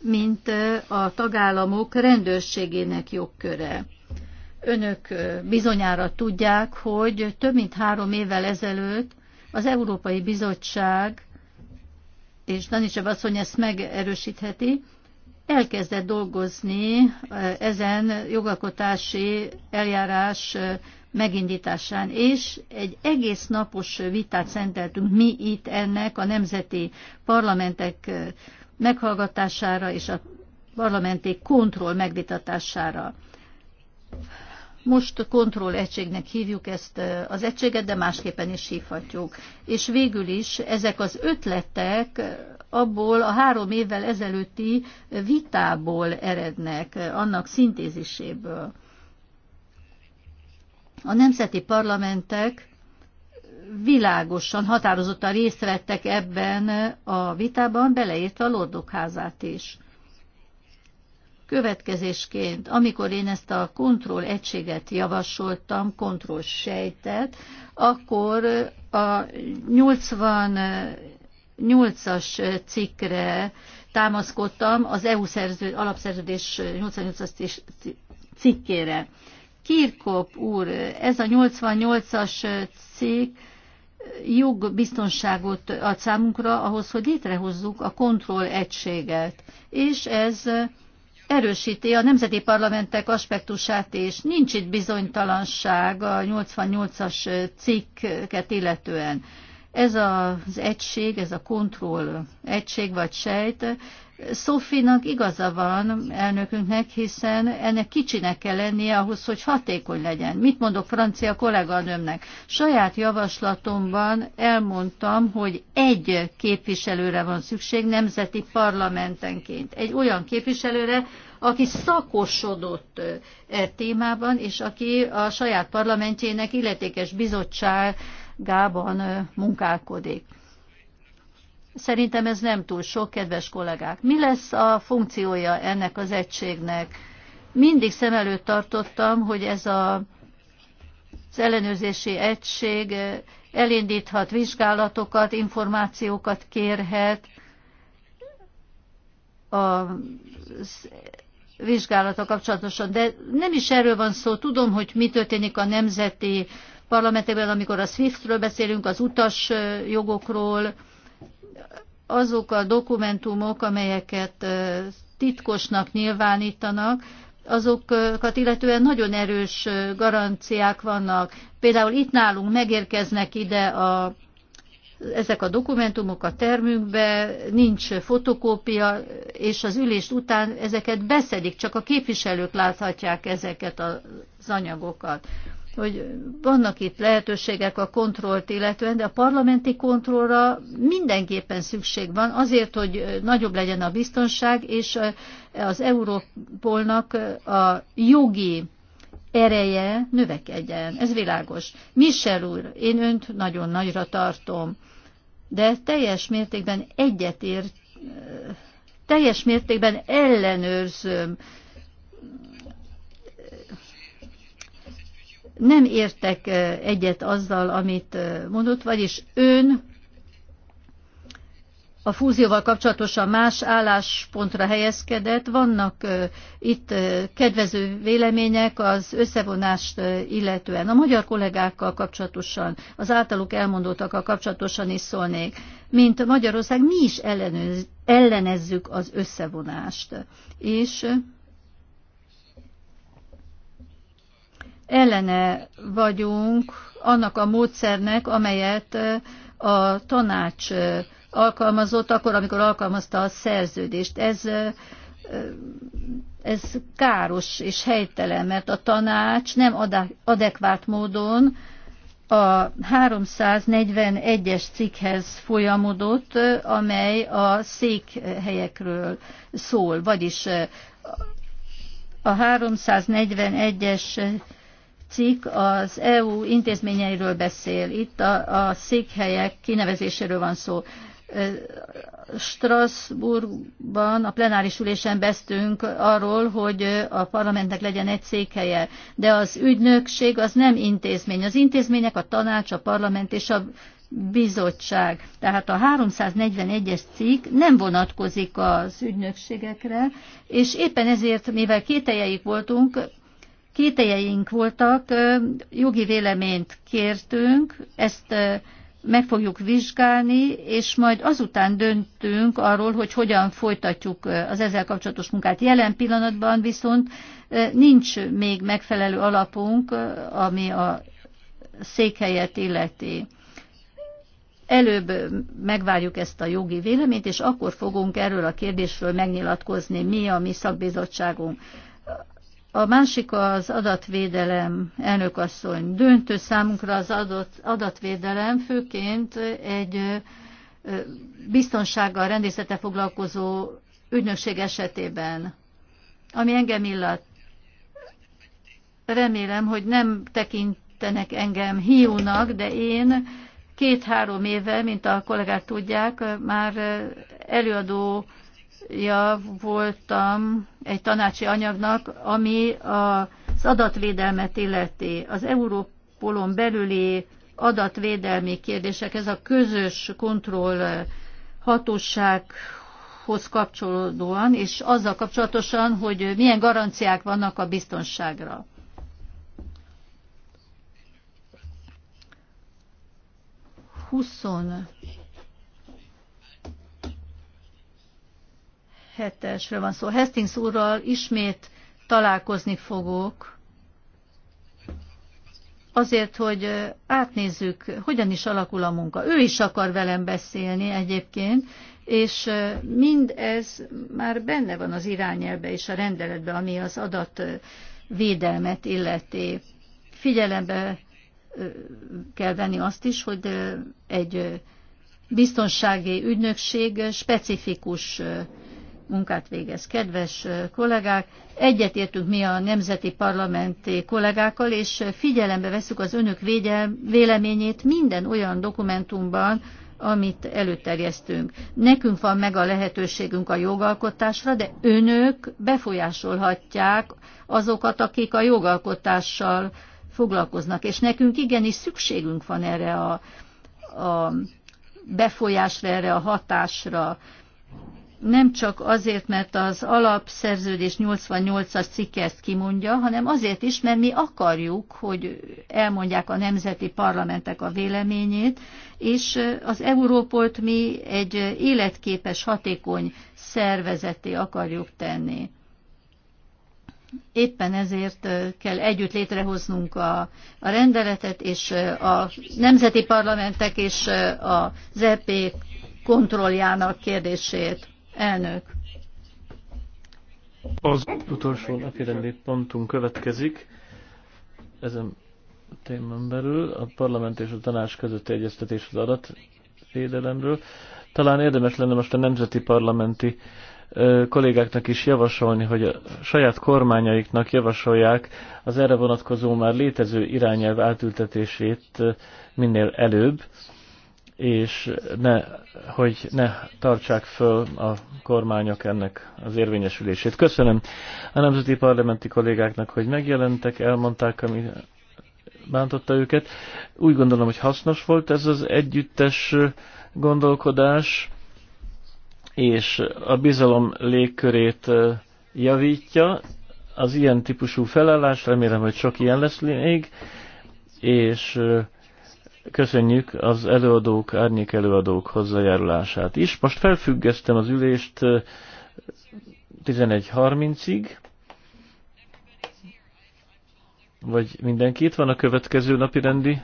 mint a tagállamok rendőrségének jogköre. Önök bizonyára tudják, hogy több mint három évvel ezelőtt az Európai Bizottság, és Danicsev asszony ezt megerősítheti, elkezdett dolgozni ezen jogalkotási eljárás megindításán, és egy egész napos vitát szenteltünk mi itt ennek a nemzeti parlamentek meghallgatására és a parlamenti kontroll megvitatására. Most kontroll egységnek hívjuk ezt az egységet, de másképpen is hívhatjuk. És végül is ezek az ötletek abból a három évvel ezelőtti vitából erednek, annak szintéziséből. A nemzeti parlamentek világosan, határozottan részt vettek ebben a vitában, beleértve a Lordok házát is. Következésként, amikor én ezt a kontroll egységet javasoltam, kontroll sejtet, akkor a 80 8-as cikkre támaszkodtam, az EU szerző, alapszerződés 88-as cikkére. Kirkop úr, ez a 88-as cikk jogbiztonságot ad számunkra ahhoz, hogy létrehozzuk a kontroll egységet. És ez erősíti a nemzeti parlamentek aspektusát, és nincs itt bizonytalanság a 88-as cikket illetően. Ez az egység, ez a kontroll egység vagy sejt, Szófinak igaza van elnökünknek, hiszen ennek kicsinek kell lennie ahhoz, hogy hatékony legyen. Mit mondok francia kolléganőmnek? Saját javaslatomban elmondtam, hogy egy képviselőre van szükség nemzeti parlamentenként. Egy olyan képviselőre, aki szakosodott e témában, és aki a saját parlamentjének illetékes bizottság gában munkálkodik. Szerintem ez nem túl sok, kedves kollégák. Mi lesz a funkciója ennek az egységnek? Mindig szem előtt tartottam, hogy ez a, az ellenőrzési egység elindíthat vizsgálatokat, információkat kérhet, a vizsgálata kapcsolatosan, de nem is erről van szó. Tudom, hogy mi történik a nemzeti parlamentekben, amikor a SWIFT-ről beszélünk, az utas jogokról, azok a dokumentumok, amelyeket titkosnak nyilvánítanak, azokat illetően nagyon erős garanciák vannak. Például itt nálunk megérkeznek ide a, ezek a dokumentumok a termünkbe, nincs fotokópia, és az ülést után ezeket beszedik, csak a képviselők láthatják ezeket az anyagokat hogy vannak itt lehetőségek a kontrollt illetően, de a parlamenti kontrollra mindenképpen szükség van azért, hogy nagyobb legyen a biztonság, és az Európolnak a jogi ereje növekedjen. Ez világos. Michel úr, én önt nagyon nagyra tartom, de teljes mértékben egyetért, teljes mértékben ellenőrzöm nem értek egyet azzal, amit mondott, vagyis ön a fúzióval kapcsolatosan más álláspontra helyezkedett. Vannak itt kedvező vélemények az összevonást illetően. A magyar kollégákkal kapcsolatosan, az általuk elmondottakkal kapcsolatosan is szólnék. Mint Magyarország, mi is ellenőz, ellenezzük az összevonást. És ellene vagyunk annak a módszernek, amelyet a tanács alkalmazott, akkor, amikor alkalmazta a szerződést. Ez, ez káros és helytelen, mert a tanács nem adekvát módon a 341-es cikkhez folyamodott, amely a székhelyekről szól, vagyis a 341-es cikk az EU intézményeiről beszél. Itt a, a székhelyek kinevezéséről van szó. Strasbourgban a plenáris ülésen besztünk arról, hogy a parlamentnek legyen egy székhelye, de az ügynökség az nem intézmény. Az intézmények a tanács, a parlament és a bizottság. Tehát a 341-es cikk nem vonatkozik az ügynökségekre, és éppen ezért, mivel kételjeik voltunk, kételjeink voltak, jogi véleményt kértünk, ezt meg fogjuk vizsgálni, és majd azután döntünk arról, hogy hogyan folytatjuk az ezzel kapcsolatos munkát. Jelen pillanatban viszont nincs még megfelelő alapunk, ami a székhelyet illeti. Előbb megvárjuk ezt a jogi véleményt, és akkor fogunk erről a kérdésről megnyilatkozni mi a mi szakbizottságunk. A másik az adatvédelem, elnökasszony. Döntő számunkra az adott, adatvédelem, főként egy biztonsággal, rendészete foglalkozó ügynökség esetében, ami engem illat. Remélem, hogy nem tekintenek engem hiúnak, de én két-három éve, mint a kollégák tudják, már előadó ja voltam egy tanácsi anyagnak, ami az adatvédelmet illeti. Az Európolon belüli adatvédelmi kérdések, ez a közös kontroll hatósághoz kapcsolódóan, és azzal kapcsolatosan, hogy milyen garanciák vannak a biztonságra. Huszon hetesről van szó. Hastings úrral ismét találkozni fogok, azért, hogy átnézzük, hogyan is alakul a munka. Ő is akar velem beszélni egyébként, és mindez már benne van az irányelbe és a rendeletbe, ami az adat védelmet illeti. Figyelembe kell venni azt is, hogy egy biztonsági ügynökség specifikus munkát végez. Kedves kollégák, egyetértünk mi a nemzeti parlamenti kollégákkal, és figyelembe veszük az önök véleményét minden olyan dokumentumban, amit előterjesztünk. Nekünk van meg a lehetőségünk a jogalkotásra, de önök befolyásolhatják azokat, akik a jogalkotással foglalkoznak. És nekünk igenis szükségünk van erre a, a befolyásra, erre a hatásra nem csak azért, mert az alapszerződés 88-as cikke ezt kimondja, hanem azért is, mert mi akarjuk, hogy elmondják a nemzeti parlamentek a véleményét, és az Európolt mi egy életképes, hatékony szervezeté akarjuk tenni. Éppen ezért kell együtt létrehoznunk a, a rendeletet, és a nemzeti parlamentek és az EP kontrolljának kérdését. Elnök. Az utolsó napirendi pontunk következik. Ezen témán belül a parlament és a tanács közötti egyeztetés az adatvédelemről. Talán érdemes lenne most a nemzeti parlamenti kollégáknak is javasolni, hogy a saját kormányaiknak javasolják az erre vonatkozó már létező irányelv átültetését minél előbb és ne, hogy ne tartsák föl a kormányok ennek az érvényesülését. Köszönöm a nemzeti parlamenti kollégáknak, hogy megjelentek, elmondták, ami bántotta őket. Úgy gondolom, hogy hasznos volt ez az együttes gondolkodás, és a bizalom légkörét javítja. Az ilyen típusú felállás, remélem, hogy sok ilyen lesz még, és Köszönjük az előadók, árnyék előadók hozzájárulását is. Most felfüggesztem az ülést 11.30-ig. Vagy mindenki itt van a következő napi rendi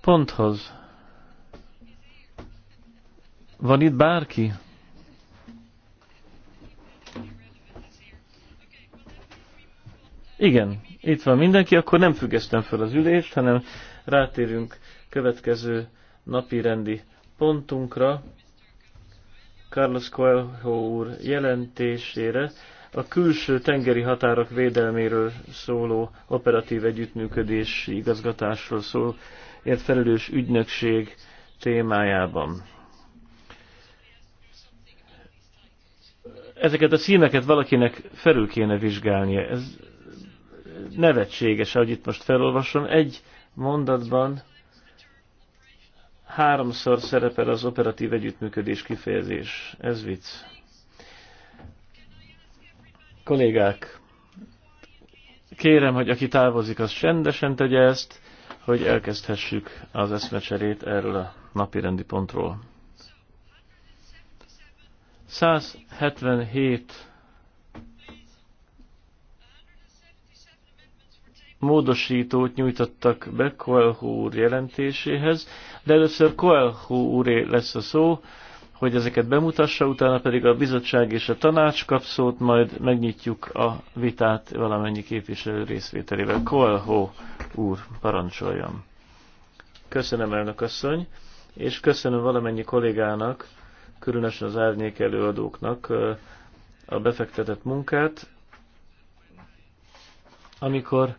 ponthoz. Van itt bárki? Igen, itt van mindenki, akkor nem függesztem fel az ülést, hanem rátérünk következő napi rendi pontunkra, Carlos Coelho úr jelentésére, a külső tengeri határok védelméről szóló operatív együttműködési igazgatásról szól, ért felelős ügynökség témájában. Ezeket a színeket valakinek felül kéne vizsgálnia. Ez nevetséges, ahogy itt most felolvasom. Egy mondatban háromszor szerepel az operatív együttműködés kifejezés. Ez vicc. Kollégák, kérem, hogy aki távozik, az csendesen tegye ezt, hogy elkezdhessük az eszmecserét erről a napirendi pontról. 177 módosítót nyújtottak Bekoelhúr jelentéséhez de először Coelho úré lesz a szó, hogy ezeket bemutassa, utána pedig a bizottság és a tanács kap szót, majd megnyitjuk a vitát valamennyi képviselő részvételével. Coelho úr, parancsoljam. Köszönöm, elnök asszony, és köszönöm valamennyi kollégának, különösen az árnyék előadóknak a befektetett munkát. Amikor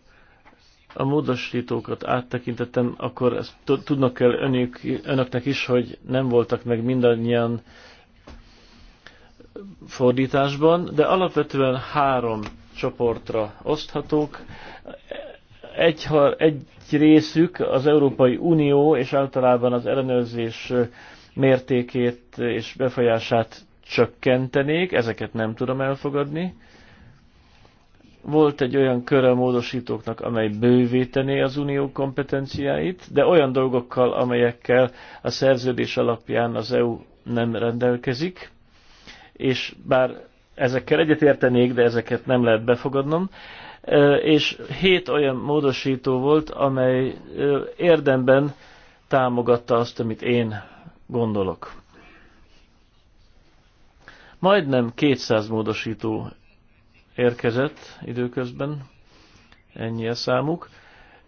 a módosítókat áttekintettem, akkor ezt tudnak kell önök, önöknek is, hogy nem voltak meg mindannyian fordításban, de alapvetően három csoportra oszthatók. Egy, ha egy részük az Európai Unió és általában az ellenőrzés mértékét és befolyását csökkentenék, ezeket nem tudom elfogadni volt egy olyan kör a módosítóknak, amely bővítené az unió kompetenciáit, de olyan dolgokkal, amelyekkel a szerződés alapján az EU nem rendelkezik, és bár ezekkel egyetértenék, de ezeket nem lehet befogadnom, és hét olyan módosító volt, amely érdemben támogatta azt, amit én gondolok. Majdnem 200 módosító érkezett időközben, ennyi a számuk.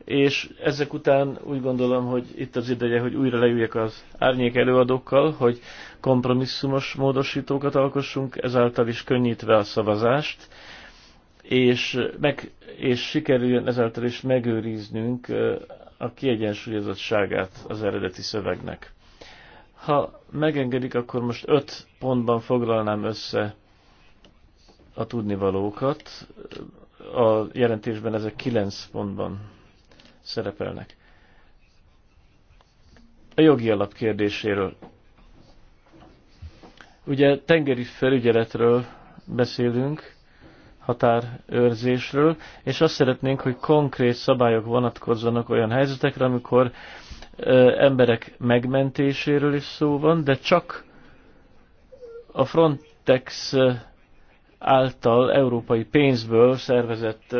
És ezek után úgy gondolom, hogy itt az ideje, hogy újra leüljek az árnyék előadókkal, hogy kompromisszumos módosítókat alkossunk, ezáltal is könnyítve a szavazást, és, meg, és sikerüljön ezáltal is megőriznünk eh, a kiegyensúlyozottságát az eredeti szövegnek. Ha megengedik, akkor most öt pontban foglalnám össze a tudnivalókat. A jelentésben ezek kilenc pontban szerepelnek. A jogi alap kérdéséről. Ugye tengeri felügyeletről beszélünk, határőrzésről, és azt szeretnénk, hogy konkrét szabályok vonatkozzanak olyan helyzetekre, amikor ö, emberek megmentéséről is szó van, de csak a Frontex által európai pénzből szervezett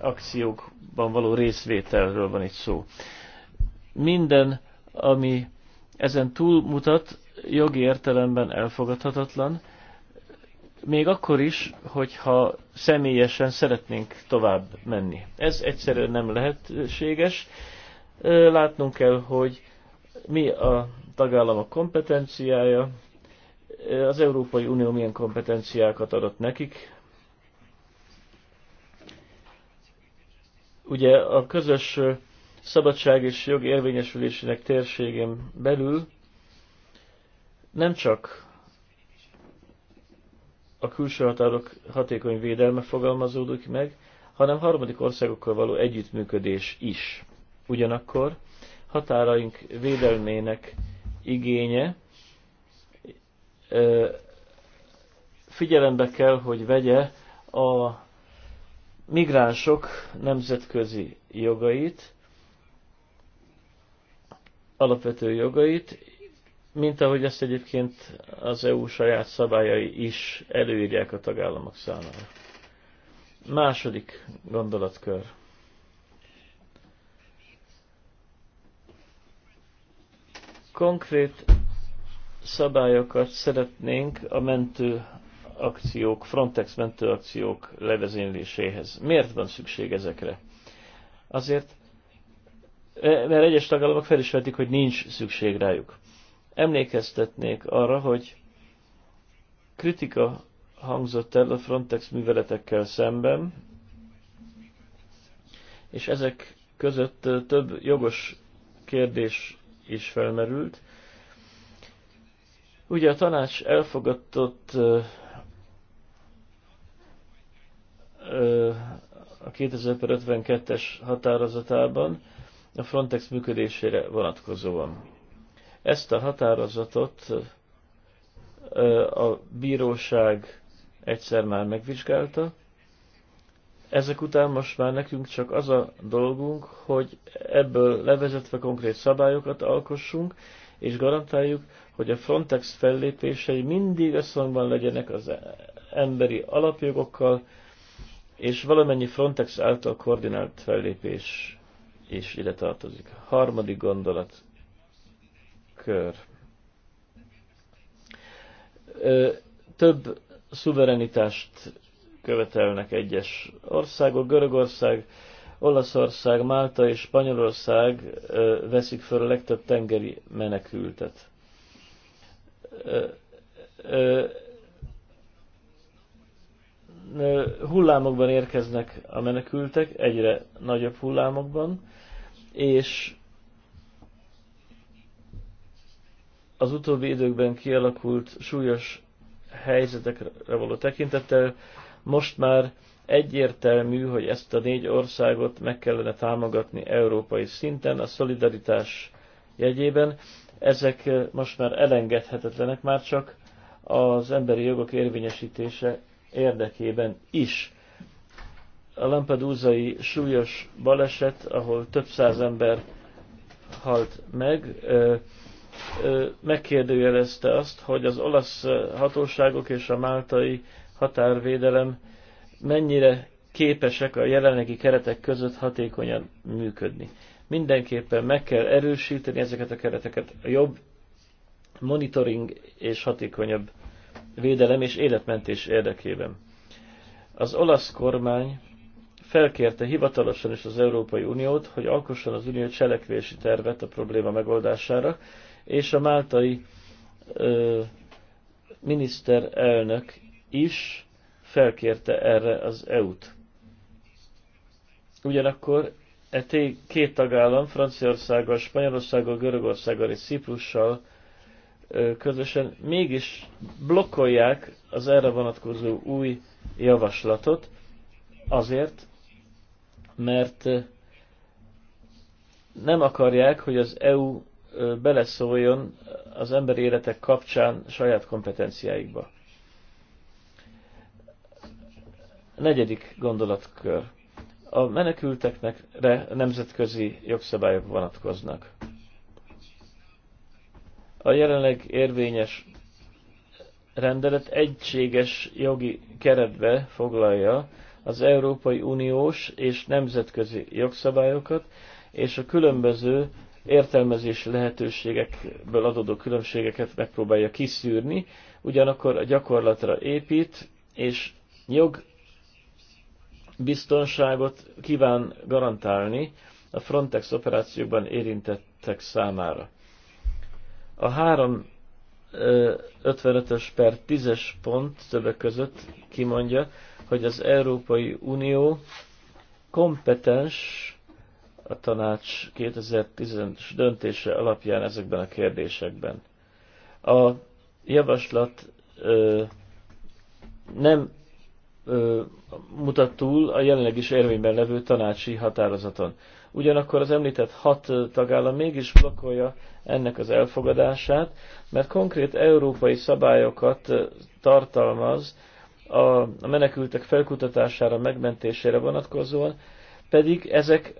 akciókban való részvételről van itt szó. Minden, ami ezen túlmutat, jogi értelemben elfogadhatatlan, még akkor is, hogyha személyesen szeretnénk tovább menni. Ez egyszerűen nem lehetséges. Látnunk kell, hogy mi a tagállamok kompetenciája, az Európai Unió milyen kompetenciákat adott nekik. Ugye a közös szabadság és jog érvényesülésének térségén belül nem csak a külső határok hatékony védelme fogalmazódik meg, hanem harmadik országokkal való együttműködés is. Ugyanakkor határaink védelmének igénye figyelembe kell, hogy vegye a migránsok nemzetközi jogait, alapvető jogait, mint ahogy ezt egyébként az EU saját szabályai is előírják a tagállamok számára. Második gondolatkör. Konkrét szabályokat szeretnénk a mentő akciók, Frontex mentőakciók levezényléséhez. Miért van szükség ezekre? Azért, e, mert egyes tagállamok felismerik, hogy nincs szükség rájuk. Emlékeztetnék arra, hogy kritika hangzott el a Frontex műveletekkel szemben, és ezek között e, több jogos kérdés is felmerült. Ugye a tanács elfogadtott a 2052-es határozatában a Frontex működésére vonatkozóan. Ezt a határozatot a bíróság egyszer már megvizsgálta. Ezek után most már nekünk csak az a dolgunk, hogy ebből levezetve konkrét szabályokat alkossunk, és garantáljuk, hogy a Frontex fellépései mindig összhangban legyenek az emberi alapjogokkal, és valamennyi Frontex által koordinált fellépés is ide tartozik. Harmadik gondolat. Kör. Több szuverenitást követelnek egyes országok. Görögország Olaszország, Málta és Spanyolország veszik föl a legtöbb tengeri menekültet. Hullámokban érkeznek a menekültek, egyre nagyobb hullámokban, és az utóbbi időkben kialakult súlyos helyzetekre való tekintettel most már Egyértelmű, hogy ezt a négy országot meg kellene támogatni európai szinten, a szolidaritás jegyében. Ezek eh, most már elengedhetetlenek, már csak az emberi jogok érvényesítése érdekében is. A Lampedúzai súlyos baleset, ahol több száz ember halt meg, eh, eh, megkérdőjelezte azt, hogy az olasz hatóságok és a máltai határvédelem mennyire képesek a jelenlegi keretek között hatékonyan működni. Mindenképpen meg kell erősíteni ezeket a kereteket. A jobb monitoring és hatékonyabb védelem és életmentés érdekében. Az olasz kormány felkérte hivatalosan is az Európai Uniót, hogy alkosson az unió cselekvési tervet a probléma megoldására, és a máltai ö, miniszterelnök is felkérte erre az EU-t. Ugyanakkor e két tagállam, Franciaországgal, Spanyolországgal, Görögországgal és Ciprussal közösen mégis blokkolják az erre vonatkozó új javaslatot, azért, mert nem akarják, hogy az EU beleszóljon az emberi életek kapcsán saját kompetenciáikba. A negyedik gondolatkör. A menekülteknek nemzetközi jogszabályok vonatkoznak. A jelenleg érvényes rendelet egységes jogi keretbe foglalja az Európai Uniós és nemzetközi jogszabályokat, és a különböző értelmezési lehetőségekből adódó különbségeket megpróbálja kiszűrni, ugyanakkor a gyakorlatra épít, és jog biztonságot kíván garantálni a Frontex operációkban érintettek számára. A 355-ös per 10-es pont többek között kimondja, hogy az Európai Unió kompetens a tanács 2010-es döntése alapján ezekben a kérdésekben. A javaslat ö, nem mutat túl a jelenleg is érvényben levő tanácsi határozaton. Ugyanakkor az említett hat tagállam mégis blokkolja ennek az elfogadását, mert konkrét európai szabályokat tartalmaz a menekültek felkutatására, megmentésére vonatkozóan, pedig ezek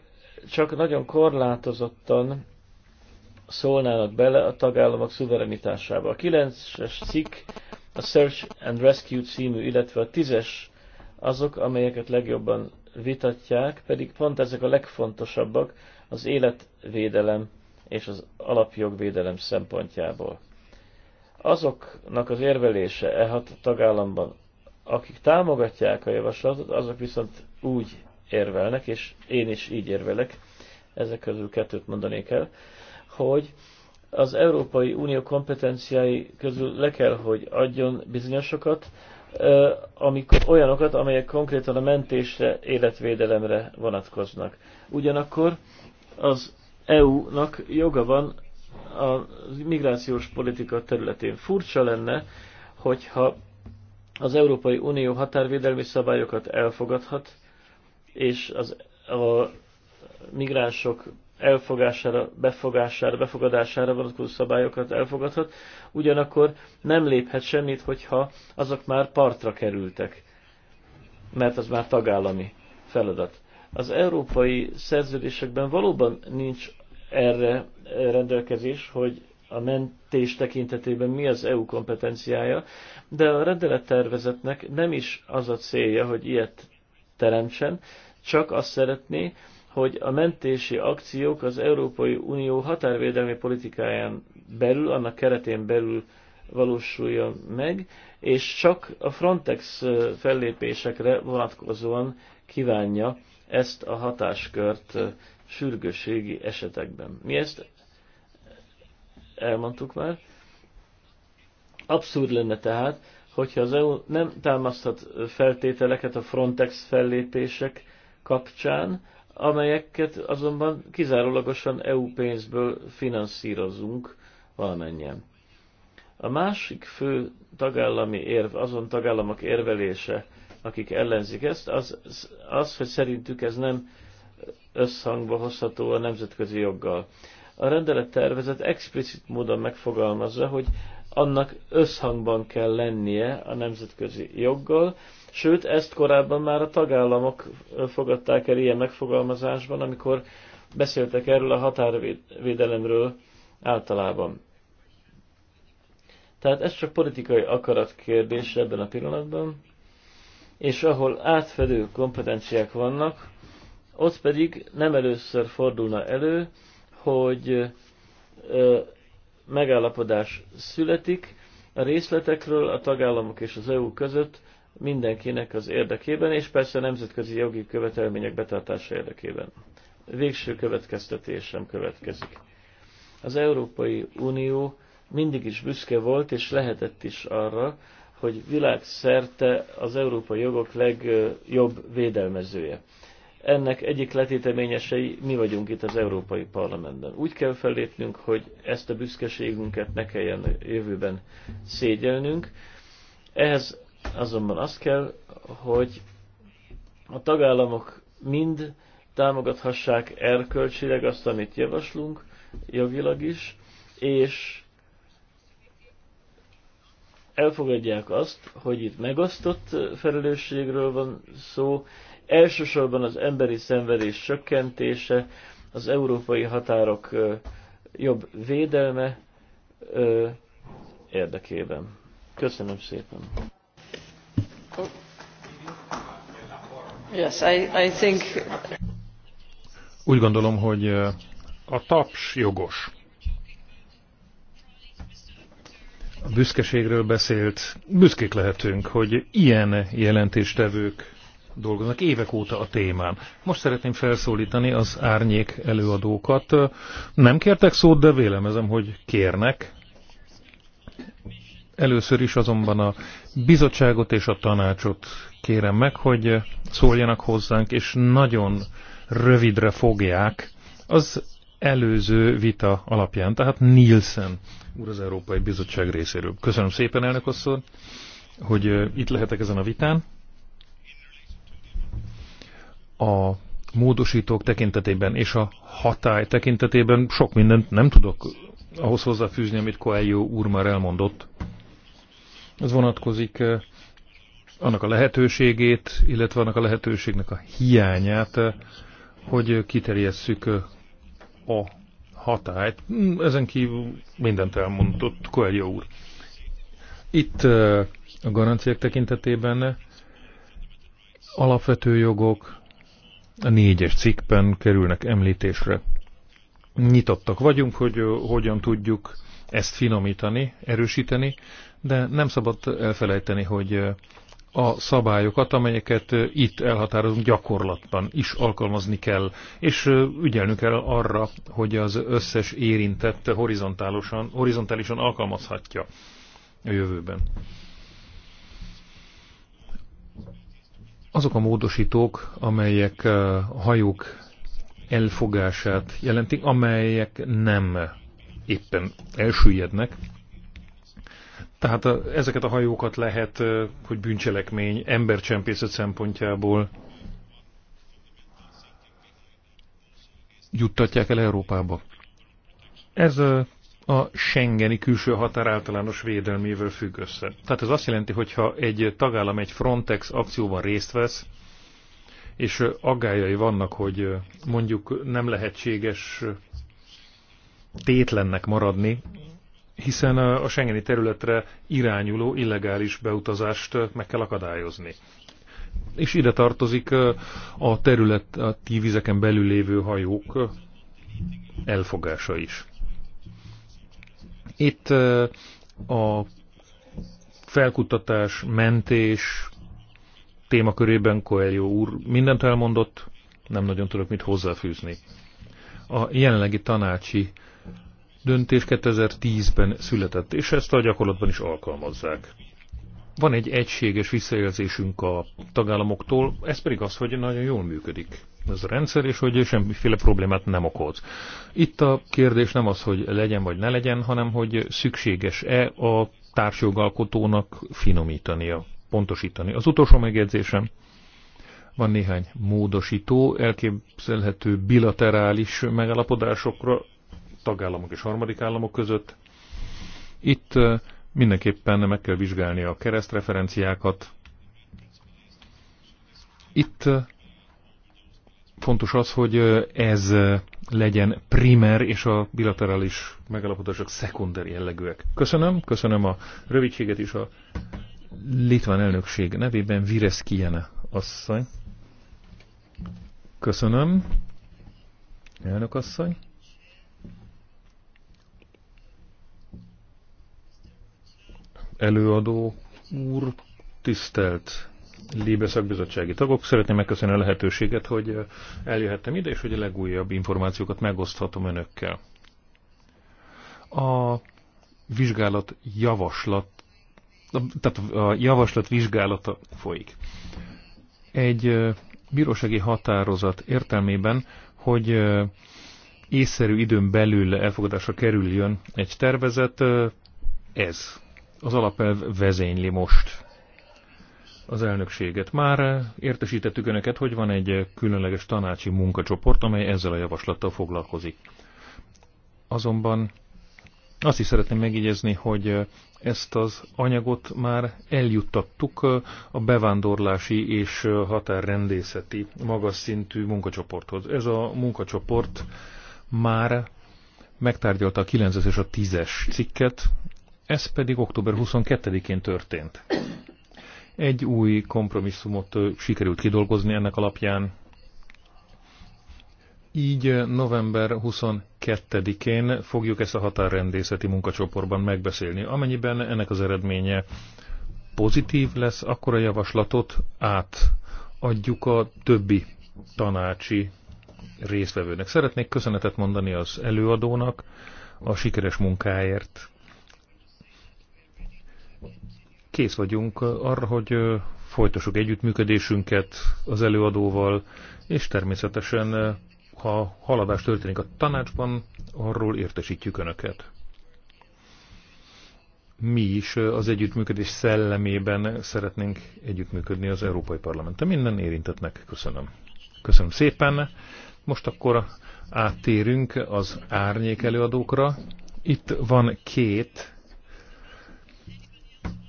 csak nagyon korlátozottan szólnának bele a tagállamok szuverenitásába. A 9-es cikk a Search and Rescue című, illetve a 10-es azok, amelyeket legjobban vitatják, pedig pont ezek a legfontosabbak az életvédelem és az alapjogvédelem szempontjából. Azoknak az érvelése e hat tagállamban, akik támogatják a javaslatot, azok viszont úgy érvelnek, és én is így érvelek, ezek közül kettőt mondanék el, hogy az Európai Unió kompetenciái közül le kell, hogy adjon bizonyosokat, amikor olyanokat, amelyek konkrétan a mentésre, életvédelemre vonatkoznak. Ugyanakkor az EU-nak joga van a migrációs politika területén. Furcsa lenne, hogyha az Európai Unió határvédelmi szabályokat elfogadhat, és az, a migránsok elfogására, befogására, befogadására vonatkozó szabályokat elfogadhat, ugyanakkor nem léphet semmit, hogyha azok már partra kerültek, mert az már tagállami feladat. Az európai szerződésekben valóban nincs erre rendelkezés, hogy a mentés tekintetében mi az EU kompetenciája, de a rendelettervezetnek nem is az a célja, hogy ilyet teremtsen, csak azt szeretné, hogy a mentési akciók az Európai Unió határvédelmi politikáján belül, annak keretén belül valósuljon meg, és csak a Frontex fellépésekre vonatkozóan kívánja ezt a hatáskört sürgősségi esetekben. Mi ezt elmondtuk már. Abszurd lenne tehát, hogyha az EU nem támaszthat feltételeket a Frontex fellépések kapcsán, amelyeket azonban kizárólagosan EU pénzből finanszírozunk valamennyien. A másik fő tagállami érv, azon tagállamok érvelése, akik ellenzik ezt, az, az hogy szerintük ez nem összhangba hozható a nemzetközi joggal. A rendelet tervezet explicit módon megfogalmazza, hogy annak összhangban kell lennie a nemzetközi joggal, sőt, ezt korábban már a tagállamok fogadták el ilyen megfogalmazásban, amikor beszéltek erről a határvédelemről általában. Tehát ez csak politikai akarat kérdés ebben a pillanatban, és ahol átfedő kompetenciák vannak, ott pedig nem először fordulna elő, hogy megállapodás születik a részletekről a tagállamok és az EU között mindenkinek az érdekében, és persze a nemzetközi jogi követelmények betartása érdekében. Végső következtetésem következik. Az Európai Unió mindig is büszke volt, és lehetett is arra, hogy világszerte az európai jogok legjobb védelmezője ennek egyik letéteményesei mi vagyunk itt az Európai Parlamentben. Úgy kell fellépnünk, hogy ezt a büszkeségünket ne kelljen jövőben szégyelnünk. Ehhez azonban azt kell, hogy a tagállamok mind támogathassák erkölcsileg azt, amit javaslunk, jogilag is, és elfogadják azt, hogy itt megosztott felelősségről van szó, Elsősorban az emberi szenvedés csökkentése, az európai határok jobb védelme érdekében. Köszönöm szépen. Yes, I, I think... Úgy gondolom, hogy a taps jogos. A büszkeségről beszélt. Büszkék lehetünk, hogy ilyen jelentéstevők dolgoznak évek óta a témán. Most szeretném felszólítani az árnyék előadókat. Nem kértek szót, de vélemezem, hogy kérnek. Először is azonban a bizottságot és a tanácsot kérem meg, hogy szóljanak hozzánk, és nagyon rövidre fogják az előző vita alapján, tehát Nielsen úr az Európai Bizottság részéről. Köszönöm szépen, elnök asszony, hogy itt lehetek ezen a vitán a módosítók tekintetében és a hatály tekintetében sok mindent nem tudok ahhoz hozzáfűzni, amit Coelho úr már elmondott. Ez vonatkozik eh, annak a lehetőségét, illetve annak a lehetőségnek a hiányát, eh, hogy kiterjesszük eh, a hatályt. Ezen kívül mindent elmondott Coelho úr. Itt a garanciák tekintetében alapvető jogok, a négyes cikkben kerülnek említésre. Nyitottak vagyunk, hogy hogyan tudjuk ezt finomítani, erősíteni, de nem szabad elfelejteni, hogy a szabályokat, amelyeket itt elhatározunk gyakorlatban is alkalmazni kell, és ügyelnünk kell arra, hogy az összes érintett horizontálisan, horizontálisan alkalmazhatja a jövőben. Azok a módosítók, amelyek a hajók elfogását jelentik, amelyek nem éppen elsüllyednek. Tehát a, ezeket a hajókat lehet, hogy bűncselekmény embercsempészet szempontjából juttatják el Európába. Ez a Schengeni külső határ általános védelmével függ össze. Tehát ez azt jelenti, hogyha egy tagállam egy Frontex akcióban részt vesz, és aggályai vannak, hogy mondjuk nem lehetséges tétlennek maradni, hiszen a Schengeni területre irányuló illegális beutazást meg kell akadályozni. És ide tartozik a terület a tívizeken belül lévő hajók elfogása is. Itt a felkutatás, mentés témakörében Coelho úr mindent elmondott, nem nagyon tudok mit hozzáfűzni. A jelenlegi tanácsi döntés 2010-ben született, és ezt a gyakorlatban is alkalmazzák. Van egy egységes visszajelzésünk a tagállamoktól, ez pedig az, hogy nagyon jól működik ez a rendszer, és hogy semmiféle problémát nem okoz. Itt a kérdés nem az, hogy legyen vagy ne legyen, hanem hogy szükséges-e a társjogalkotónak finomítania, pontosítani. Az utolsó megjegyzésem, van néhány módosító, elképzelhető bilaterális megállapodásokra tagállamok és harmadik államok között. Itt eh, mindenképpen meg kell vizsgálni a keresztreferenciákat. Itt eh, fontos az, hogy ez legyen primer, és a bilaterális megalapodások szekunder jellegűek. Köszönöm, köszönöm a rövidséget is a litván elnökség nevében, Vires Kijene asszony. Köszönöm, elnök asszony. Előadó úr, tisztelt Libe szakbizottsági tagok. Szeretném megköszönni a lehetőséget, hogy eh, eljöhettem ide, és hogy a legújabb információkat megoszthatom önökkel. A vizsgálat javaslat, tehát a javaslat vizsgálata folyik. Egy eh, bírósági határozat értelmében, hogy eh, észszerű időn belül elfogadásra kerüljön egy tervezet, ez az alapelv vezényli most az elnökséget. Már értesítettük Önöket, hogy van egy különleges tanácsi munkacsoport, amely ezzel a javaslattal foglalkozik. Azonban azt is szeretném megjegyezni, hogy ezt az anyagot már eljuttattuk a bevándorlási és határrendészeti magas szintű munkacsoporthoz. Ez a munkacsoport már megtárgyalta a 9-es és a 10-es cikket, ez pedig október 22-én történt. Egy új kompromisszumot sikerült kidolgozni ennek alapján. Így november 22-én fogjuk ezt a határrendészeti munkacsoportban megbeszélni. Amennyiben ennek az eredménye pozitív lesz, akkor a javaslatot átadjuk a többi tanácsi résztvevőnek. Szeretnék köszönetet mondani az előadónak a sikeres munkáért kész vagyunk arra, hogy folytassuk együttműködésünket az előadóval, és természetesen, ha haladás történik a tanácsban, arról értesítjük Önöket. Mi is az együttműködés szellemében szeretnénk együttműködni az Európai Parlamenten. Minden érintetnek köszönöm. Köszönöm szépen. Most akkor áttérünk az árnyék előadókra. Itt van két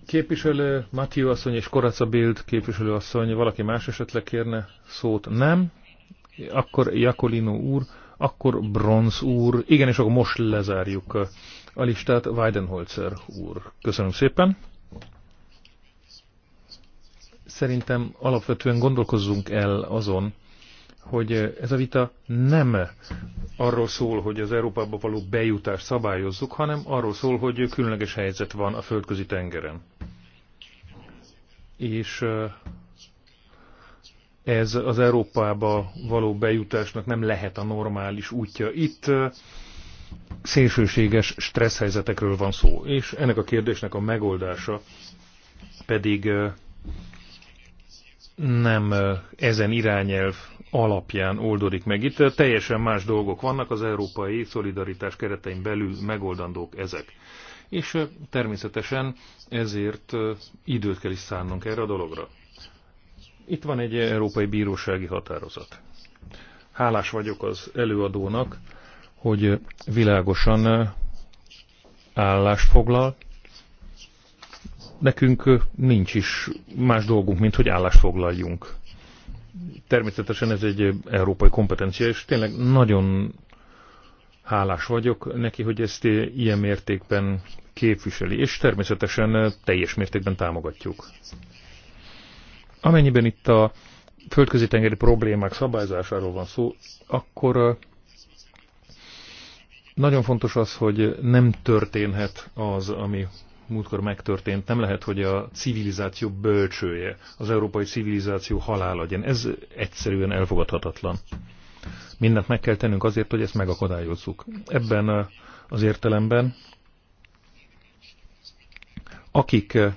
képviselő, Matthew asszony és Koraca Bild képviselő asszony, valaki más esetleg kérne szót? Nem? Akkor Jakolino úr, akkor Bronz úr, igen, és akkor most lezárjuk a listát, Weidenholzer úr. Köszönöm szépen. Szerintem alapvetően gondolkozzunk el azon, hogy ez a vita nem arról szól, hogy az Európába való bejutást szabályozzuk, hanem arról szól, hogy különleges helyzet van a földközi tengeren és ez az Európába való bejutásnak nem lehet a normális útja. Itt szélsőséges stressz helyzetekről van szó, és ennek a kérdésnek a megoldása pedig nem ezen irányelv alapján oldódik meg. Itt teljesen más dolgok vannak, az európai szolidaritás keretein belül megoldandók ezek és természetesen ezért időt kell is szánnunk erre a dologra. Itt van egy Európai Bírósági Határozat. Hálás vagyok az előadónak, hogy világosan állást foglal. Nekünk nincs is más dolgunk, mint hogy állást foglaljunk természetesen ez egy európai kompetencia, és tényleg nagyon hálás vagyok neki, hogy ezt ilyen mértékben képviseli, és természetesen teljes mértékben támogatjuk. Amennyiben itt a földközi-tengeri problémák szabályzásáról van szó, akkor nagyon fontos az, hogy nem történhet az, ami múltkor megtörtént. Nem lehet, hogy a civilizáció bölcsője, az európai civilizáció halál legyen. Ez egyszerűen elfogadhatatlan mindent meg kell tennünk azért, hogy ezt megakadályozzuk. Ebben eh, az értelemben, akik eh,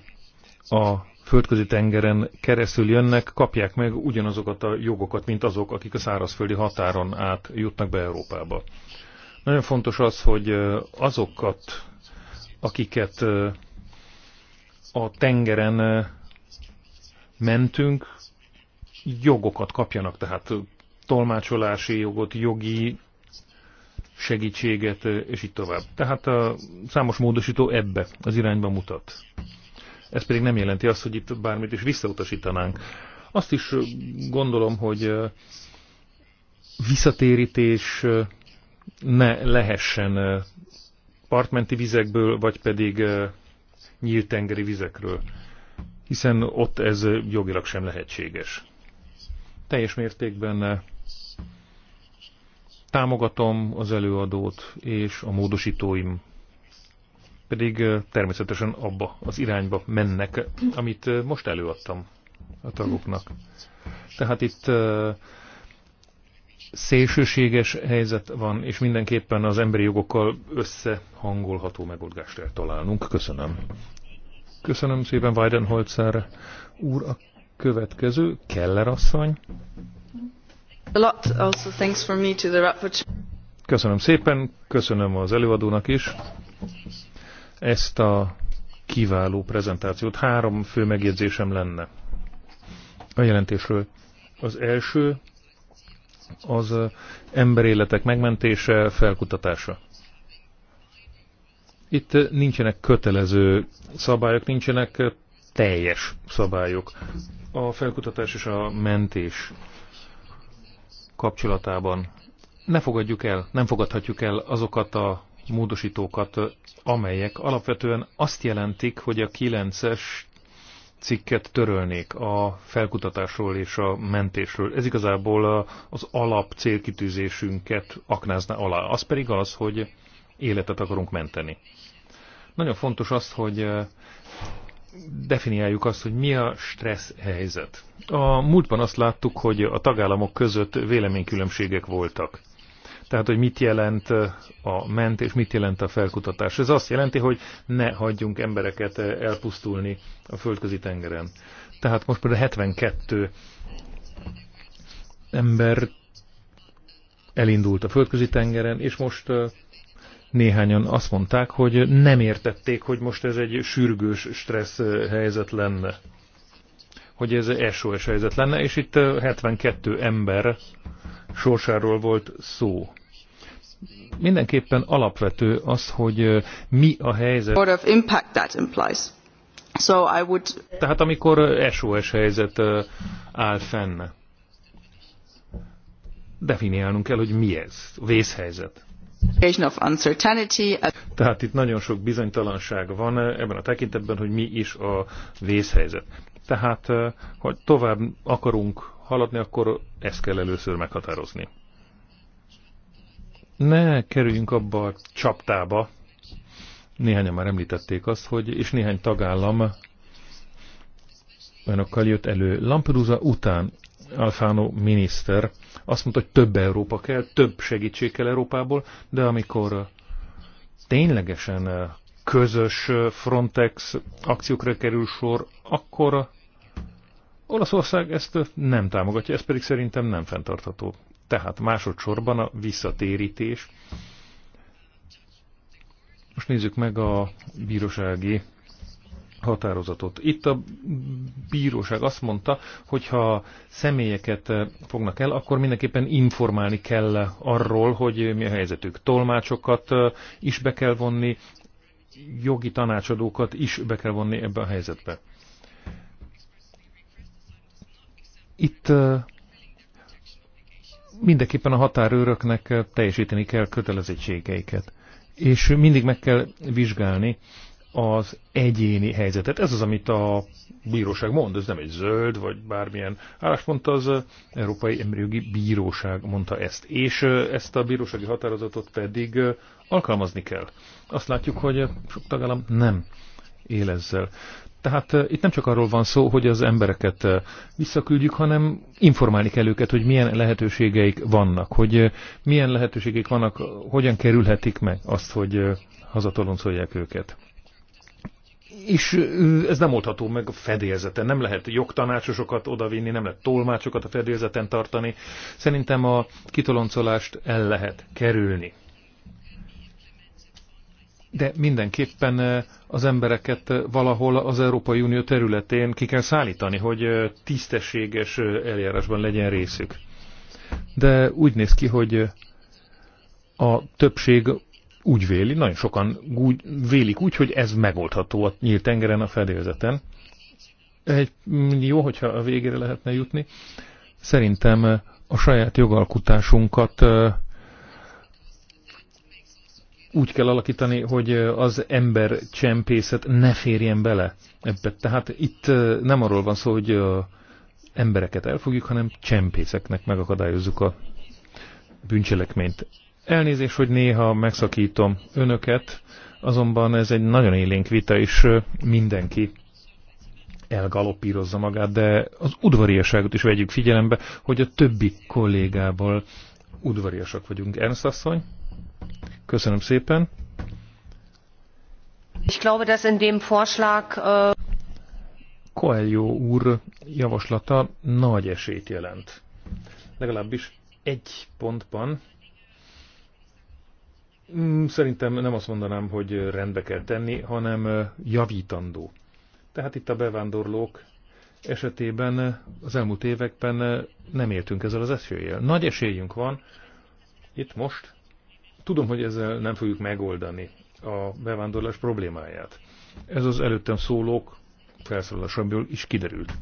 a földközi tengeren keresztül jönnek, kapják meg ugyanazokat a jogokat, mint azok, akik a szárazföldi határon át jutnak be Európába. Nagyon fontos az, hogy eh, azokat, akiket a tengeren mentünk, jogokat kapjanak, tehát tolmácsolási jogot, jogi segítséget, és így tovább. Tehát a számos módosító ebbe az irányba mutat. Ez pedig nem jelenti azt, hogy itt bármit is visszautasítanánk. Azt is gondolom, hogy visszatérítés ne lehessen partmenti vizekből, vagy pedig nyílt tengeri vizekről, hiszen ott ez jogilag sem lehetséges. Teljes mértékben Támogatom az előadót, és a módosítóim pedig természetesen abba az irányba mennek, amit most előadtam a tagoknak. Tehát itt szélsőséges helyzet van, és mindenképpen az emberi jogokkal összehangolható megoldást kell találnunk. Köszönöm. Köszönöm szépen, Weidenholzer úr. A következő, Keller asszony. Köszönöm szépen, köszönöm az előadónak is ezt a kiváló prezentációt. Három fő megjegyzésem lenne a jelentésről. Az első az emberéletek megmentése, felkutatása. Itt nincsenek kötelező szabályok, nincsenek teljes szabályok. A felkutatás és a mentés kapcsolatában ne fogadjuk el, nem fogadhatjuk el azokat a módosítókat, amelyek alapvetően azt jelentik, hogy a 9-es cikket törölnék a felkutatásról és a mentésről. Ez igazából az alap célkitűzésünket aknázna alá. Az pedig az, hogy életet akarunk menteni. Nagyon fontos az, hogy definiáljuk azt, hogy mi a stressz helyzet. A múltban azt láttuk, hogy a tagállamok között véleménykülönbségek voltak. Tehát, hogy mit jelent a ment és mit jelent a felkutatás. Ez azt jelenti, hogy ne hagyjunk embereket elpusztulni a földközi tengeren. Tehát most például 72 ember elindult a földközi tengeren, és most néhányan azt mondták, hogy nem értették, hogy most ez egy sürgős stressz eh, helyzet lenne. Hogy ez SOS helyzet lenne, és itt 72 eh, ember sorsáról volt szó. Mindenképpen alapvető az, hogy eh, mi a helyzet. What of impact that implies. So I would... Tehát amikor SOS helyzet áll fenn, definiálnunk kell, hogy mi ez, vészhelyzet. Tehát itt nagyon sok bizonytalanság van eh, ebben a tekintetben, hogy mi is a vészhelyzet. Tehát, eh, hogy tovább akarunk haladni, akkor ezt kell először meghatározni. Ne kerüljünk abba a csaptába, néhányan már említették azt, hogy, és néhány tagállam olyanokkal jött elő. Lampedusa után Alfano miniszter azt mondta, hogy több Európa kell, több segítség kell Európából, de amikor ténylegesen közös Frontex akciókra kerül sor, akkor Olaszország ezt nem támogatja, ez pedig szerintem nem fenntartható. Tehát másodszorban a visszatérítés. Most nézzük meg a bírósági határozatot. Itt a bíróság azt mondta, hogy ha személyeket eh, fognak el, akkor mindenképpen informálni kell arról, hogy mi a helyzetük. Tolmácsokat eh, is be kell vonni, jogi tanácsadókat is be kell vonni ebbe a helyzetbe. Itt eh, mindenképpen a határőröknek teljesíteni kell kötelezettségeiket. És mindig meg kell vizsgálni, az egyéni helyzetet. Ez az, amit a bíróság mond, ez nem egy zöld, vagy bármilyen álláspont, az Európai Emberjogi Bíróság mondta ezt. És ezt a bírósági határozatot pedig alkalmazni kell. Azt látjuk, hogy sok tagállam nem él ezzel. Tehát itt nem csak arról van szó, hogy az embereket visszaküldjük, hanem informálni kell őket, hogy milyen lehetőségeik vannak, hogy milyen lehetőségeik vannak, hogyan kerülhetik meg azt, hogy hazatoloncolják őket és ez nem oldható meg a fedélzeten. Nem lehet jogtanácsosokat odavinni, nem lehet tolmácsokat a fedélzeten tartani. Szerintem a kitoloncolást el lehet kerülni. De mindenképpen az embereket valahol az Európai Unió területén ki kell szállítani, hogy tisztességes eljárásban legyen részük. De úgy néz ki, hogy a többség úgy véli, nagyon sokan úgy, vélik úgy, hogy ez megoldható a nyílt tengeren, a fedélzeten. Egy, mm, jó, hogyha a végére lehetne jutni. Szerintem eh, a saját jogalkutásunkat eh, úgy kell alakítani, hogy eh, az ember csempészet ne férjen bele ebbe. Tehát itt nem arról van szó, hogy embereket elfogjuk, hanem csempészeknek megakadályozzuk a bűncselekményt. Elnézés, hogy néha megszakítom önöket, azonban ez egy nagyon élénk vita, és mindenki elgalopírozza magát, de az udvariaságot is vegyük figyelembe, hogy a többi kollégából udvariasak vagyunk. Ernst asszony, köszönöm szépen. Ich glaube, dass in dem Vorschlag, uh... Coelho úr javaslata nagy esélyt jelent. Legalábbis egy pontban Mm, szerintem nem azt mondanám, hogy rendbe kell tenni, hanem javítandó. Tehát itt a bevándorlók esetében az elmúlt években nem éltünk ezzel az eséllyel. Nagy esélyünk van itt most. Tudom, hogy ezzel nem fogjuk megoldani a bevándorlás problémáját. Ez az előttem szólók felszólalásából is kiderült.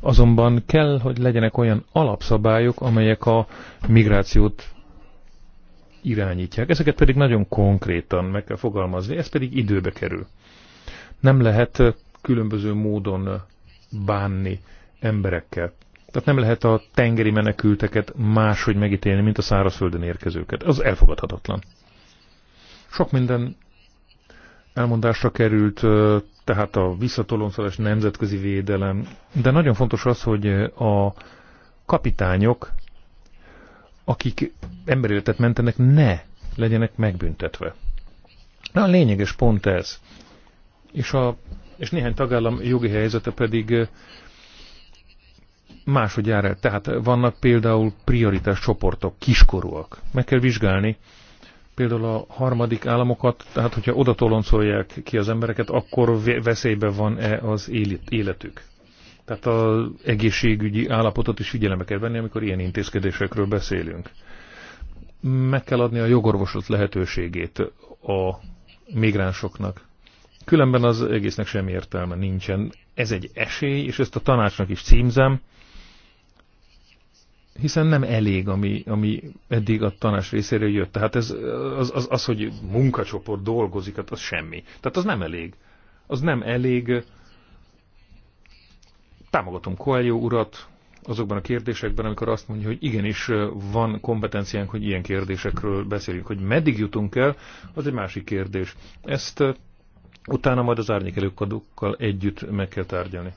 Azonban kell, hogy legyenek olyan alapszabályok, amelyek a migrációt irányítják. Ezeket pedig nagyon konkrétan meg kell fogalmazni, ez pedig időbe kerül. Nem lehet különböző módon bánni emberekkel. Tehát nem lehet a tengeri menekülteket máshogy megítélni, mint a szárazföldön érkezőket. Az elfogadhatatlan. Sok minden elmondásra került, tehát a visszatoloncolás nemzetközi védelem, de nagyon fontos az, hogy a kapitányok akik emberéletet mentenek, ne legyenek megbüntetve. Na a lényeges pont ez. És, a, és néhány tagállam jogi helyzete pedig eh, máshogy jár el. Tehát vannak például prioritás csoportok, kiskorúak. Meg kell vizsgálni például a harmadik államokat, tehát hogyha odatoloncolják ki az embereket, akkor veszélyben van-e az életük. Tehát az egészségügyi állapotot is figyelembe kell venni, amikor ilyen intézkedésekről beszélünk. Meg kell adni a jogorvoslat lehetőségét a migránsoknak. Különben az egésznek semmi értelme nincsen. Ez egy esély, és ezt a tanácsnak is címzem, hiszen nem elég, ami, ami eddig a tanács részéről jött. Tehát ez, az, az, az, hogy munkacsoport dolgozik, hát az semmi. Tehát az nem elég. Az nem elég Támogatom Koaljó urat azokban a kérdésekben, amikor azt mondja, hogy igenis van kompetenciánk, hogy ilyen kérdésekről beszéljünk, Hogy meddig jutunk el, az egy másik kérdés. Ezt utána majd az árnyékelőkadókkal együtt meg kell tárgyalni.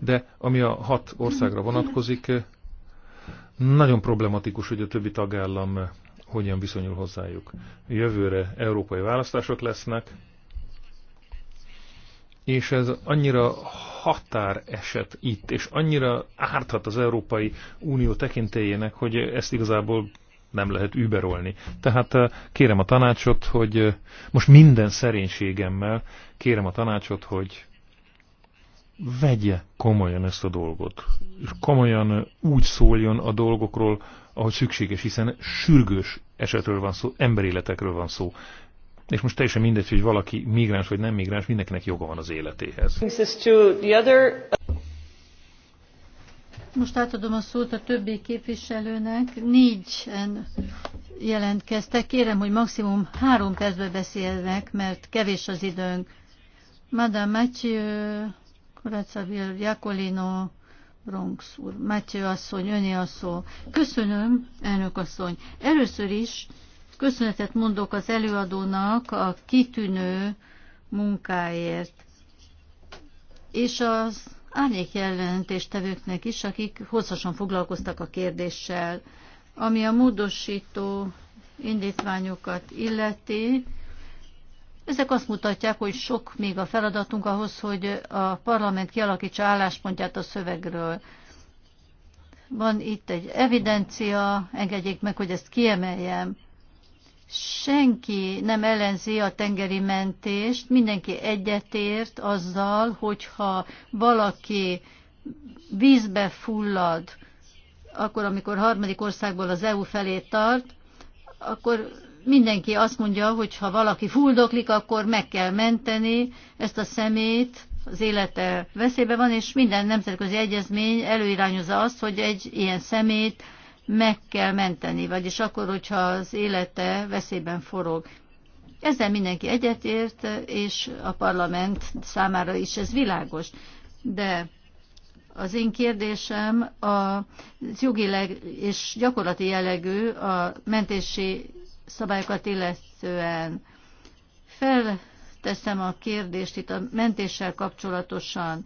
De ami a hat országra vonatkozik, nagyon problematikus, hogy a többi tagállam hogyan viszonyul hozzájuk. Jövőre európai választások lesznek, és ez annyira határeset itt, és annyira árthat az Európai Unió tekintélyének, hogy ezt igazából nem lehet überolni. Tehát eh, kérem a tanácsot, hogy eh, most minden szerénységemmel kérem a tanácsot, hogy vegye komolyan ezt a dolgot, és komolyan eh, úgy szóljon a dolgokról, ahogy szükséges, hiszen sürgős esetről van szó, emberéletekről van szó. És most teljesen mindegy, hogy valaki migráns vagy nem migráns, mindenkinek joga van az életéhez. Most átadom a szót a többi képviselőnek. Négyen jelentkeztek. Kérem, hogy maximum három percbe beszélnek, mert kevés az időnk. Madame Mathieu, Koracabil, Jakolino, Bronx úr, Mathieu asszony, öné a szó. Köszönöm, elnök asszony. Először is köszönetet mondok az előadónak a kitűnő munkáért, és az árnyék jelentéstevőknek is, akik hosszasan foglalkoztak a kérdéssel. Ami a módosító indítványokat illeti, ezek azt mutatják, hogy sok még a feladatunk ahhoz, hogy a parlament kialakítsa álláspontját a szövegről. Van itt egy evidencia, engedjék meg, hogy ezt kiemeljem senki nem ellenzi a tengeri mentést, mindenki egyetért azzal, hogyha valaki vízbe fullad, akkor, amikor harmadik országból az EU felé tart, akkor mindenki azt mondja, hogy ha valaki fuldoklik, akkor meg kell menteni ezt a szemét, az élete veszélybe van, és minden nemzetközi egyezmény előirányozza azt, hogy egy ilyen szemét meg kell menteni, vagyis akkor, hogyha az élete veszélyben forog. Ezzel mindenki egyetért, és a parlament számára is ez világos. De az én kérdésem a jogileg és gyakorlati jellegű a mentési szabályokat illetően. Felteszem a kérdést itt a mentéssel kapcsolatosan.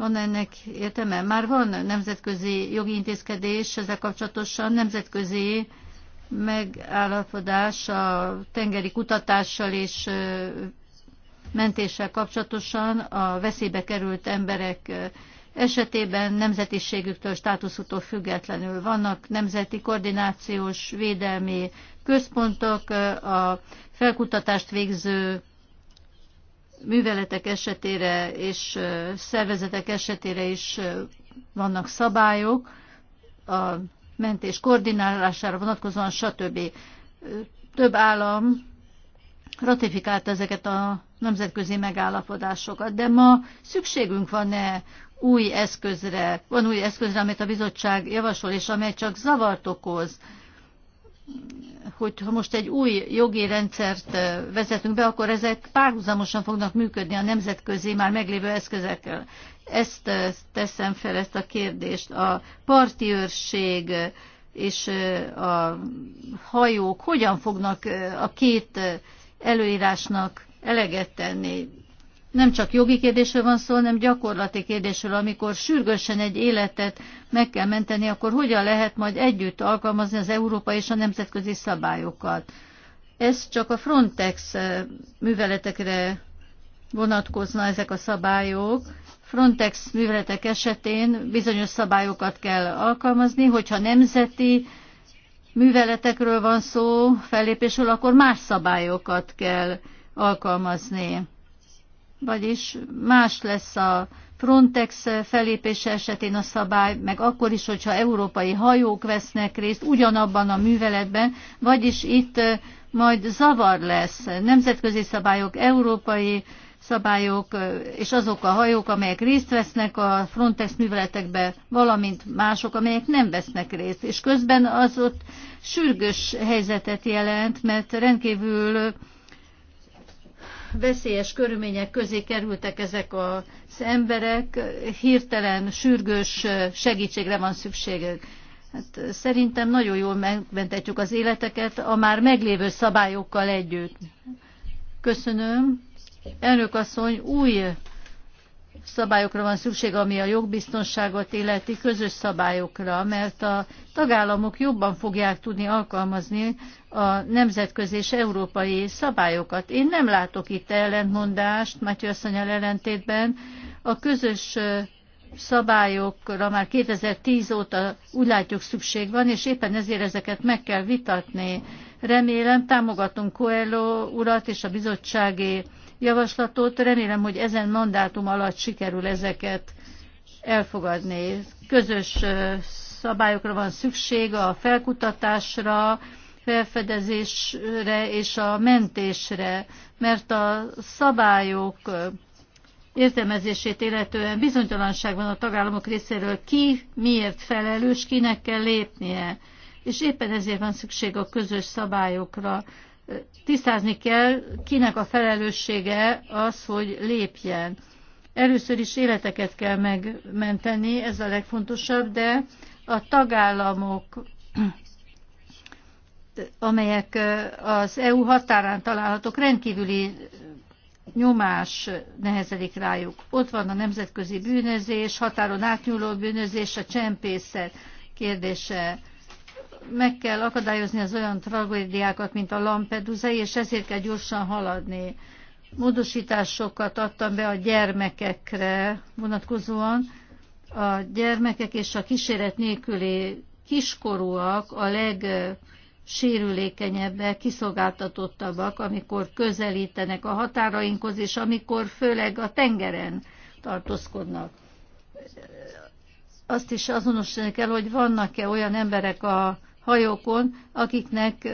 Van ennek értelme? Már van nemzetközi jogi intézkedés ezzel kapcsolatosan, nemzetközi megállapodás a tengeri kutatással és mentéssel kapcsolatosan a veszélybe került emberek esetében nemzetiségüktől, státuszútól függetlenül vannak nemzeti koordinációs védelmi központok, a felkutatást végző műveletek esetére és szervezetek esetére is vannak szabályok, a mentés koordinálására vonatkozóan, stb. Több állam ratifikálta ezeket a nemzetközi megállapodásokat, de ma szükségünk van-e új eszközre, van új eszközre, amit a bizottság javasol, és amely csak zavart okoz hogyha most egy új jogi rendszert vezetünk be, akkor ezek párhuzamosan fognak működni a nemzetközi már meglévő eszközekkel. Ezt teszem fel, ezt a kérdést. A parti őrség és a hajók hogyan fognak a két előírásnak eleget tenni? nem csak jogi kérdésről van szó, hanem gyakorlati kérdésről. Amikor sürgősen egy életet meg kell menteni, akkor hogyan lehet majd együtt alkalmazni az európai és a nemzetközi szabályokat? Ez csak a Frontex eh, műveletekre vonatkozna ezek a szabályok. Frontex műveletek esetén bizonyos szabályokat kell alkalmazni, hogyha nemzeti műveletekről van szó, fellépésről, akkor más szabályokat kell alkalmazni vagyis más lesz a Frontex felépése esetén a szabály, meg akkor is, hogyha európai hajók vesznek részt ugyanabban a műveletben, vagyis itt majd zavar lesz. Nemzetközi szabályok, európai szabályok és azok a hajók, amelyek részt vesznek a Frontex műveletekbe, valamint mások, amelyek nem vesznek részt. És közben az ott sürgős helyzetet jelent, mert rendkívül veszélyes körülmények közé kerültek ezek az emberek, hirtelen sürgős segítségre van szükségük. Hát szerintem nagyon jól megmentetjük az életeket a már meglévő szabályokkal együtt. Köszönöm. Elnök asszony, új szabályokra van szükség, ami a jogbiztonságot illeti, közös szabályokra, mert a tagállamok jobban fogják tudni alkalmazni a nemzetközi és európai szabályokat. Én nem látok itt ellentmondást, Matyi asszonyal ellentétben. A közös szabályokra már 2010 óta úgy látjuk szükség van, és éppen ezért ezeket meg kell vitatni. Remélem támogatunk Coelho urat és a bizottsági javaslatot. Remélem, hogy ezen mandátum alatt sikerül ezeket elfogadni. Közös szabályokra van szükség a felkutatásra, felfedezésre és a mentésre, mert a szabályok értelmezését illetően bizonytalanság van a tagállamok részéről, ki miért felelős, kinek kell lépnie. És éppen ezért van szükség a közös szabályokra tisztázni kell, kinek a felelőssége az, hogy lépjen. Először is életeket kell megmenteni, ez a legfontosabb, de a tagállamok, amelyek az EU határán találhatók, rendkívüli nyomás nehezedik rájuk. Ott van a nemzetközi bűnözés, határon átnyúló bűnözés, a csempészet kérdése meg kell akadályozni az olyan tragédiákat, mint a Lampedusa és ezért kell gyorsan haladni. Módosításokat adtam be a gyermekekre vonatkozóan. A gyermekek és a kíséret nélküli kiskorúak a legsérülékenyebbek, kiszolgáltatottabbak, amikor közelítenek a határainkhoz, és amikor főleg a tengeren tartózkodnak azt is azonosítani kell, hogy vannak-e olyan emberek a hajókon, akiknek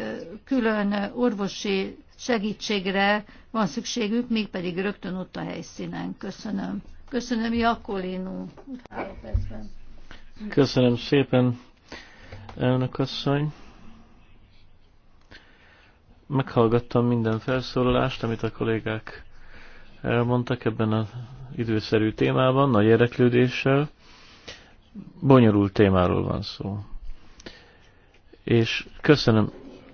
külön orvosi segítségre van szükségük, mégpedig rögtön ott a helyszínen. Köszönöm. Köszönöm, Jakolinu. Köszönöm szépen, elnök asszony. Meghallgattam minden felszólalást, amit a kollégák elmondtak ebben az időszerű témában, nagy érdeklődéssel. Bonyolult témáról van szó és köszönöm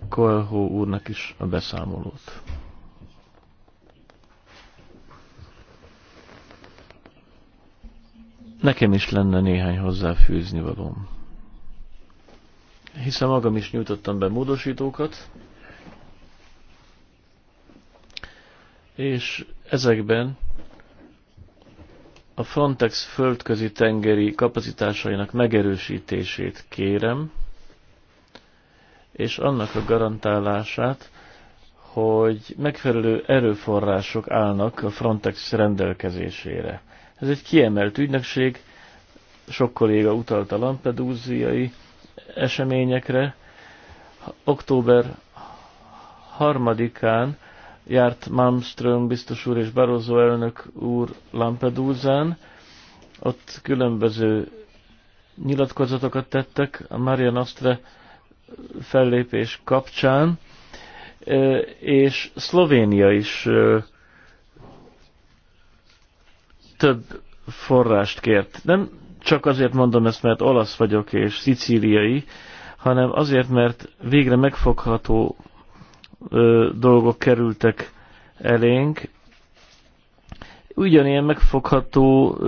Kolhó úrnak is a beszámolót. Nekem is lenne néhány hozzáfűzni valóm. Hiszen magam is nyújtottam be módosítókat, és ezekben a Frontex földközi tengeri kapacitásainak megerősítését kérem, és annak a garantálását, hogy megfelelő erőforrások állnak a Frontex rendelkezésére. Ez egy kiemelt ügynökség, sok kolléga utalt a lampedúziai eseményekre. Október 3-án járt Malmström biztos úr és Barroso elnök úr Lampedúzán, ott különböző nyilatkozatokat tettek, a Marian Astre fellépés kapcsán, és Szlovénia is több forrást kért. Nem csak azért mondom ezt, mert olasz vagyok és szicíliai, hanem azért, mert végre megfogható dolgok kerültek elénk. Ugyanilyen megfogható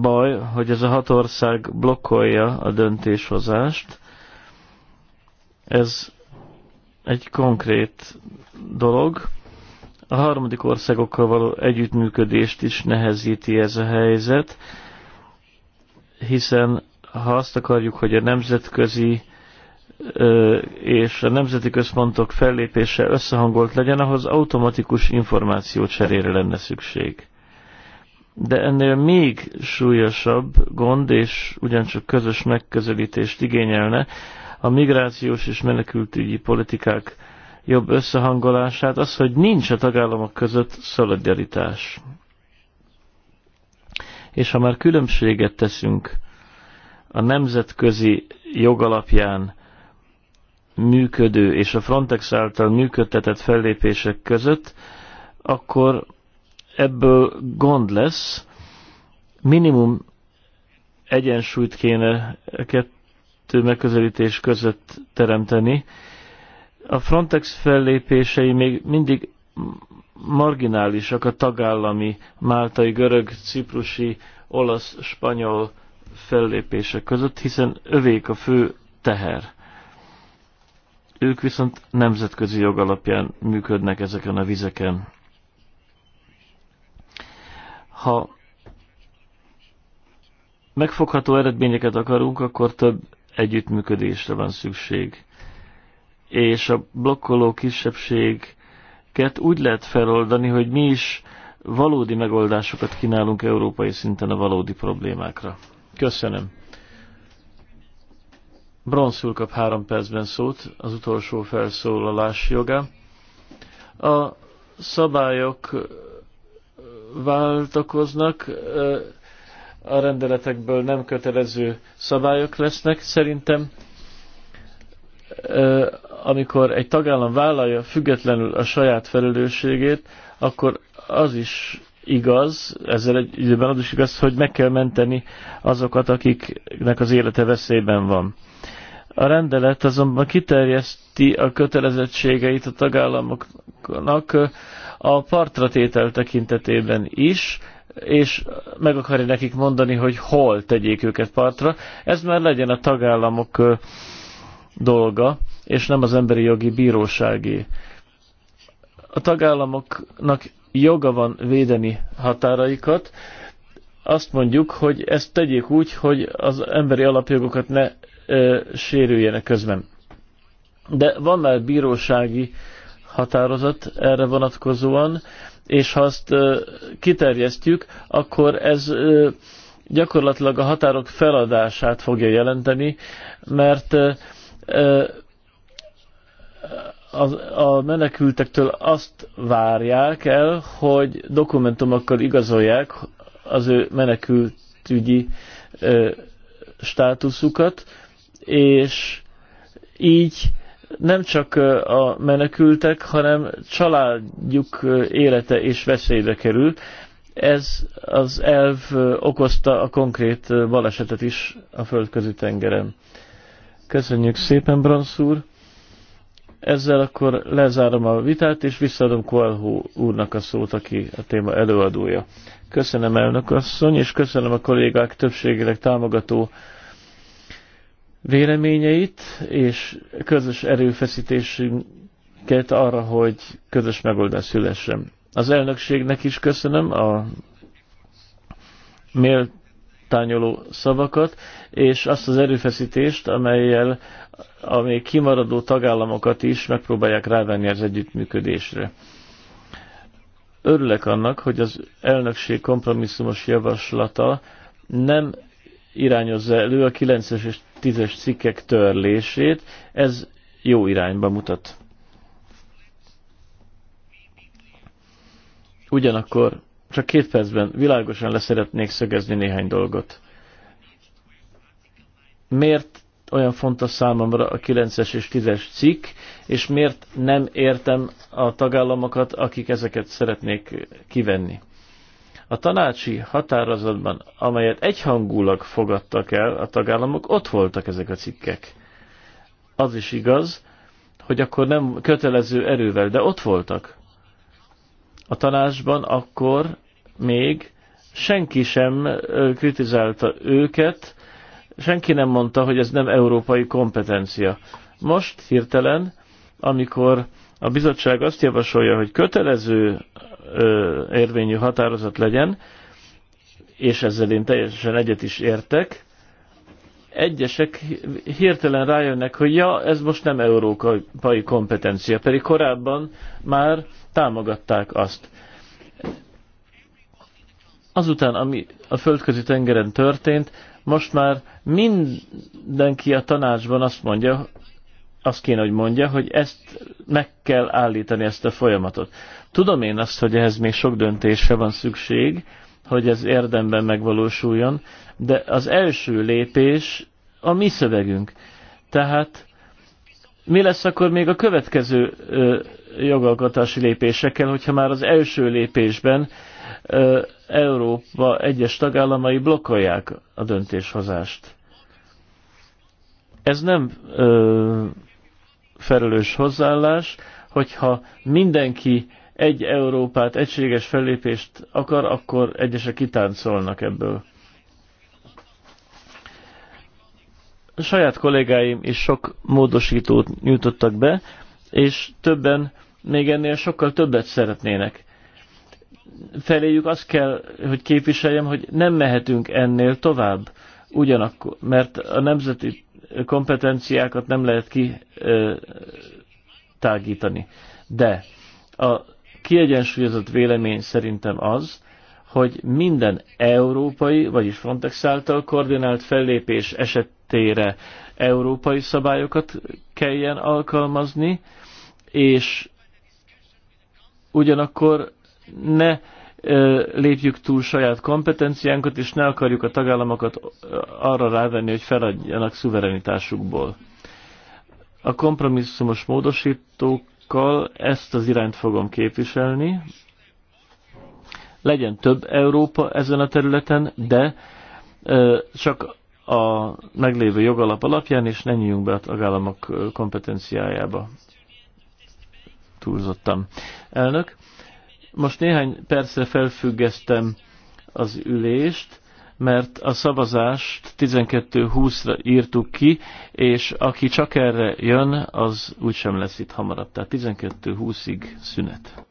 baj, hogy ez a hat ország blokkolja a döntéshozást, ez egy konkrét dolog. A harmadik országokkal való együttműködést is nehezíti ez a helyzet, hiszen ha azt akarjuk, hogy a nemzetközi és a nemzeti központok fellépése összehangolt legyen, ahhoz automatikus információ cserére lenne szükség. De ennél még súlyosabb gond, és ugyancsak közös megközelítést igényelne, a migrációs és menekültügyi politikák jobb összehangolását, az, hogy nincs a tagállamok között szolidaritás. És ha már különbséget teszünk a nemzetközi jogalapján működő és a Frontex által működtetett fellépések között, akkor ebből gond lesz, minimum egyensúlyt kéne megközelítés között teremteni. A Frontex fellépései még mindig marginálisak a tagállami, máltai, görög, ciprusi, olasz, spanyol fellépések között, hiszen övék a fő teher. Ők viszont nemzetközi jog alapján működnek ezeken a vizeken. Ha megfogható eredményeket akarunk, akkor több együttműködésre van szükség. És a blokkoló kisebbséget úgy lehet feloldani, hogy mi is valódi megoldásokat kínálunk európai szinten a valódi problémákra. Köszönöm. Bronszul kap három percben szót az utolsó felszólalás joga. A szabályok váltakoznak, a rendeletekből nem kötelező szabályok lesznek szerintem. Amikor egy tagállam vállalja függetlenül a saját felelősségét, akkor az is igaz, ezzel egy időben az is igaz, hogy meg kell menteni azokat, akiknek az élete veszélyben van. A rendelet azonban kiterjeszti a kötelezettségeit a tagállamoknak a partratétel tekintetében is, és meg akarja nekik mondani, hogy hol tegyék őket partra. Ez már legyen a tagállamok dolga, és nem az emberi jogi bíróságé. A tagállamoknak joga van védeni határaikat. Azt mondjuk, hogy ezt tegyék úgy, hogy az emberi alapjogokat ne ö, sérüljenek közben. De van már bírósági határozat erre vonatkozóan, és ha azt kiterjesztjük, akkor ez gyakorlatilag a határok feladását fogja jelenteni, mert a menekültektől azt várják el, hogy dokumentumokkal igazolják az ő menekültügyi státuszukat, és így nem csak a menekültek, hanem családjuk élete is veszélybe kerül. Ez az elv okozta a konkrét balesetet is a földközi tengeren. Köszönjük szépen, Bransz úr! Ezzel akkor lezárom a vitát, és visszaadom Koalhó úrnak a szót, aki a téma előadója. Köszönöm elnök asszony, és köszönöm a kollégák többségének támogató véleményeit, és közös erőfeszítésünket arra, hogy közös megoldás szülessen. Az elnökségnek is köszönöm a méltányoló szavakat, és azt az erőfeszítést, amelyel a még kimaradó tagállamokat is megpróbálják rávenni az együttműködésre. Örülök annak, hogy az elnökség kompromisszumos javaslata nem irányozza elő a 9-es és tízes cikkek törlését. Ez jó irányba mutat. Ugyanakkor csak két percben világosan leszeretnék szögezni néhány dolgot. Miért olyan fontos számomra a 9-es és 10-es cikk, és miért nem értem a tagállamokat, akik ezeket szeretnék kivenni? A tanácsi határozatban, amelyet egyhangulag fogadtak el a tagállamok, ott voltak ezek a cikkek. Az is igaz, hogy akkor nem kötelező erővel, de ott voltak. A tanácsban akkor még senki sem kritizálta őket, senki nem mondta, hogy ez nem európai kompetencia. Most hirtelen, amikor a bizottság azt javasolja, hogy kötelező ö, érvényű határozat legyen, és ezzel én teljesen egyet is értek, egyesek hirtelen rájönnek, hogy ja, ez most nem európai kompetencia, pedig korábban már támogatták azt. Azután, ami a földközi tengeren történt, most már mindenki a tanácsban azt mondja, azt kéne, hogy mondja, hogy ezt meg kell állítani, ezt a folyamatot. Tudom én azt, hogy ehhez még sok döntésre van szükség, hogy ez érdemben megvalósuljon, de az első lépés a mi szövegünk. Tehát mi lesz akkor még a következő ö, jogalkotási lépésekkel, hogyha már az első lépésben ö, Európa egyes tagállamai blokkolják a döntéshozást? Ez nem ö, felelős hozzáállás, hogyha mindenki egy Európát, egységes fellépést akar, akkor egyesek kitáncolnak ebből. A saját kollégáim is sok módosítót nyújtottak be, és többen még ennél sokkal többet szeretnének. Feléjük azt kell, hogy képviseljem, hogy nem mehetünk ennél tovább, ugyanakkor, mert a nemzeti kompetenciákat nem lehet kitágítani. De a kiegyensúlyozott vélemény szerintem az, hogy minden európai, vagyis Frontex által koordinált fellépés esetére európai szabályokat kelljen alkalmazni, és ugyanakkor ne lépjük túl saját kompetenciánkat, és ne akarjuk a tagállamokat arra rávenni, hogy feladjanak szuverenitásukból. A kompromisszumos módosítókkal ezt az irányt fogom képviselni. Legyen több Európa ezen a területen, de csak a meglévő jogalap alapján, és ne nyújjunk be a tagállamok kompetenciájába. Túlzottam. Elnök, most néhány percre felfüggesztem az ülést, mert a szavazást 12.20-ra írtuk ki, és aki csak erre jön, az úgysem lesz itt hamarabb. Tehát 12.20-ig szünet.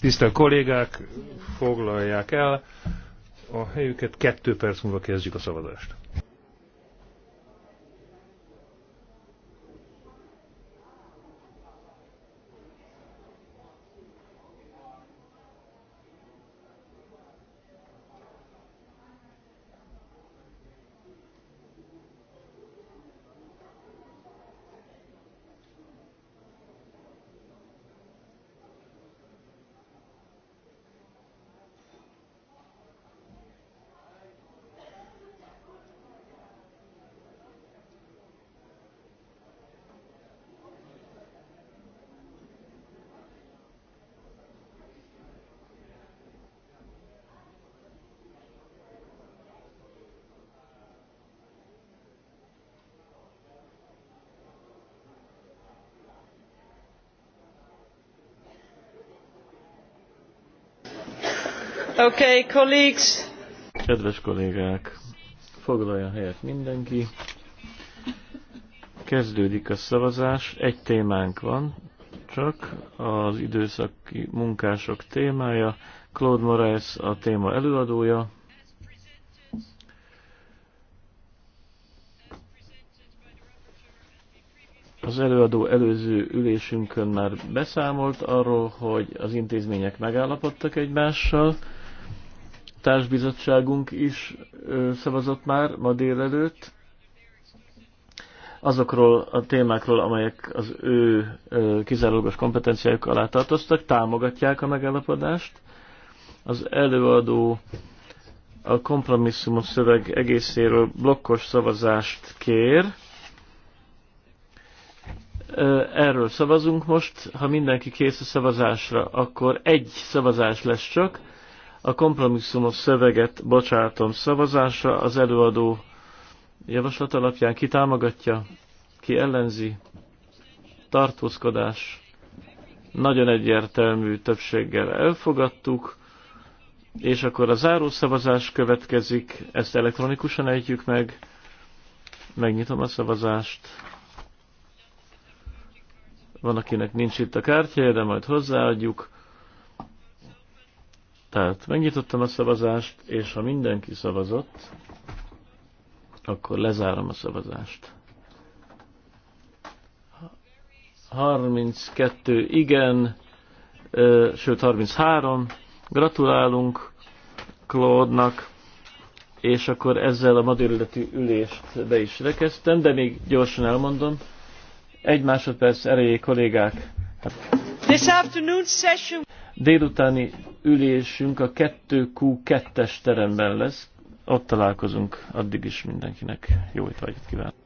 Tisztelt kollégák, foglalják el a helyüket, kettő perc múlva kezdjük a szavazást. Okay, colleagues. Kedves kollégák, foglalja helyet mindenki. Kezdődik a szavazás. Egy témánk van, csak az időszaki munkások témája. Claude Moraes a téma előadója. az előadó előző ülésünkön már beszámolt arról, hogy az intézmények megállapodtak egymással, társbizottságunk is szavazott már ma délelőtt azokról a témákról, amelyek az ő kizárólagos kompetenciájuk alá tartoztak, támogatják a megállapodást. Az előadó a kompromisszumos szöveg egészéről blokkos szavazást kér. Erről szavazunk most, ha mindenki kész a szavazásra, akkor egy szavazás lesz csak, a kompromisszumos szöveget bocsátom szavazásra, az előadó javaslat alapján ki támogatja, ki ellenzi, tartózkodás, nagyon egyértelmű többséggel elfogadtuk, és akkor a záró szavazás következik, ezt elektronikusan ejtjük meg, megnyitom a szavazást. Van, akinek nincs itt a kártyája, de majd hozzáadjuk. Tehát megnyitottam a szavazást, és ha mindenki szavazott, akkor lezárom a szavazást. 32 igen, ö, sőt 33. Gratulálunk Claude-nak, és akkor ezzel a ma ülést be is rekeztem, de még gyorsan elmondom. Egy másodperc erejé kollégák. This afternoon session. Délutáni ülésünk a 2Q2-es teremben lesz. Ott találkozunk, addig is mindenkinek jó étvágyat kívánok.